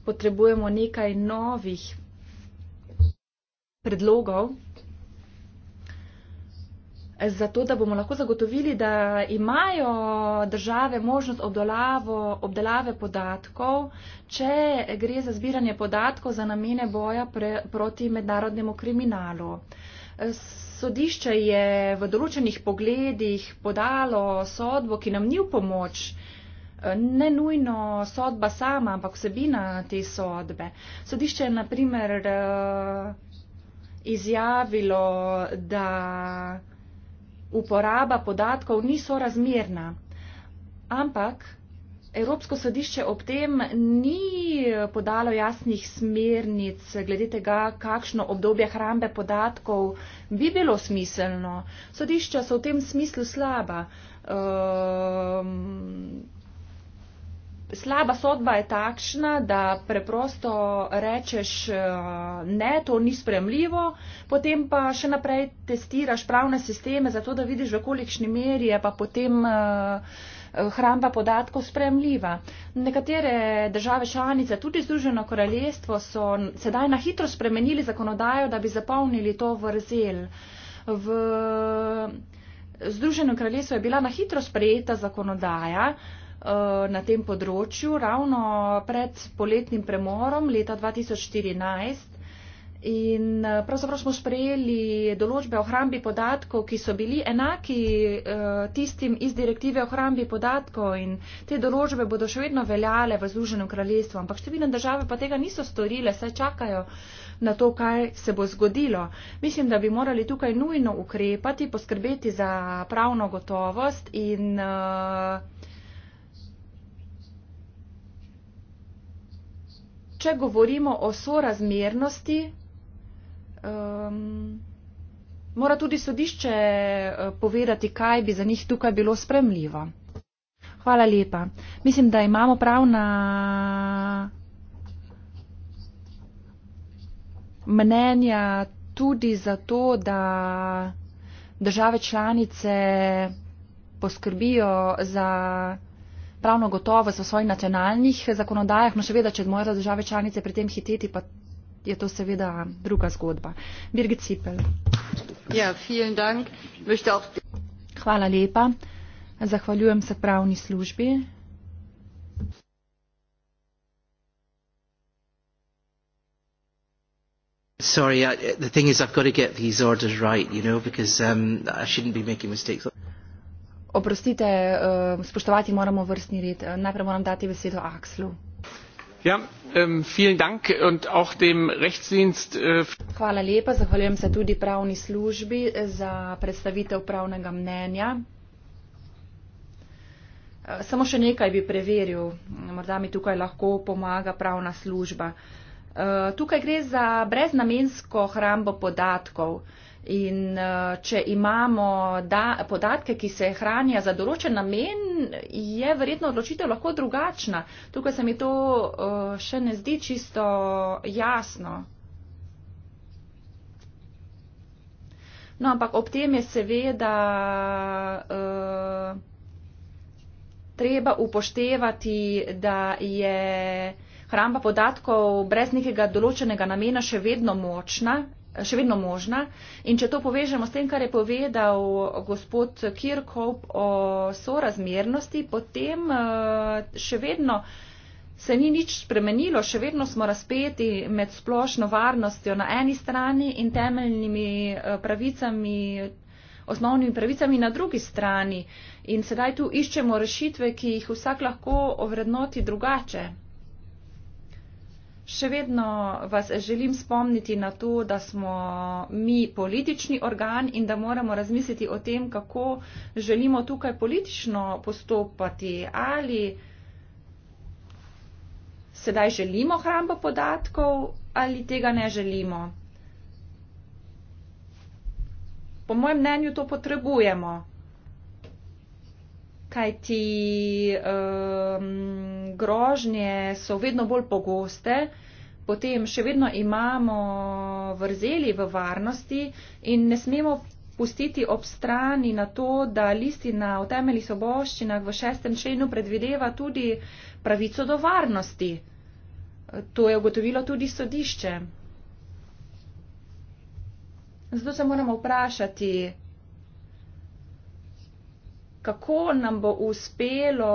Potrebujemo nekaj novih predlogov, zato da bomo lahko zagotovili, da imajo države možnost obdelavo, obdelave podatkov, če gre za zbiranje podatkov za namene boja pre, proti mednarodnemu kriminalu. Sodišče je v določenih pogledih podalo sodbo, ki nam ni v pomoč, ne nujno sodba sama, ampak vsebina te sodbe. Sodišče je naprimer izjavilo, da uporaba podatkov ni sorazmerna. Ampak Evropsko sodišče ob tem ni podalo jasnih smernic glede tega, kakšno obdobje hrambe podatkov bi bilo smiselno. Sodišča so v tem smislu slaba. Um, slaba sodba je takšna, da preprosto rečeš eh, ne, to ni spremljivo, potem pa še naprej testiraš pravne sisteme, zato da vidiš, v kolikšni meri je pa potem eh, hramba podatkov spremljiva. Nekatere države članice, tudi Združeno kraljestvo, so sedaj na hitro spremenili zakonodajo, da bi zapolnili to vrzel. V Združenem kraljestvu je bila na hitro sprejeta zakonodaja, Eh, na tem področju ravno pred poletnim premorom leta 2014. In eh, pravzaprav smo sprejeli določbe o hrambi podatkov, ki so bili enaki eh, tistim iz direktive o hrambi podatkov in te določbe bodo še vedno veljale v Združenem kraljestvu, ampak številne države pa tega niso storile, saj čakajo na to, kaj se bo zgodilo. Mislim, da bi morali tukaj nujno ukrepati, poskrbeti za pravno gotovost in. Uh, če govorimo o sorazmernosti, um, mora tudi sodišče eh, povedati, kaj bi za njih tukaj bilo spremljivo. Hvala lepa. Mislim, da imamo prav na mnenja tudi zato, da države članice poskrbijo za pravno gotovost v svojih nacionalnih zakonodajah, no še vedno, če morajo države članice pri tem hiteti, pa je to seveda druga zgodba. Birgit Cipel. Ja, dank. Hvala lepa. Zahvaljujem se pravni službi. Sorry, I, the thing is I've got to get these orders right, you know, because um, I shouldn't be making mistakes. Oprostite, eh, spoštovati moramo vrstni red. Najprej moram dati besedo Akslu. Ja, um, vielen Dank und auch dem Rechtsdienst. Uh, Hvala lepa, zahvaljujem se tudi pravni službi za predstavitev pravnega mnenja. Eh, samo še nekaj bi preveril, morda mi tukaj lahko pomaga pravna služba. Uh, tukaj gre za breznamensko hrambo podatkov. Uh, In eh, če imamo da, podatke, ki se hranijo za določen namen, je verjetno odločitev lahko drugačna. Tukaj se mi to eh, še ne zdi čisto jasno. No, ampak ob tem je seveda uh, treba upoštevati, da je hramba podatkov brez nekega določenega namena še vedno močna še vedno možna. In če to povežemo s tem, kar je povedal gospod Kirkov o sorazmernosti, potem eh, še vedno se ni nič spremenilo, še vedno smo razpeti med splošno varnostjo na eni strani in temeljnimi eh, pravicami, osnovnimi pravicami na drugi strani. In sedaj tu iščemo rešitve, ki jih vsak lahko ovrednoti drugače. Še vedno vas želim spomniti na to, da smo mi politični organ in da moramo razmisliti o tem, kako želimo tukaj politično postopati. Ali sedaj želimo hrambo podatkov ali tega ne želimo. Po mojem mnenju to potrebujemo kajti um, grožnje so vedno bolj pogoste, potem še vedno imamo vrzeli v varnosti in ne smemo pustiti ob strani na to, da listina v temeli soboščinah v šestem členu predvideva tudi pravico do varnosti. To je ugotovilo tudi sodišče. Zato se moramo vprašati, kako nam bo uspelo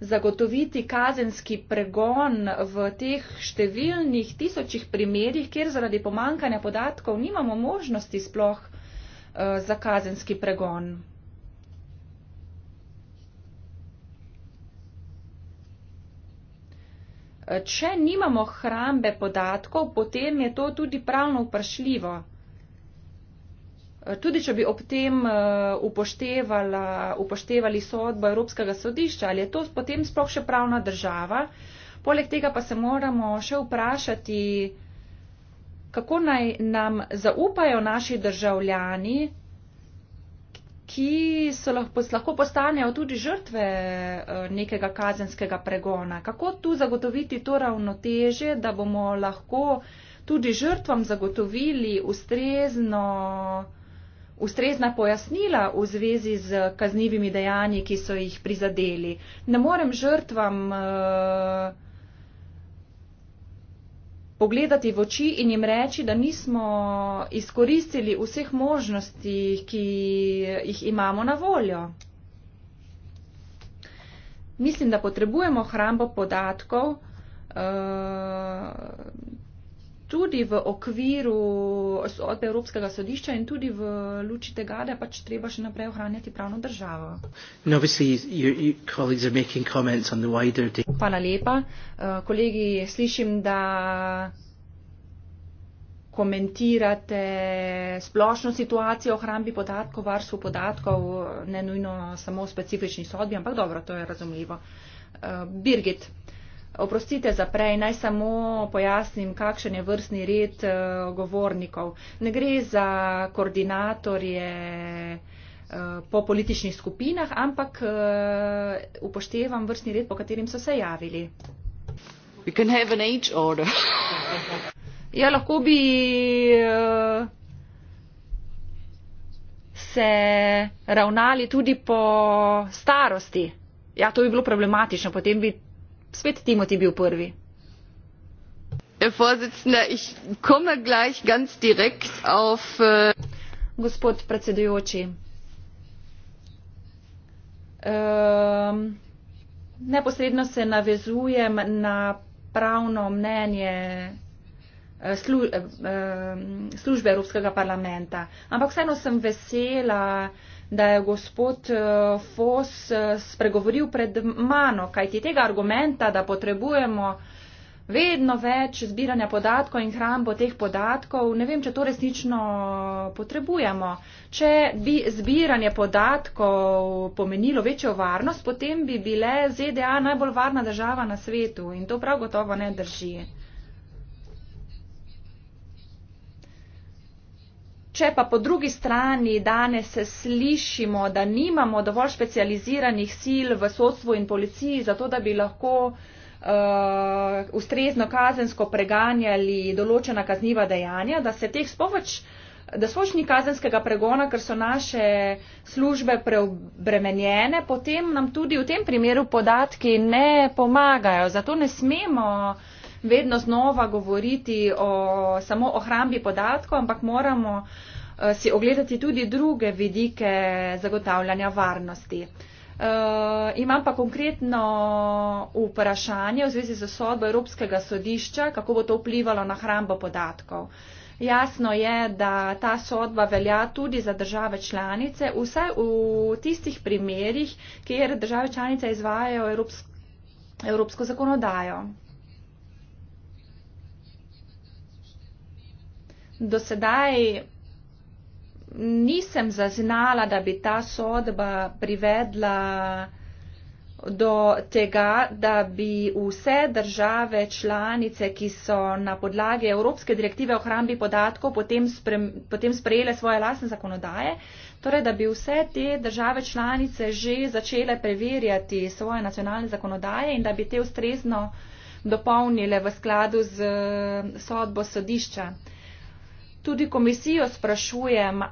zagotoviti kazenski pregon v teh številnih tisočih primerjih, kjer zaradi pomankanja podatkov nimamo možnosti sploh uh, za kazenski pregon. Eh, če nimamo hrambe podatkov, potem je to tudi pravno vprašljivo. Tudi, če bi ob tem eh, upoštevala, upoštevali sodbo Evropskega sodišča, ali je to potem sploh še pravna država. Poleg tega pa se moramo še vprašati, kako naj nam zaupajo naši državljani, ki so lahko, lahko postanejo tudi žrtve eh, nekega kazenskega pregona. Kako tu zagotoviti to ravnoteže, da bomo lahko tudi žrtvam zagotovili ustrezno, ustrezna pojasnila v zvezi z kaznjivimi dejanji, ki so jih prizadeli. Ne morem žrtvam eh, pogledati v oči in jim reči, da nismo izkoristili vseh možnosti, ki jih imamo na voljo. Mislim, da potrebujemo hrambo podatkov, eh, tudi v okviru od Evropskega sodišča in tudi v luči tega, da pač treba še naprej ohranjati pravno državo. Hvala lepa. Uh, kolegi, slišim, da komentirate splošno situacijo o hrambi podatkov, varstvu podatkov, ne nujno samo specifični sodbi, ampak dobro, to je razumljivo. Uh, Birgit. Oprostite za prej, naj samo pojasnim, kakšen je vrstni red uh, govornikov. Ne gre za koordinatorje uh, po političnih skupinah, ampak uh, upoštevam vrstni red, po katerim so se javili. ja, lahko bi uh, se ravnali tudi po starosti. Ja, to bi bilo problematično, potem bi spet Timoti bil prvi. Äh, Gospod predsedujoči, ehm, neposredno se navezujem na pravno mnenje eh, eh, ehm, službe Evropskega parlamenta, ampak vseeno sem vesela, da je gospod eh, Fos eh, spregovoril pred mano, kajti tega argumenta, da potrebujemo vedno več zbiranja podatkov in hrambo teh podatkov, ne vem, če to resnično potrebujemo. Če bi zbiranje podatkov pomenilo večjo varnost, potem bi bile ZDA najbolj varna država na svetu in to prav gotovo ne drži. Če pa po drugi strani danes slišimo, da nimamo dovolj specializiranih sil v sodstvu in policiji, zato da bi lahko uh, ustrezno kazensko preganjali določena kazniva dejanja, da se teh spoveč, da spočni kazenskega pregona, ker so naše službe preobremenjene, potem nam tudi v tem primeru podatki ne pomagajo. Zato ne smemo vedno znova govoriti o, samo o hrambi podatkov, ampak moramo eh, si ogledati tudi druge vidike zagotavljanja varnosti. E, imam pa konkretno vprašanje v zvezi z sodbo Evropskega sodišča, kako bo to vplivalo na hrambo podatkov. Jasno je, da ta sodba velja tudi za države članice, vsaj v tistih primerjih, kjer države članice izvajajo evropsko, evropsko zakonodajo. dosedaj nisem zaznala, da bi ta sodba privedla do tega, da bi vse države članice, ki so na podlagi Evropske direktive o hrambi podatkov potem, spre, potem sprejele svoje lasne zakonodaje, torej da bi vse te države članice že začele preverjati svoje nacionalne zakonodaje in da bi te ustrezno dopolnile v skladu z sodbo sodišča. Uh, tudi komisijo sprašujem,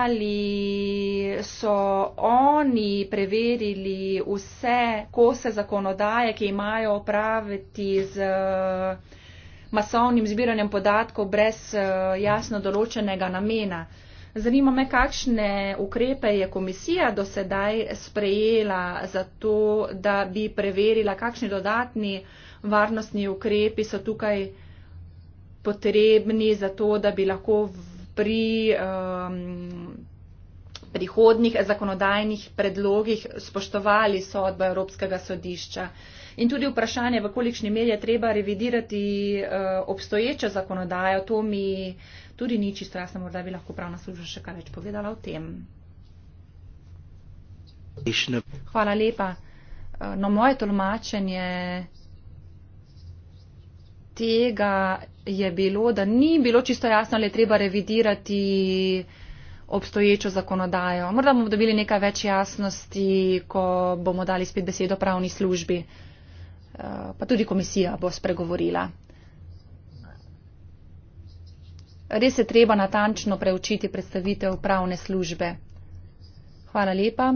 ali so oni preverili vse kose zakonodaje, ki imajo opraviti z eh, masovnim zbiranjem podatkov brez eh, jasno določenega namena. Zanima me, kakšne ukrepe je komisija do sedaj sprejela za to, da bi preverila, kakšni dodatni varnostni ukrepi so tukaj potrebni za to, da bi lahko pri um, prihodnih zakonodajnih predlogih spoštovali sodbo Evropskega sodišča. In tudi vprašanje, v kolikšni meri je treba revidirati uh, obstoječo zakonodajo, to mi tudi ni čisto jasno, morda bi lahko pravna služba še kaj več povedala o tem. Hvala lepa. Uh, no, moje tolmačenje tega je bilo, da ni bilo čisto jasno, ali je treba revidirati obstoječo zakonodajo. Morda bomo dobili nekaj več jasnosti, ko bomo dali spet besedo pravni službi, eh, pa tudi komisija bo spregovorila. Res je treba natančno preučiti predstavitev pravne službe. Hvala lepa.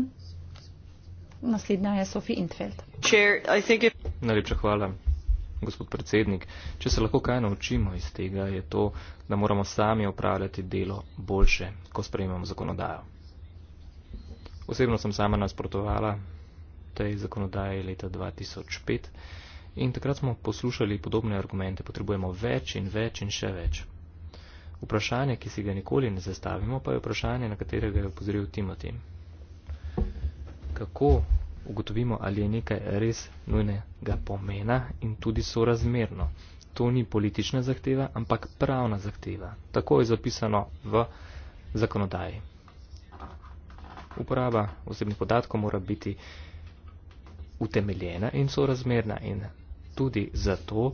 Naslednja je Sofi Intfeld. Najlepša hvala gospod predsednik, če se lahko kaj naučimo iz tega, je to, da moramo sami upravljati delo boljše, ko sprejemamo zakonodajo. Osebno sem sama nasprotovala tej zakonodaji leta 2005 in takrat smo poslušali podobne argumente, potrebujemo več in več in še več. Vprašanje, ki si ga nikoli ne zastavimo, pa je vprašanje, na katerega je upozoril Timotej. Kako ugotovimo, ali je nekaj res nujnega pomena in tudi sorazmerno. To ni politična zahteva, ampak pravna zahteva. Tako je zapisano v zakonodaji. Uporaba osebnih podatkov mora biti utemeljena in sorazmerna in tudi zato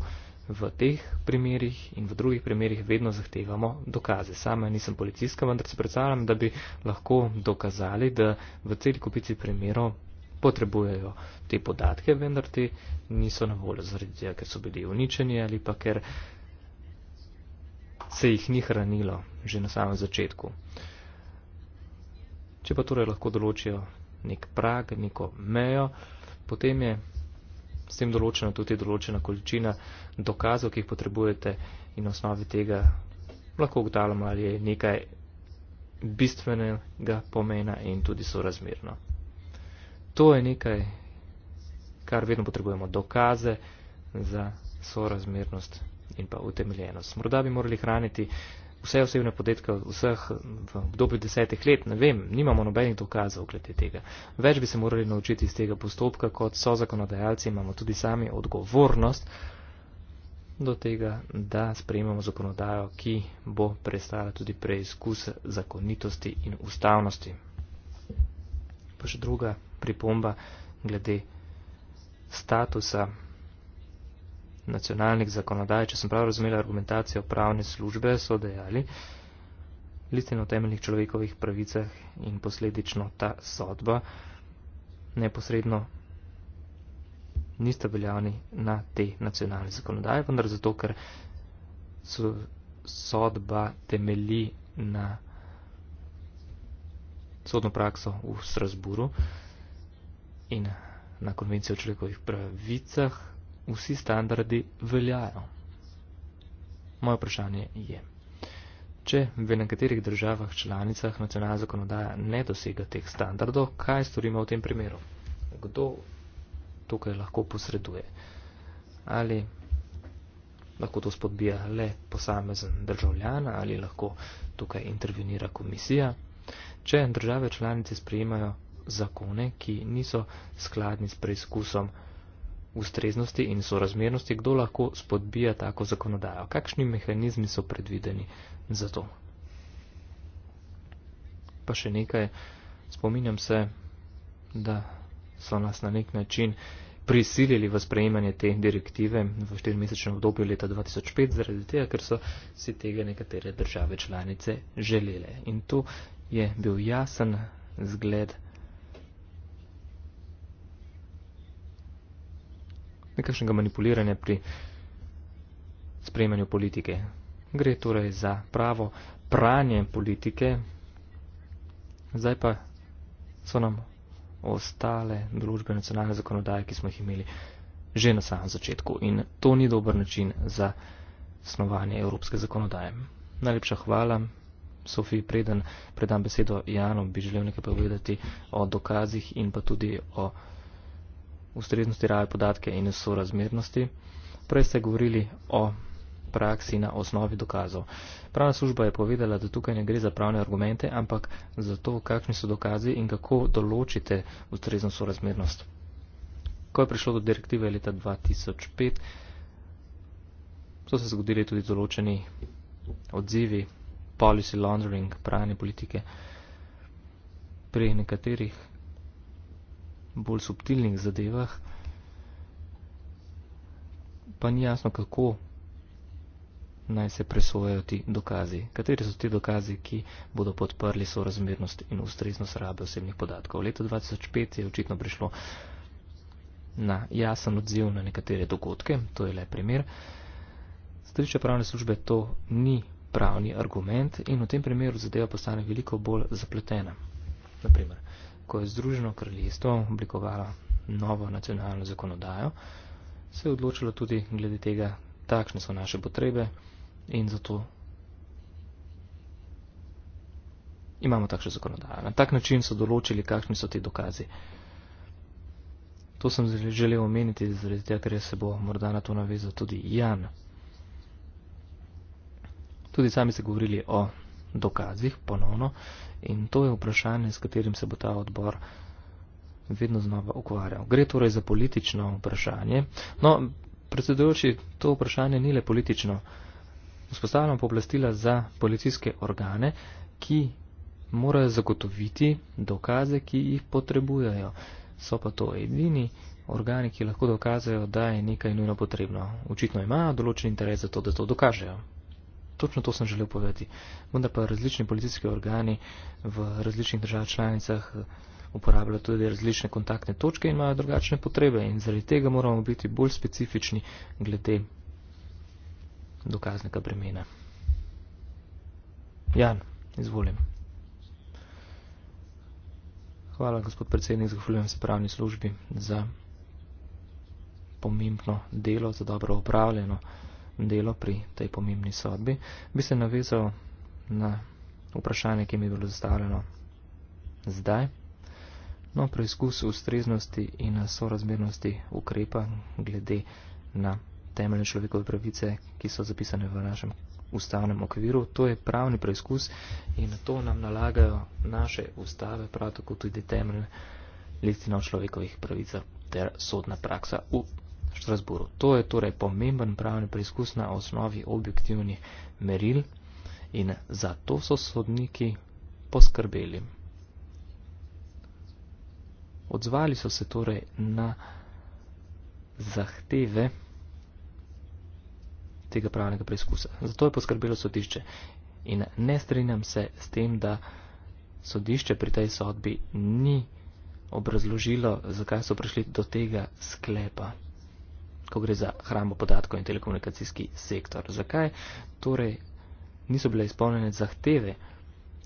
v teh primerjih in v drugih primerjih vedno zahtevamo dokaze. Sama nisem policijska, vendar se predstavljam, da bi lahko dokazali, da v celi kupici primerov potrebujejo te podatke, vendar ti niso na voljo zaradi tega, ker so bili uničeni ali pa ker se jih ni hranilo že na samem začetku. Če pa torej lahko določijo nek prag, neko mejo, potem je s tem določena tudi določena količina dokazov, ki jih potrebujete in na osnovi tega lahko ugotavljamo, ali je nekaj bistvenega pomena in tudi sorazmerno to je nekaj, kar vedno potrebujemo dokaze za sorazmernost in pa utemeljenost. Morda bi morali hraniti vse osebne podatke vseh v obdobju desetih let, ne vem, nimamo nobenih dokazov glede tega. Več bi se morali naučiti iz tega postopka, kot so zakonodajalci, imamo tudi sami odgovornost do tega, da sprejemamo zakonodajo, ki bo prestala tudi preizkus zakonitosti in ustavnosti. Pa še druga pripomba glede statusa nacionalnih zakonodaj, če sem prav razumela argumentacijo pravne službe, so dejali listin o temeljnih človekovih pravicah in posledično ta sodba neposredno nista veljavni na te nacionalne zakonodaje, vendar zato, ker so sodba temeli na sodno prakso v Strasburu in na konvenciji o človekovih pravicah vsi standardi veljajo. Moje vprašanje je, če v nekaterih državah članicah nacionalna zakonodaja ne dosega teh standardov, kaj storimo v tem primeru? Kdo tukaj lahko posreduje? Ali lahko to spodbija le posamezen državljan ali lahko tukaj intervenira komisija? Če države članice sprejemajo zakone, ki niso skladni s preizkusom ustreznosti in sorazmernosti, kdo lahko spodbija tako zakonodajo, kakšni mehanizmi so predvideni za to. Pa še nekaj, spominjam se, da so nas na nek način prisilili v sprejemanje te direktive v štirimesečnem obdobju leta 2005, zaradi tega, ker so si tega nekatere države članice želele. In to je bil jasen zgled nekakšnega manipuliranja pri sprejemanju politike. Gre torej za pravo pranje politike. Zdaj pa so nam ostale družbe nacionalne zakonodaje, ki smo jih imeli že na samem začetku. In to ni dober način za snovanje evropske zakonodaje. Najlepša hvala. Sofiji, preden predam besedo Janu, bi želel nekaj povedati o dokazih in pa tudi o ustreznosti rave podatke in sorazmernosti. Prej ste govorili o praksi na osnovi dokazov. Pravna služba je povedala, da tukaj ne gre za pravne argumente, ampak za to, kakšni so dokazi in kako določite ustrezno sorazmernost. Ko je prišlo do direktive leta 2005, so se zgodili tudi določeni odzivi, policy laundering, pravne politike pri nekaterih bolj subtilnih zadevah, pa ni jasno, kako naj se presvojajo ti dokazi. Kateri so ti dokazi, ki bodo podprli sorazmernost in ustreznost rabe osebnih podatkov? Leto 2005 je očitno prišlo na jasen odziv na nekatere dogodke, to je le primer. Stariče pravne službe to ni pravni argument in v tem primeru zadeva postane veliko bolj zapletena. Naprimer, ko je Združeno kraljestvo oblikovalo novo nacionalno zakonodajo, se je odločilo tudi glede tega, takšne so naše potrebe in zato imamo takšno zakonodajo. Na tak način so določili, kakšni so ti dokazi. To sem želel omeniti, zaradi tega, ker se bo morda na to navezal tudi Jan. Tudi sami ste govorili o dokazih ponovno in to je vprašanje, s katerim se bo ta odbor vedno znova ukvarjal. Gre torej za politično vprašanje. No, predsedujoči, to vprašanje ni le politično. Vzpostavljamo pooblastila za policijske organe, ki morajo zagotoviti dokaze, ki jih potrebujejo. So pa to edini organi, ki lahko dokazajo, da je nekaj nujno potrebno. Očitno imajo določen interes za to, da to dokažejo točno to sem želel povedati. Vendar pa različni policijski organi v različnih državah članicah eh, uporabljajo tudi različne kontaktne točke in imajo drugačne potrebe in zaradi tega moramo biti bolj specifični glede dokaznega bremena. Jan, izvolim. Hvala, gospod predsednik, zahvaljujem se pravni službi za pomembno delo, za dobro upravljeno delo pri tej pomembni sodbi, bi se navezal na vprašanje, ki mi je bilo zastavljeno zdaj. No, preizkus ustreznosti in sorazmernosti ukrepa glede na temeljne človekove pravice, ki so zapisane v našem ustavnem okviru. To je pravni preizkus in to nam nalagajo naše ustave, prav tako tudi temeljne listine o človekovih pravicah ter sodna praksa v Štrasburu. To je torej pomemben pravni preizkus na osnovi objektivnih meril in zato so sodniki poskrbeli. Odzvali so se torej na zahteve tega pravnega preizkusa. Zato je poskrbelo sodišče in ne strinjam se s tem, da sodišče pri tej sodbi ni obrazložilo, zakaj so prišli do tega sklepa ko gre za hrambo podatkov in telekomunikacijski sektor. Zakaj? Torej, niso bile izpolnjene zahteve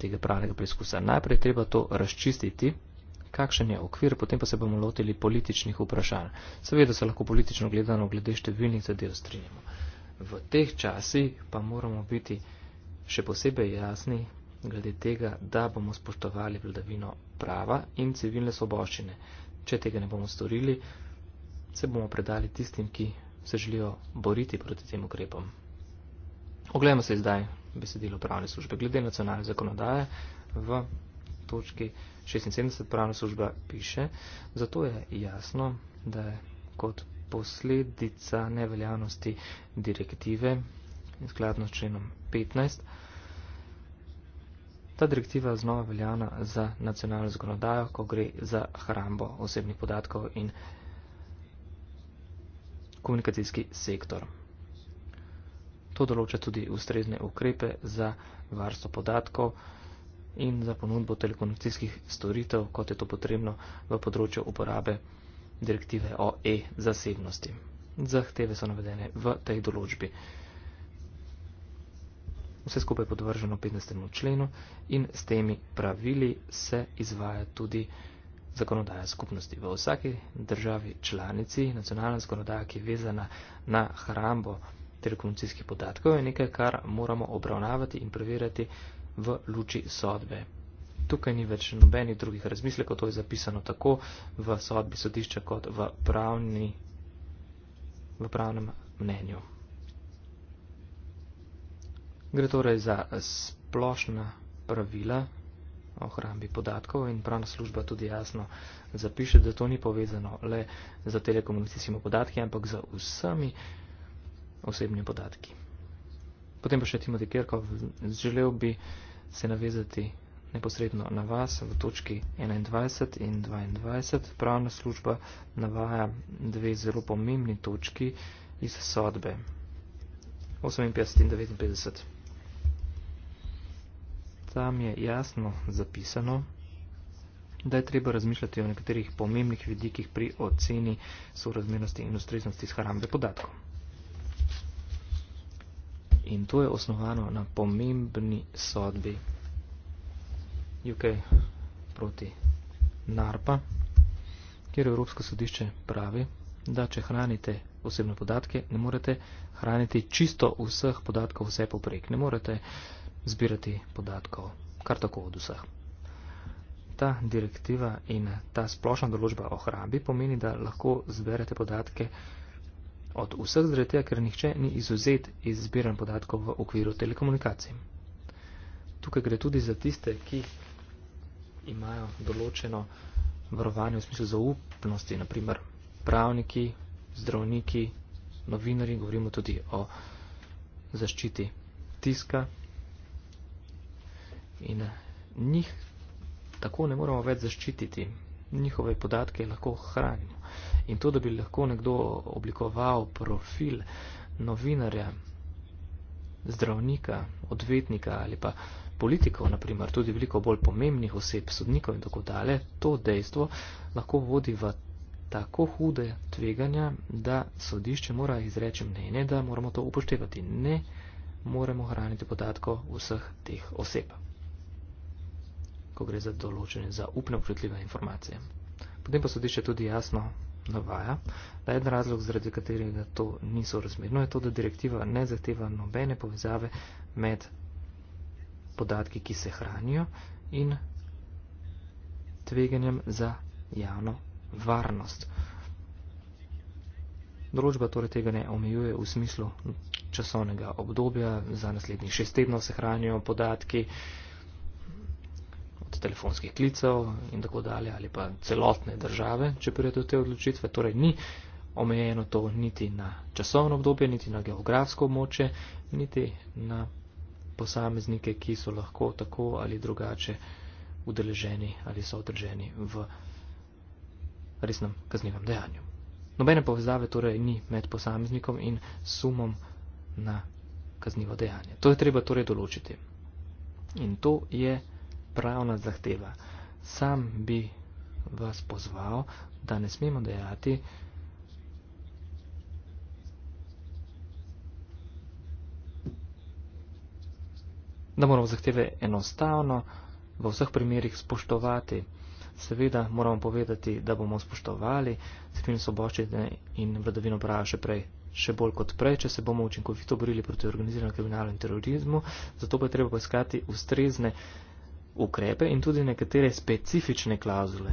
tega pravnega preizkusa. Najprej treba to razčistiti, kakšen je okvir, potem pa se bomo lotili političnih vprašanj. Seveda se lahko politično gledano glede številnih zadev strinjamo. V teh časih pa moramo biti še posebej jasni glede tega, da bomo spoštovali vladavino prava in civilne svoboščine. Če tega ne bomo storili, se bomo predali tistim, ki se želijo boriti proti tem ukrepom. Oglejmo se zdaj besedilo pravne službe. Glede nacionalne zakonodaje v točki 76 pravna služba piše, zato je jasno, da je kot posledica neveljavnosti direktive in skladno s členom 15, ta direktiva je znova veljavna za nacionalno zakonodajo, ko gre za hrambo osebnih podatkov in informacij komunikacijski sektor. To določa tudi ustrezne ukrepe za varstvo podatkov in za ponudbo telekomunikacijskih storitev, kot je to potrebno v področju uporabe direktive o e-zasebnosti. Zahteve so navedene v tej določbi. Vse skupaj podvrženo 15. členu in s temi pravili se izvaja tudi zakonodaja skupnosti. V vsaki državi članici nacionalna zakonodaja, ki je vezana na hrambo telekomunikacijskih podatkov, je nekaj, kar moramo obravnavati in preverjati v luči sodbe. Tukaj ni več nobenih drugih razmislekov, to je zapisano tako v sodbi sodišča kot v, pravni, v pravnem mnenju. Gre torej za splošna pravila ohrambi podatkov in pravna služba tudi jasno zapiše, da to ni povezano le za telekomunikacijsko podatke, ampak za vsemi osebni podatki. Potem pa še Timothy Kirkov, želel bi se navezati neposredno na vas v točki 21 in 22. Pravna služba navaja dve zelo pomembni točki iz sodbe 58 in 59. Tam je jasno zapisano, da je treba razmišljati o nekaterih pomembnih vidikih pri oceni sorazmernosti in ustreznosti shrambe podatkov. In to je osnovano na pomembni sodbi UK proti NARPA, kjer Evropsko sodišče pravi, da če hranite osebne podatke, ne morete hraniti čisto vseh podatkov vse poprek. Ne morete uh, zbirati podatkov kar tako od vseh. Ta direktiva in ta splošna določba o hrabi pomeni, da lahko zberete podatke od vseh zaradi tega, ker nihče ni izuzet iz zbiranja podatkov v okviru telekomunikacij. Tukaj gre tudi za tiste, ki imajo določeno varovanje v smislu zaupnosti, naprimer pravniki, zdravniki, novinari, govorimo tudi o zaščiti tiska in eh, njih tako ne moramo več zaščititi. Njihove podatke lahko hranimo. In to, da bi lahko nekdo oblikoval profil novinarja, zdravnika, odvetnika ali pa politikov, naprimer, tudi veliko bolj pomembnih oseb, sodnikov in tako dalje, to dejstvo lahko vodi v tako hude tveganja, da sodišče mora izreči mnenje, da moramo to upoštevati. Ne moremo hraniti podatkov vseh teh oseb ko gre za določene zaupne občutljive informacije. Potem pa sodišče tudi jasno navaja, da en razlog, zaradi katerega to ni sorazmerno, je to, da direktiva ne zahteva nobene povezave med podatki, ki se hranijo in tveganjem za javno varnost. Določba torej tega ne omejuje v smislu časovnega obdobja, za naslednjih šest tednov se hranijo podatki, uh, telefonskih klicev in tako dalje, ali pa celotne države, če pride do te odločitve. Torej, ni omejeno to niti na časovno obdobje, niti na geografsko območje, niti na posameznike, ki so lahko tako ali drugače udeleženi ali so udeleženi v resnem kaznivem dejanju. Nobene povezave torej ni med posameznikom in sumom na kaznivo dejanje. To je treba torej določiti. In to je pravna zahteva. Sam bi vas pozval, da ne smemo dejati, da moramo zahteve enostavno v vseh primerjih spoštovati. Seveda moramo povedati, da bomo spoštovali civilne soboščine in vladavino prava še prej, še bolj kot prej, če se bomo učinkovito borili proti organiziranemu kriminalu in terorizmu, zato pa je treba poiskati ustrezne ukrepe in tudi nekatere specifične klauzule.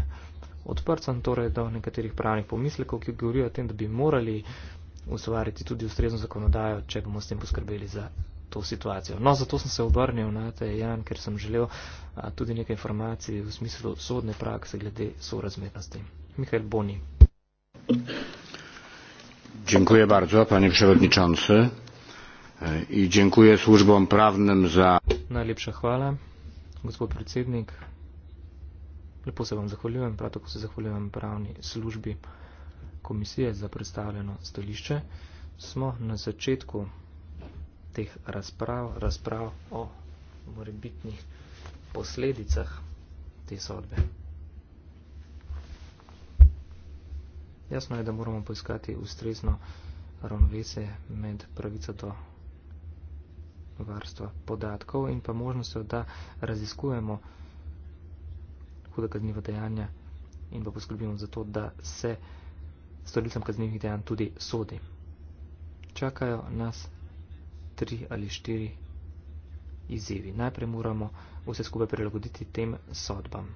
Odprt sem torej do nekaterih pravnih pomislekov, ki govorijo o tem, da bi morali ustvariti tudi ustrezno zakonodajo, če bomo s tem poskrbeli za to situacijo. No, zato sem se obrnil na te Jan, ker sem želel a, tudi nekaj informacij v smislu sodne prakse glede sorazmernosti. Michael Boni. Dziękuję bardzo, panie przewodniczący e, i dziękuję służbom prawnym za... Najlepsza chwała gospod predsednik, lepo se vam zahvaljujem, prav tako se zahvaljujem pravni službi komisije za predstavljeno stališče. Smo na začetku teh razprav, razprav o morebitnih posledicah te sodbe. Jasno je, da moramo poiskati ustrezno ravnovesje med pravico do varstva podatkov in pa možnostjo, da raziskujemo huda kazniva dejanja in pa poskrbimo za to, da se storilcem kaznivih dejanj tudi sodi. Čakajo nas tri ali štiri izzivi. Najprej moramo vse skupaj prilagoditi tem sodbam.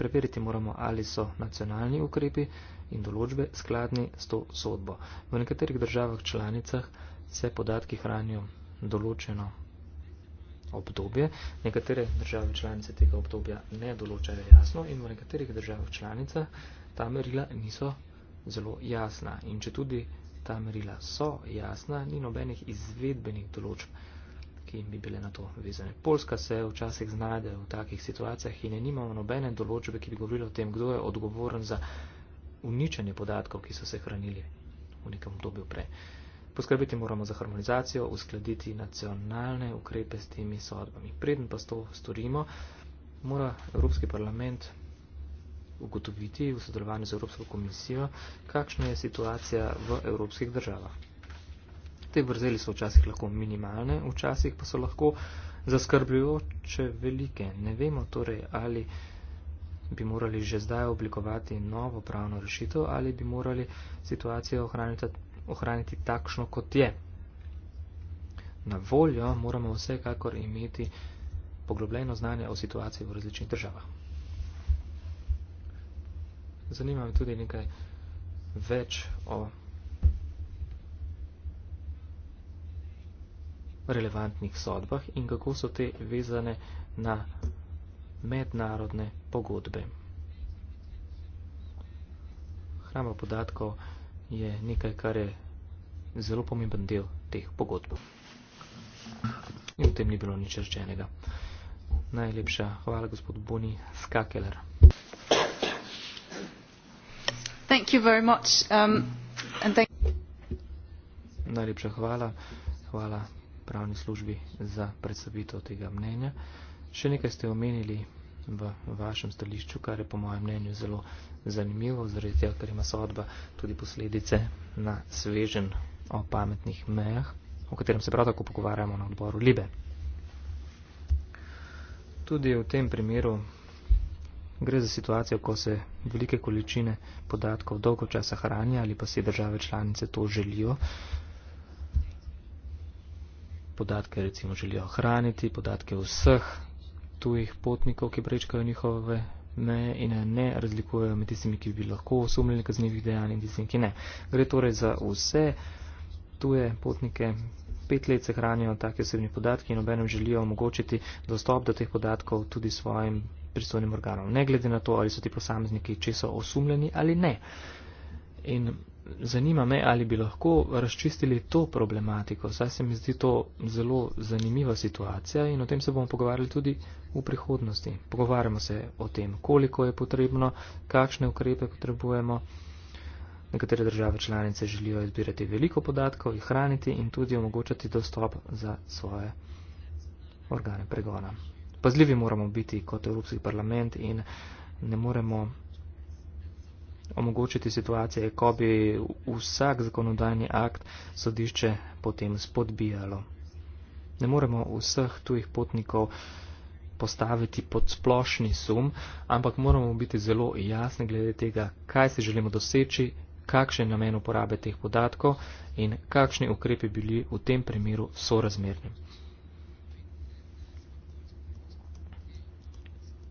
Preveriti moramo, ali so nacionalni ukrepi in določbe skladni s to sodbo. V nekaterih državah članicah se podatki hranijo določeno obdobje. Nekatere države članice tega obdobja ne določajo jasno in v nekaterih državah članica ta merila niso zelo jasna. In če tudi ta merila so jasna, ni nobenih izvedbenih določb ki jim bi bile na to vezane. Polska se včasih znajde v takih situacijah in ne nimamo nobene določbe, ki bi govorilo o tem, kdo je odgovoren za uničenje podatkov, ki so se hranili v nekem obdobju prej. Uh, Poskrbeti moramo za harmonizacijo, uskladiti nacionalne ukrepe s temi sodbami. Preden pa to storimo, mora Evropski parlament ugotoviti v sodelovanju z Evropsko komisijo, kakšna je situacija v evropskih državah. Te vrzeli so včasih lahko minimalne, včasih pa so lahko zaskrbljujoče velike. Ne vemo torej, ali bi morali že zdaj oblikovati novo pravno rešitev ali bi morali situacijo ohraniti ohraniti takšno, kot je. Na voljo moramo vsekakor imeti poglobljeno znanje o situaciji v različnih državah. Zanima me tudi nekaj več o relevantnih sodbah in kako so te vezane na mednarodne pogodbe. Hrama podatkov je nekaj, kar je zelo pomemben del teh pogodb. In v tem ni bilo nič rečenega. Najlepša hvala, gospod Boni Skakeler. Um, Najlepša hvala, hvala pravni službi za predstavitev tega mnenja. Še nekaj ste omenili v vašem stališču, kar je po mojem mnenju zelo zanimivo, zaradi tega, ker ima sodba tudi posledice na svežen o pametnih mejah, o katerem se prav tako pogovarjamo na odboru Libe. Tudi v tem primeru gre za situacijo, ko se velike količine podatkov dolgo časa hranijo ali pa si države članice to želijo. Podatke recimo želijo hraniti, podatke vseh tujih potnikov, ki prečkajo njihove meje in ne razlikujejo med tistimi, ki bi lahko osumljeni kaznjivih dejanj in tistimi, ki ne. Gre torej za vse tuje potnike. Pet let se hranijo take osebni podatki in obenem želijo omogočiti dostop do teh podatkov tudi svojim pristojnim organom, ne glede na to, ali so ti posamezniki česa osumljeni ali ne. In zanima me, ali bi lahko razčistili to problematiko. Zdaj se mi zdi to zelo zanimiva situacija in o tem se bomo pogovarjali tudi v prihodnosti. Pogovarjamo se o tem, koliko je potrebno, kakšne ukrepe potrebujemo. Nekatere države članice želijo izbirati veliko podatkov, jih hraniti in tudi omogočati dostop za svoje organe pregona. Pazljivi moramo biti kot Evropski parlament in ne moremo omogočiti situacije, ko bi vsak zakonodajni akt sodišče potem spodbijalo. Ne moremo vseh tujih potnikov postaviti pod splošni sum, ampak moramo biti zelo jasni glede tega, kaj si želimo doseči, kakšen je namen uporabe teh podatkov in kakšni ukrepi bili v tem primeru sorazmerni.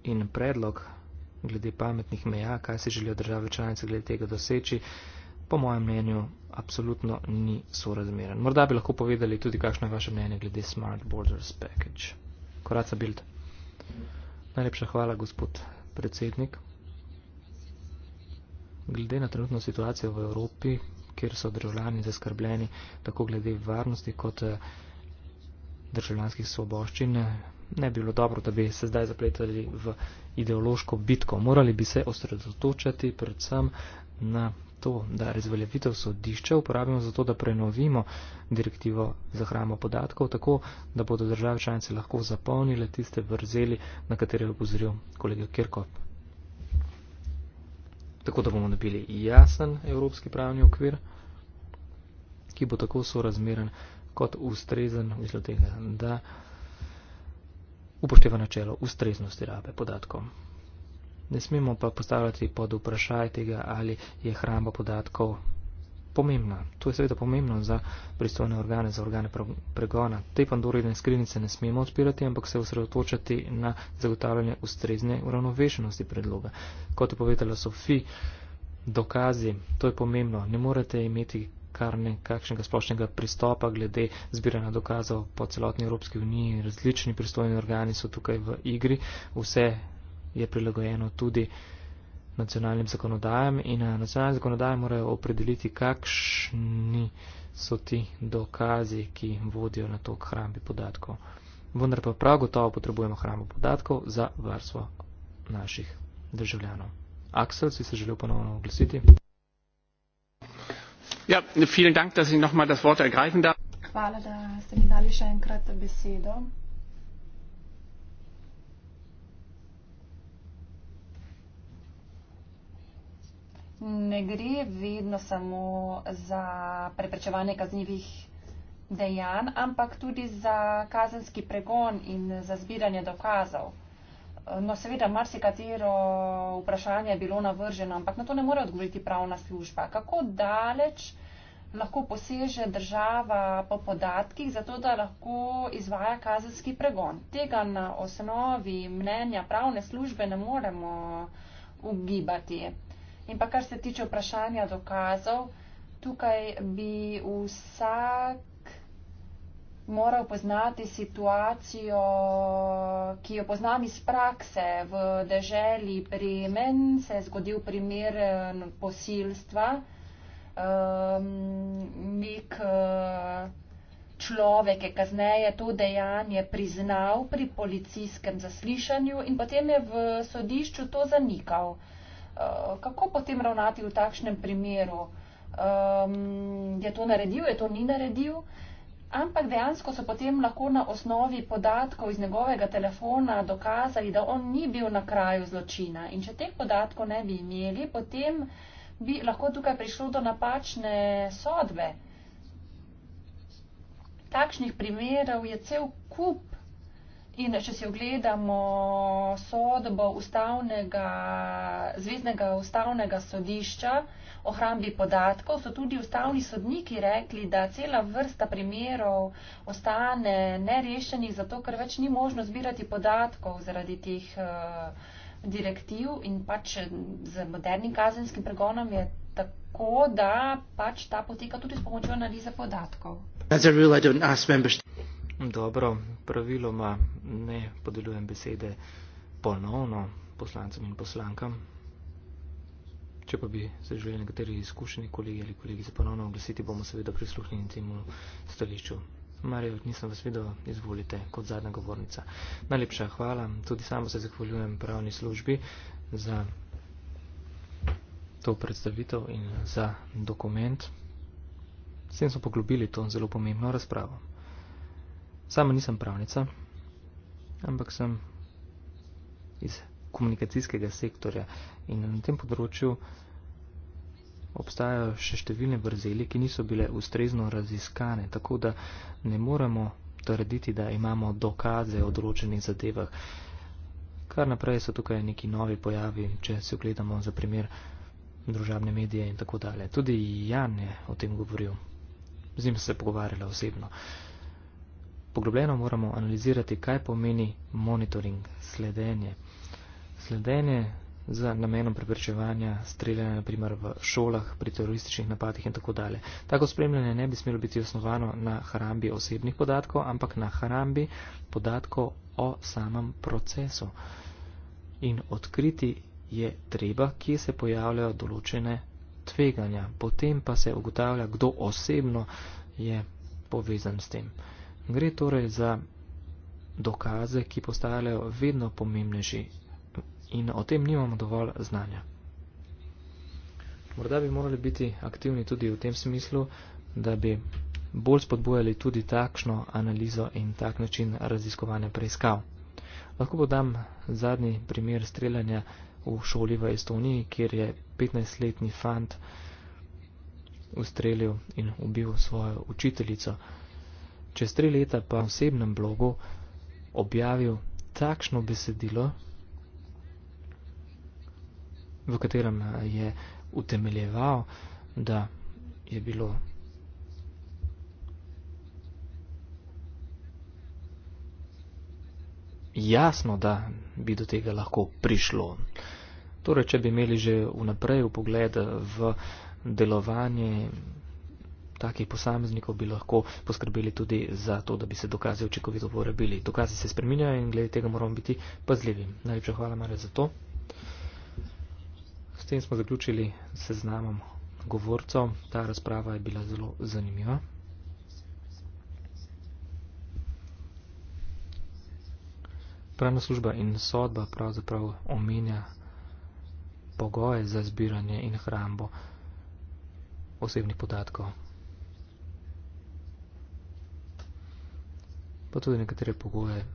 In predlog glede pametnih meja, kaj si želijo države članice glede tega doseči, po mojem mnenju apsolutno ni sorazmeren. Morda bi lahko povedali tudi, kakšno je vaše mnenje glede Smart Borders Package. Koraca Bild. Najlepša hvala, gospod predsednik. Glede na trenutno situacijo v Evropi, kjer so državljani zaskrbljeni tako glede varnosti kot eh, državljanskih svoboščin, ne bilo dobro, da bi se zdaj zapletali v ideološko bitko. Morali bi se osredotočati predvsem na to, da razveljavitev sodišča uporabimo za to, da prenovimo direktivo za hramo podatkov, tako da bodo države članice lahko zapolnile tiste vrzeli, na katere je upozoril kolega Kirkov. Tako da bomo dobili jasen evropski pravni okvir, ki bo tako sorazmeren kot ustrezen, mislim, tega, da upošteva načelo ustreznosti rabe podatkov. Ne smemo pa postavljati pod vprašaj tega, ali je hramba podatkov pomembna. To je seveda pomembno za pristojne organe, za organe pregona. Te pandorine skrinice ne smemo odpirati, ampak se osredotočati na zagotavljanje ustrezne uravnovešenosti predloga. Kot je povedala Sofi, dokazi, to je pomembno. Ne morete imeti kar nekakšnega splošnega pristopa glede zbiranja dokazov po celotni Evropski uniji. Različni pristojni organi so tukaj v igri. Vse je prilagojeno tudi nacionalnim zakonodajam in eh, nacionalne zakonodaje morajo opredeliti, kakšni so ti dokazi, ki vodijo na to k hrambi podatkov. Vendar pa prav gotovo potrebujemo hrambo podatkov za varstvo naših državljanov. Aksel, si se želel ponovno oglasiti? Ja, vielen dank dass ich noch mal das wort ergreifen darf. ne gre vedno samo za preprečevanje kaznjivih dejanj ampak tudi za kazenski pregon in za zbiranje dokazov. No, seveda, marsikatero vprašanje je bilo navrženo, ampak na to ne more odgovoriti pravna služba. Kako daleč lahko poseže država po podatkih, zato da lahko izvaja kazenski pregon? Tega na osnovi mnenja pravne službe ne moremo ugibati. In pa kar se tiče vprašanja dokazov, tukaj bi vsak moral poznati situacijo, ki jo poznam iz prakse v deželi Bremen, se je zgodil primer eh, posilstva. Um, nek uh, človek je kazneje to dejanje priznal pri policijskem zaslišanju in potem je v sodišču to zanikal. Uh, kako potem ravnati v takšnem primeru? Um, je to naredil, je to ni naredil? Uh, Ampak dejansko so potem lahko na osnovi podatkov iz njegovega telefona dokazali, da on ni bil na kraju zločina. In če teh podatkov ne bi imeli, potem bi lahko tukaj prišlo do napačne sodbe. Takšnih primerov je cel kup. In če si ogledamo sodbo ustavnega, zvezdnega ustavnega sodišča, ohrambi podatkov, so tudi ustavni sodniki rekli, da cela vrsta primerov ostane nerešenih, zato ker več ni možno zbirati podatkov zaradi teh eh, direktiv in pač eh, z modernim kazenskim pregonom je tako, da pač ta poteka tudi s pomočjo analize podatkov. Dobro, praviloma ne podelujem besede ponovno poslancem in poslankam. Če pa bi zaželi nekateri izkušeni kolegi ali kolegi za ponovno oglasiti, bomo seveda prisluhnili temu stališču. Marijo, nisem vas videl, izvolite kot zadnja govornica. Najlepša hvala, tudi samo se zahvaljujem pravni službi za to predstavitev in za dokument. S tem smo poglobili to zelo pomembno razpravo. Sama nisem pravnica, ampak sem iz komunikacijskega sektorja. In na tem področju obstajajo še številne vrzeli, ki niso bile ustrezno raziskane, tako da ne moremo trditi, da imamo dokaze o določenih zadevah. Kar naprej so tukaj neki novi pojavi, če se ogledamo za primer družabne medije in tako dalje. Tudi Jan je o tem govoril, z njim se pogovarjala osebno. Poglobljeno moramo analizirati, kaj pomeni monitoring, sledenje sledenje za namenom preprečevanja streljanja, naprimer v šolah, pri terorističnih napadih in tako dalje. Tako spremljanje ne bi smelo biti osnovano na harambi osebnih podatkov, ampak na harambi podatkov o samem procesu. In odkriti je treba, kje se pojavljajo določene tveganja. Potem pa se ugotavlja, kdo osebno je povezan s tem. Gre torej za dokaze, ki postajajo vedno pomembnejši in o tem nimamo dovolj znanja. Morda bi morali biti aktivni tudi v tem smislu, da bi bolj spodbujali tudi takšno analizo in tak način raziskovanja preiskav. Lahko podam zadnji primer streljanja v šoli v Estoniji, kjer je 15-letni fant ustrelil in ubil svojo učiteljico. Čez tri leta pa v osebnem blogu objavil takšno besedilo, v katerem eh, je utemeljeval, da je bilo jasno, da bi do tega lahko prišlo. Torej, če bi imeli že vnaprej v pogled v delovanje takih posameznikov, bi lahko poskrbeli tudi za to, da bi se dokazi očekovito porabili. Dokazi se spreminjajo in glede tega moramo biti pazljivi. Najlepša hvala, Marja, za to. S tem smo zaključili seznamom govorcov. Ta razprava je bila zelo zanimiva. Pravna služba in sodba pravzaprav omenja pogoje za zbiranje in hrambo osebnih podatkov. Pa tudi nekatere pogoje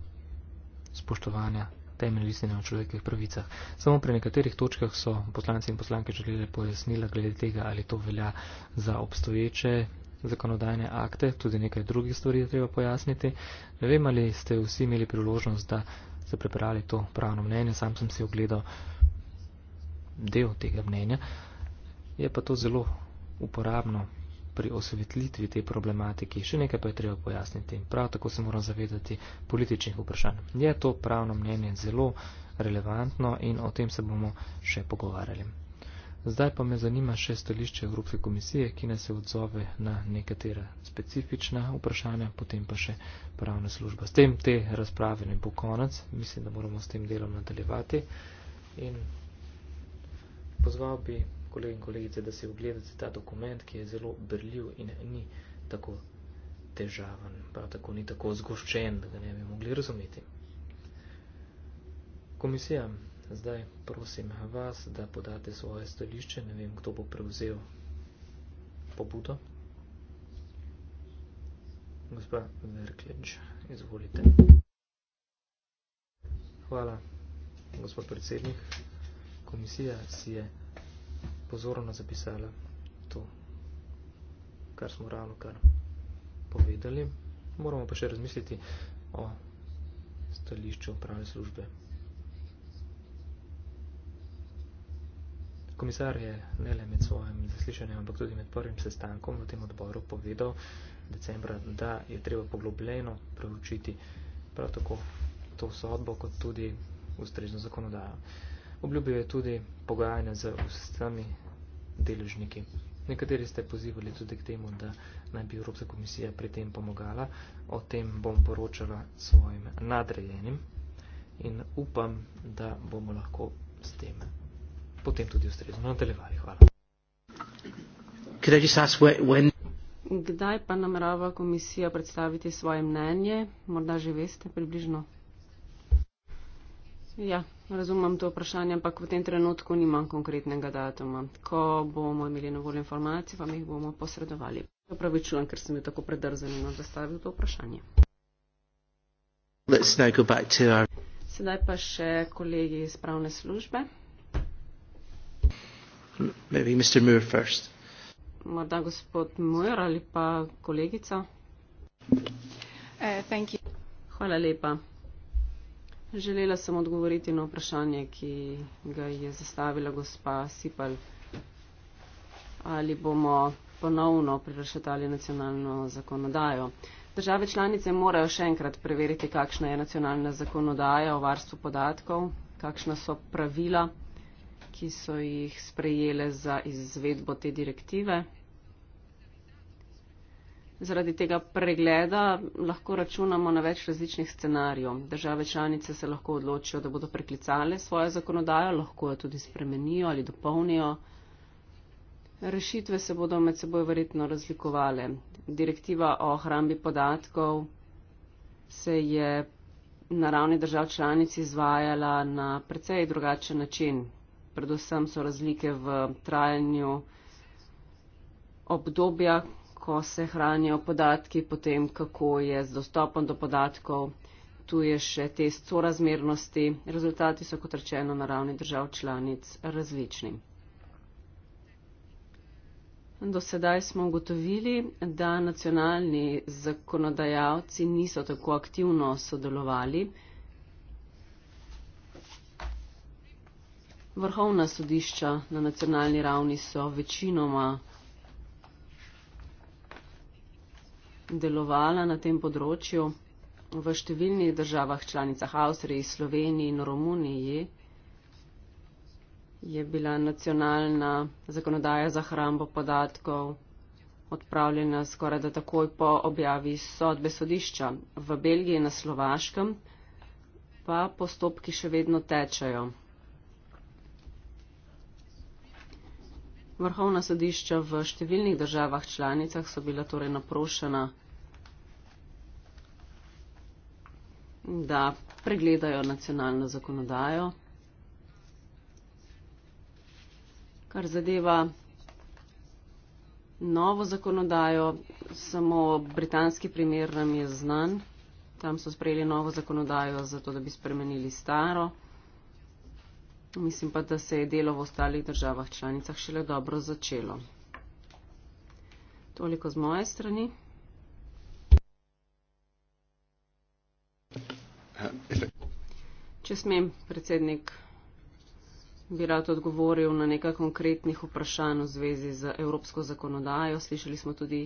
spoštovanja temeljne listine o človekovih pravicah. Samo pri nekaterih točkah so poslanci in poslanke želeli pojasnila glede tega, ali to velja za obstoječe zakonodajne akte, tudi nekaj drugih stvari je treba pojasniti. Ne vem, ali ste vsi imeli priložnost, da ste prebrali to pravno mnenje, sam sem si ogledal del tega mnenja. Je pa to zelo uporabno pri osvetlitvi te problematike še nekaj pa je treba pojasniti. Prav tako se moram zavedati političnih vprašanj. Je to pravno mnenje zelo relevantno in o tem se bomo še pogovarjali. Zdaj pa me zanima še stališče Evropske komisije, ki nas se odzove na nekatera specifična vprašanja, potem pa še pravna služba. S tem te razprave ne bo konec, mislim, da moramo s tem delom nadaljevati. In pozval bi kolegi in kolegice, da si ogledate ta dokument, ki je zelo brljiv in ni tako težaven, prav tako ni tako zgoščen, da ga ne bi mogli razumeti. Komisija, zdaj prosim vas, da podate svoje stališče, ne vem, kdo bo prevzel pobudo. Gospa Verklič, izvolite. Hvala, gospod predsednik. Komisija si je pozorno zapisala to, kar smo ravno kar povedali. Moramo pa še razmisliti o stališču pravne službe. Komisar je ne le med svojim zaslišanjem, ampak tudi med prvim sestankom v tem odboru povedal decembra, da je treba poglobljeno preučiti prav tako to sodbo, kot tudi ustrezno zakonodajo. Obljubil je tudi pogajanja z vsemi deležniki. Nekateri ste pozivali tudi k temu, da naj bi Evropska komisija pri tem pomagala. O tem bom poročala svojim nadrejenim in upam, da bomo lahko s tem potem tudi ustrezno nadaljevali. Hvala. Kdaj pa namerava komisija predstaviti svoje mnenje? Morda že veste približno. Ja, razumem to vprašanje, ampak v tem trenutku nimam konkretnega datuma. Ko bomo imeli na voljo informacije, vam jih bomo posredovali. Opravičujem, ker sem jo tako predrzani na zastavil to vprašanje. Our... Sedaj pa še kolegi iz pravne službe. Morda gospod Mujer ali pa kolegica. Uh, Hvala lepa. Želela sem odgovoriti na vprašanje, ki ga je zastavila gospa Sipal. Ali bomo ponovno prerašetali nacionalno zakonodajo? Države članice morajo še enkrat preveriti, kakšna je nacionalna zakonodaja o varstvu podatkov, kakšna so pravila, ki so jih sprejele za izvedbo te direktive. Zaradi tega pregleda lahko računamo na več različnih scenarijev. Države članice se lahko odločijo, da bodo preklicale svojo zakonodajo, lahko jo tudi spremenijo ali dopolnijo. Rešitve se bodo med seboj verjetno razlikovale. Direktiva o hrambi podatkov se je na ravni držav članic izvajala na precej drugačen način. Predvsem so razlike v trajanju obdobja, ko se hranijo podatki, potem kako je z dostopom do podatkov. Tu je še test sorazmernosti. Rezultati so, kot rečeno, na ravni držav članic različni. Do sedaj smo ugotovili, da nacionalni zakonodajalci niso tako aktivno sodelovali. Vrhovna sodišča na nacionalni ravni so večinoma. delovala na tem področju v številnih državah članicah Avstriji, Sloveniji in Romuniji je bila nacionalna zakonodaja za hrambo podatkov odpravljena skoraj da takoj po objavi sodbe sodišča. V Belgiji na Slovaškem pa postopki še vedno tečajo. Vrhovna sodišča v številnih državah članicah so bila torej naprošena da pregledajo nacionalno zakonodajo. Kar zadeva novo zakonodajo, samo britanski primer nam je znan. Tam so sprejeli novo zakonodajo, zato da bi spremenili staro. Mislim pa, da se je delo v ostalih državah članicah šele dobro začelo. Toliko z moje strani. Če smem, predsednik, bi rad odgovoril na nekaj konkretnih vprašanj v zvezi z evropsko zakonodajo. Slišali smo tudi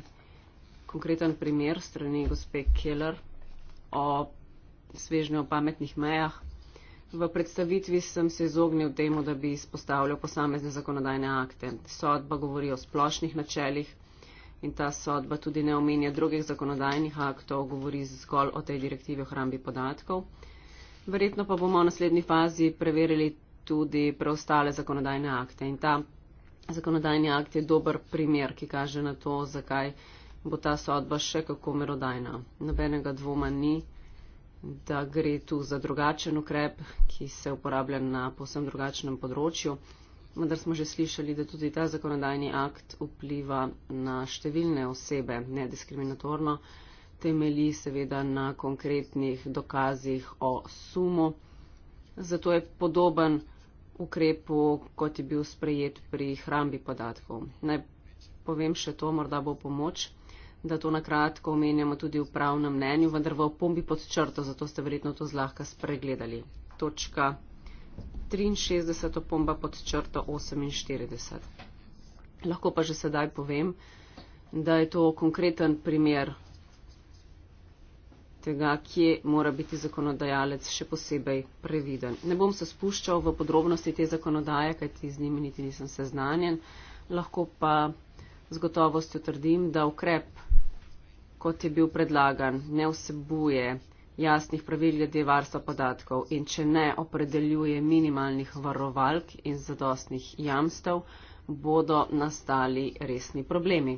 konkreten primer strani gospe Keller o svežnju o pametnih mejah. V predstavitvi sem se izognil temu, da bi izpostavljal posamezne zakonodajne akte. Sodba govori o splošnih načelih in ta sodba tudi ne omenja drugih zakonodajnih aktov, govori zgolj o tej direktivi o hrambi podatkov. Verjetno pa bomo v naslednji fazi preverili tudi preostale zakonodajne akte in ta zakonodajni akt je dober primer, ki kaže na to, zakaj bo ta sodba še kako merodajna. Nobenega dvoma ni, da gre tu za drugačen ukrep, ki se uporablja na posebno drugačnem področju vendar smo že slišali, da tudi ta zakonodajni akt vpliva na številne osebe nediskriminatorno, temeli seveda na konkretnih dokazih o sumu. Zato je podoben ukrepu, kot je bil sprejet pri hrambi podatkov. Naj povem še to, morda bo pomoč, da to nakratko omenjamo tudi v pravnem mnenju, vendar v opombi pod črto, zato ste verjetno to zlahka spregledali. Točka 63 opomba pod črto 48. Lahko pa že sedaj povem, da je to konkreten primer tega, kje mora biti zakonodajalec še posebej previden. Ne bom se spuščal v podrobnosti te zakonodaje, kajti z njimi niti nisem seznanjen, lahko pa z gotovostjo trdim, da ukrep, kot je bil predlagan, ne vsebuje jasnih pravil glede varstva podatkov in če ne opredeljuje minimalnih varovalk in zadostnih jamstev, bodo nastali resni problemi.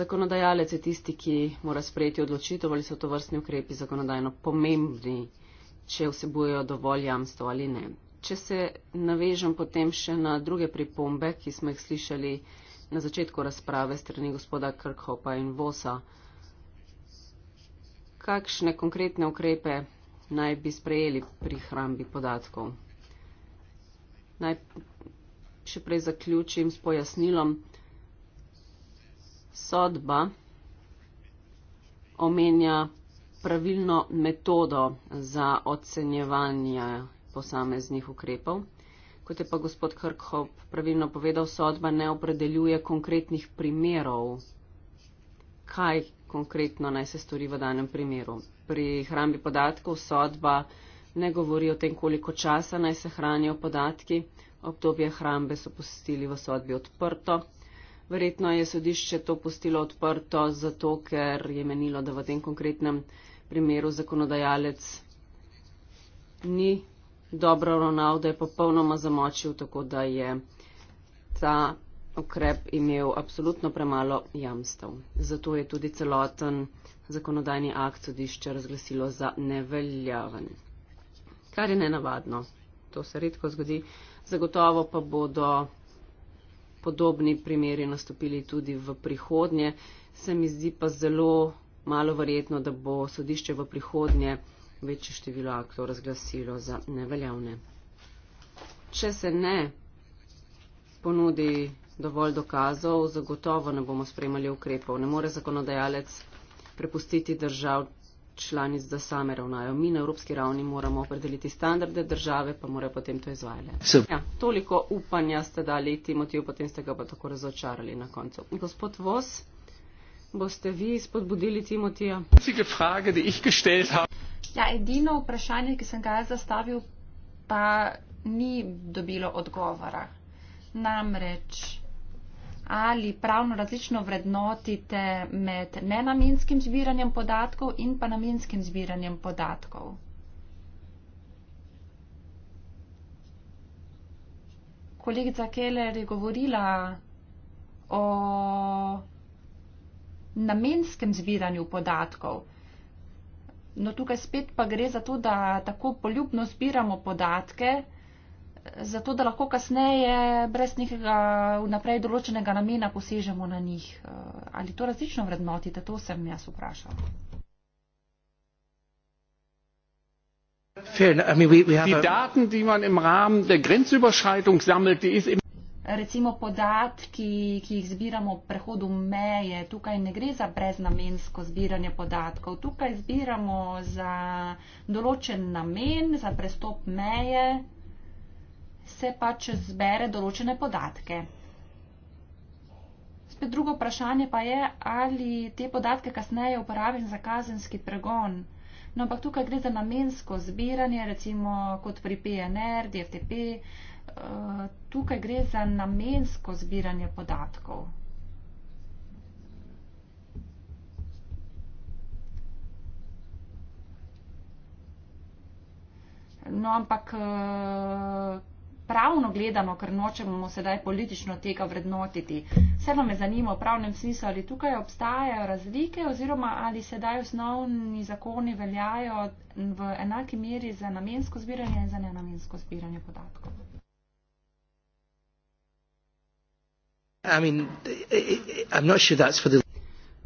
Zakonodajalec je tisti, ki mora sprejeti odločitev, ali so to vrstni ukrepi zakonodajno pomembni, če vsebujejo dovolj jamstva ali ne. Če se navežem potem še na druge pripombe, ki smo jih slišali, na začetku razprave strani gospoda Krkhopa in Vosa. Kakšne konkretne ukrepe naj bi sprejeli pri hrambi podatkov? Naj še prej zaključim s pojasnilom. Sodba omenja pravilno metodo za ocenjevanje posameznih ukrepov. Kot je pa gospod Krkhop pravilno povedal, sodba ne opredeljuje konkretnih primerov, kaj konkretno naj se stori v danem primeru. Pri hrambi podatkov sodba ne govori o tem, koliko časa naj se hranijo podatki, obdobje hrambe so postili v sodbi odprto. Verjetno je sodišče to postilo odprto zato, ker je menilo, da v tem konkretnem primeru zakonodajalec ni dobro Ronaldo je popolnoma zamočil, tako da je ta ukrep imel absolutno premalo jamstev. Zato je tudi celoten zakonodajni akt sodišča razglasilo za neveljaven. Kar je nenavadno, to se redko zgodi. Zagotovo pa bodo podobni primeri nastopili tudi v prihodnje. Se mi zdi pa zelo malo verjetno, da bo sodišče v prihodnje večje število aktov razglasilo za neveljavne. Če se ne ponudi dovolj dokazov, zagotovo ne bomo spremali ukrepov. Ne more zakonodajalec prepustiti držav članic, da same ravnajo. Mi na evropski ravni moramo opredeliti standarde države, pa morajo potem to izvajati. Ja, toliko upanja ste dali Timotiju, potem ste ga pa tako razočarali na koncu. Gospod Vos, boste vi spodbudili Timotija? Ja, edino vprašanje, ki sem ga jaz zastavil, pa ni dobilo odgovora. Namreč, ali pravno različno vrednotite med nenamenskim zbiranjem podatkov in pa namenskim zbiranjem podatkov? Kolegica Keller je govorila o namenskem zbiranju podatkov. No tukaj spet pa gre za to, da tako poljubno zbiramo podatke, zato da lahko kasneje brez nekega vnaprej določenega namena posežemo na njih. Ali to različno vrednotite? To sem jaz vprašal. Die Daten, die man im Rahmen der Grenzüberschreitung sammelt, die ist im recimo podatki, ki jih zbiramo v prehodu meje, tukaj ne gre za breznamensko zbiranje podatkov, tukaj zbiramo za določen namen, za prestop meje, se pač zbere določene podatke. Spet drugo vprašanje pa je, ali te podatke kasneje uporabim za kazenski pregon. No, ampak tukaj gre za namensko zbiranje, recimo kot pri PNR, DFTP, Eh, tukaj gre za namensko zbiranje podatkov. No, ampak eh, pravno gledano, ker nočemo sedaj politično tega vrednotiti, vseeno me zanima v pravnem smislu, ali tukaj obstajajo razlike oziroma ali sedaj osnovni zakoni veljajo v enaki meri za namensko zbiranje in za nenamensko zbiranje podatkov.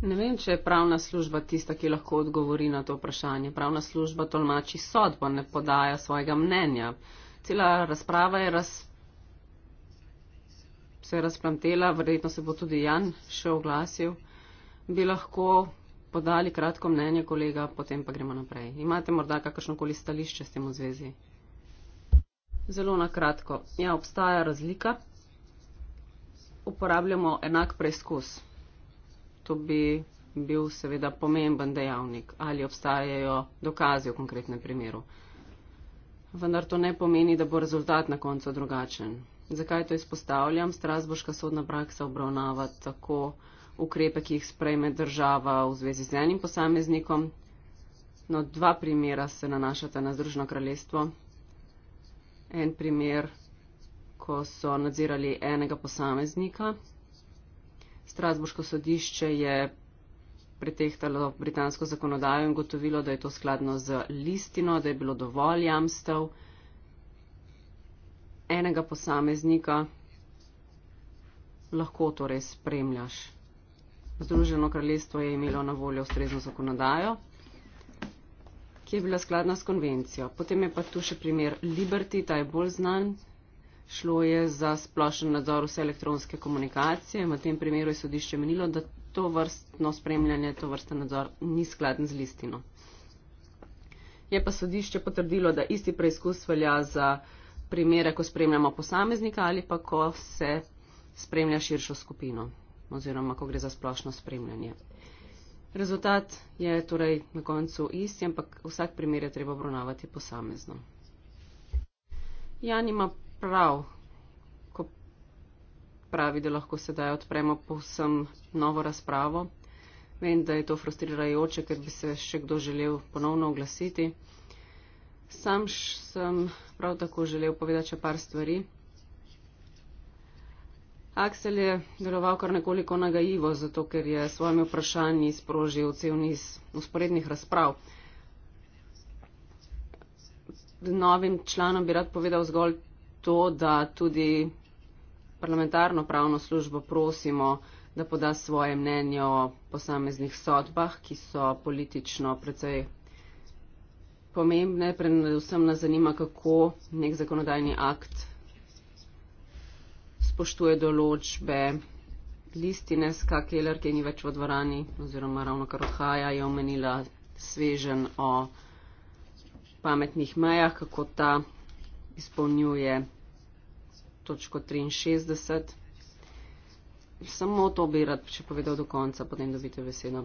Ne vem, če je pravna služba tista, ki lahko odgovori na to vprašanje. Pravna služba tolmači sodbo, ne podaja svojega mnenja. Cela razprava je raz... se je razplantela, verjetno se bo tudi Jan še oglasil. Bi lahko podali kratko mnenje kolega, potem pa gremo naprej. Imate morda kakršnokoli stališče s tem v zvezi? Zelo na kratko. Ja, obstaja razlika uporabljamo enak preizkus. To bi bil seveda pomemben dejavnik, ali obstajajo dokazi v konkretnem primeru. Vendar to ne pomeni, da bo rezultat na koncu drugačen. Zakaj to izpostavljam? Strasburška sodna praksa obravnava tako ukrepe, ki jih sprejme država v zvezi z enim posameznikom. No, dva primera se nanašata na Združeno kraljestvo. En primer ko so nadzirali enega posameznika. Strasburško sodišče je pretehtalo britansko zakonodajo in gotovilo, da je to skladno z listino, da je bilo dovolj jamstev enega posameznika. Lahko torej spremljaš. Združeno kraljestvo je imelo na voljo ustrezno zakonodajo, ki je bila skladna s konvencijo. Potem je pa tu še primer Liberty, ta je bolj znan, šlo je za splošen nadzor vse elektronske komunikacije. V tem primeru je sodišče menilo, da to vrstno spremljanje, to vrsten nadzor ni skladen z listino. Je pa sodišče potrdilo, da isti preizkus velja za primere, ko spremljamo posameznika ali pa ko se spremlja širšo skupino oziroma ko gre za splošno spremljanje. Rezultat je torej na koncu isti, ampak vsak primer je treba obravnavati posamezno. Jan ima prav, ko pravi, da lahko sedaj odpremo povsem novo razpravo. Vem, da je to frustrirajoče, ker bi se še kdo želel ponovno oglasiti. Sam sem prav tako želel povedati še par stvari. Aksel je deloval kar nekoliko nagajivo, zato ker je s svojimi vprašanji sprožil cel niz usporednih razprav. Novim članom bi rad povedal zgolj to, da tudi parlamentarno pravno službo prosimo, da poda svoje mnenje o posameznih sodbah, ki so politično precej pomembne. Predvsem nas zanima, kako nek zakonodajni akt spoštuje določbe listine, skakeler, ki ni več v dvorani oziroma ravno kar odhaja, je omenila svežen o pametnih mejah, kako ta izpolnjuje točko 63. Samo to bi rad še povedal do konca, potem dobite besedo.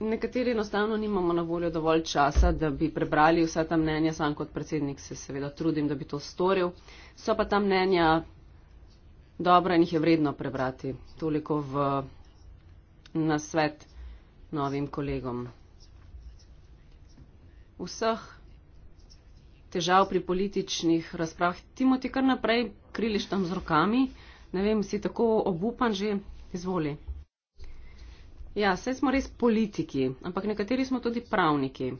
Nekateri enostavno nimamo na voljo dovolj časa, da bi prebrali vsa ta mnenja, sam kot predsednik se seveda trudim, da bi to storil. So pa ta mnenja dobra in jih je vredno prebrati. Toliko v nasvet novim kolegom. Vseh težav pri političnih razprah. Timoti kar naprej kriliš tam z rokami, ne vem, si tako obupan že, izvoli. Ja, vse smo res politiki, ampak nekateri smo tudi pravniki.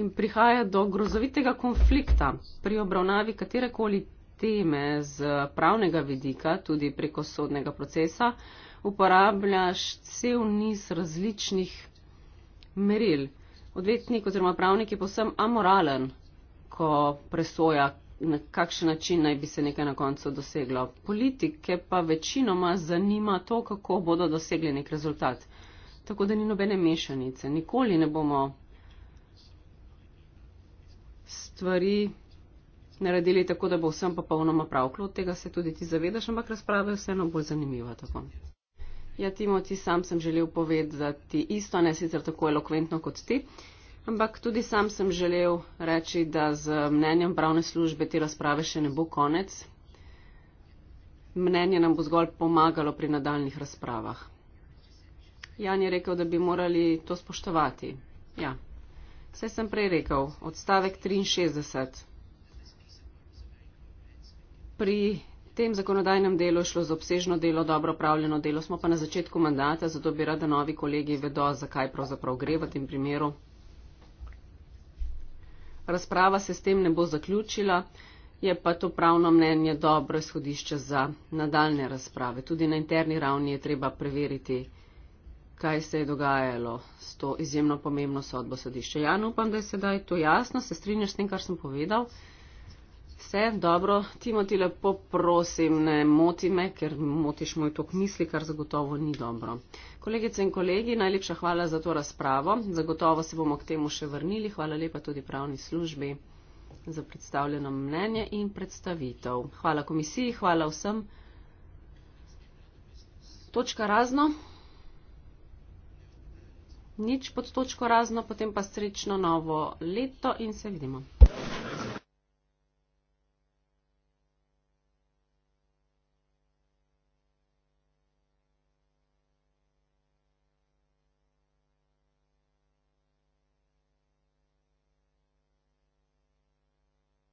In prihaja do grozovitega konflikta pri obravnavi katerekoli teme z pravnega vidika, tudi preko sodnega procesa, uporabljaš cel niz različnih meril odvetnik oziroma pravnik je posem amoralen, ko presoja, na kakšen način naj bi se nekaj na koncu doseglo. Politike pa večinoma zanima to, kako bodo dosegli nek rezultat. Tako da ni nobene mešanice. Nikoli ne bomo stvari naredili tako, da bo vsem popolnoma prav. Klo tega se tudi ti zavedaš, ampak razprava je vseeno bolj zanimiva. Tako. Ja, Timoti, sam sem želel povedati isto, ne sicer tako elokventno kot ti, ampak tudi sam sem želel reči, da z mnenjem pravne službe te razprave še ne bo konec. Mnenje nam bo zgolj pomagalo pri nadaljnih razpravah. Jan je rekel, da bi morali to spoštovati. Ja, vse sem prej rekel, odstavek 63. Pri V tem zakonodajnem delu je šlo za obsežno delo, dobro upravljeno delo, smo pa na začetku mandata, zato bi rada novi kolegi vedo, zakaj pravzaprav gre v tem primeru. Razprava se s tem ne bo zaključila, je pa to pravno mnenje dobro izhodišče za nadaljne razprave. Tudi na interni ravni je treba preveriti, kaj se je dogajalo s to izjemno pomembno sodbo sodišče. Jan, upam, da je sedaj to jasno, se strinjaš s tem, kar sem povedal. Vse dobro, Timoti, lepo prosim, ne moti me, ker motiš moj tok misli, kar zagotovo ni dobro. Kolegice in kolegi, najlepša hvala za to razpravo. Zagotovo se bomo k temu še vrnili. Hvala lepa tudi pravni službi za predstavljeno mnenje in predstavitev. Hvala komisiji, hvala vsem. Točka razno. Nič pod točko razno, potem pa srečno novo leto in se vidimo.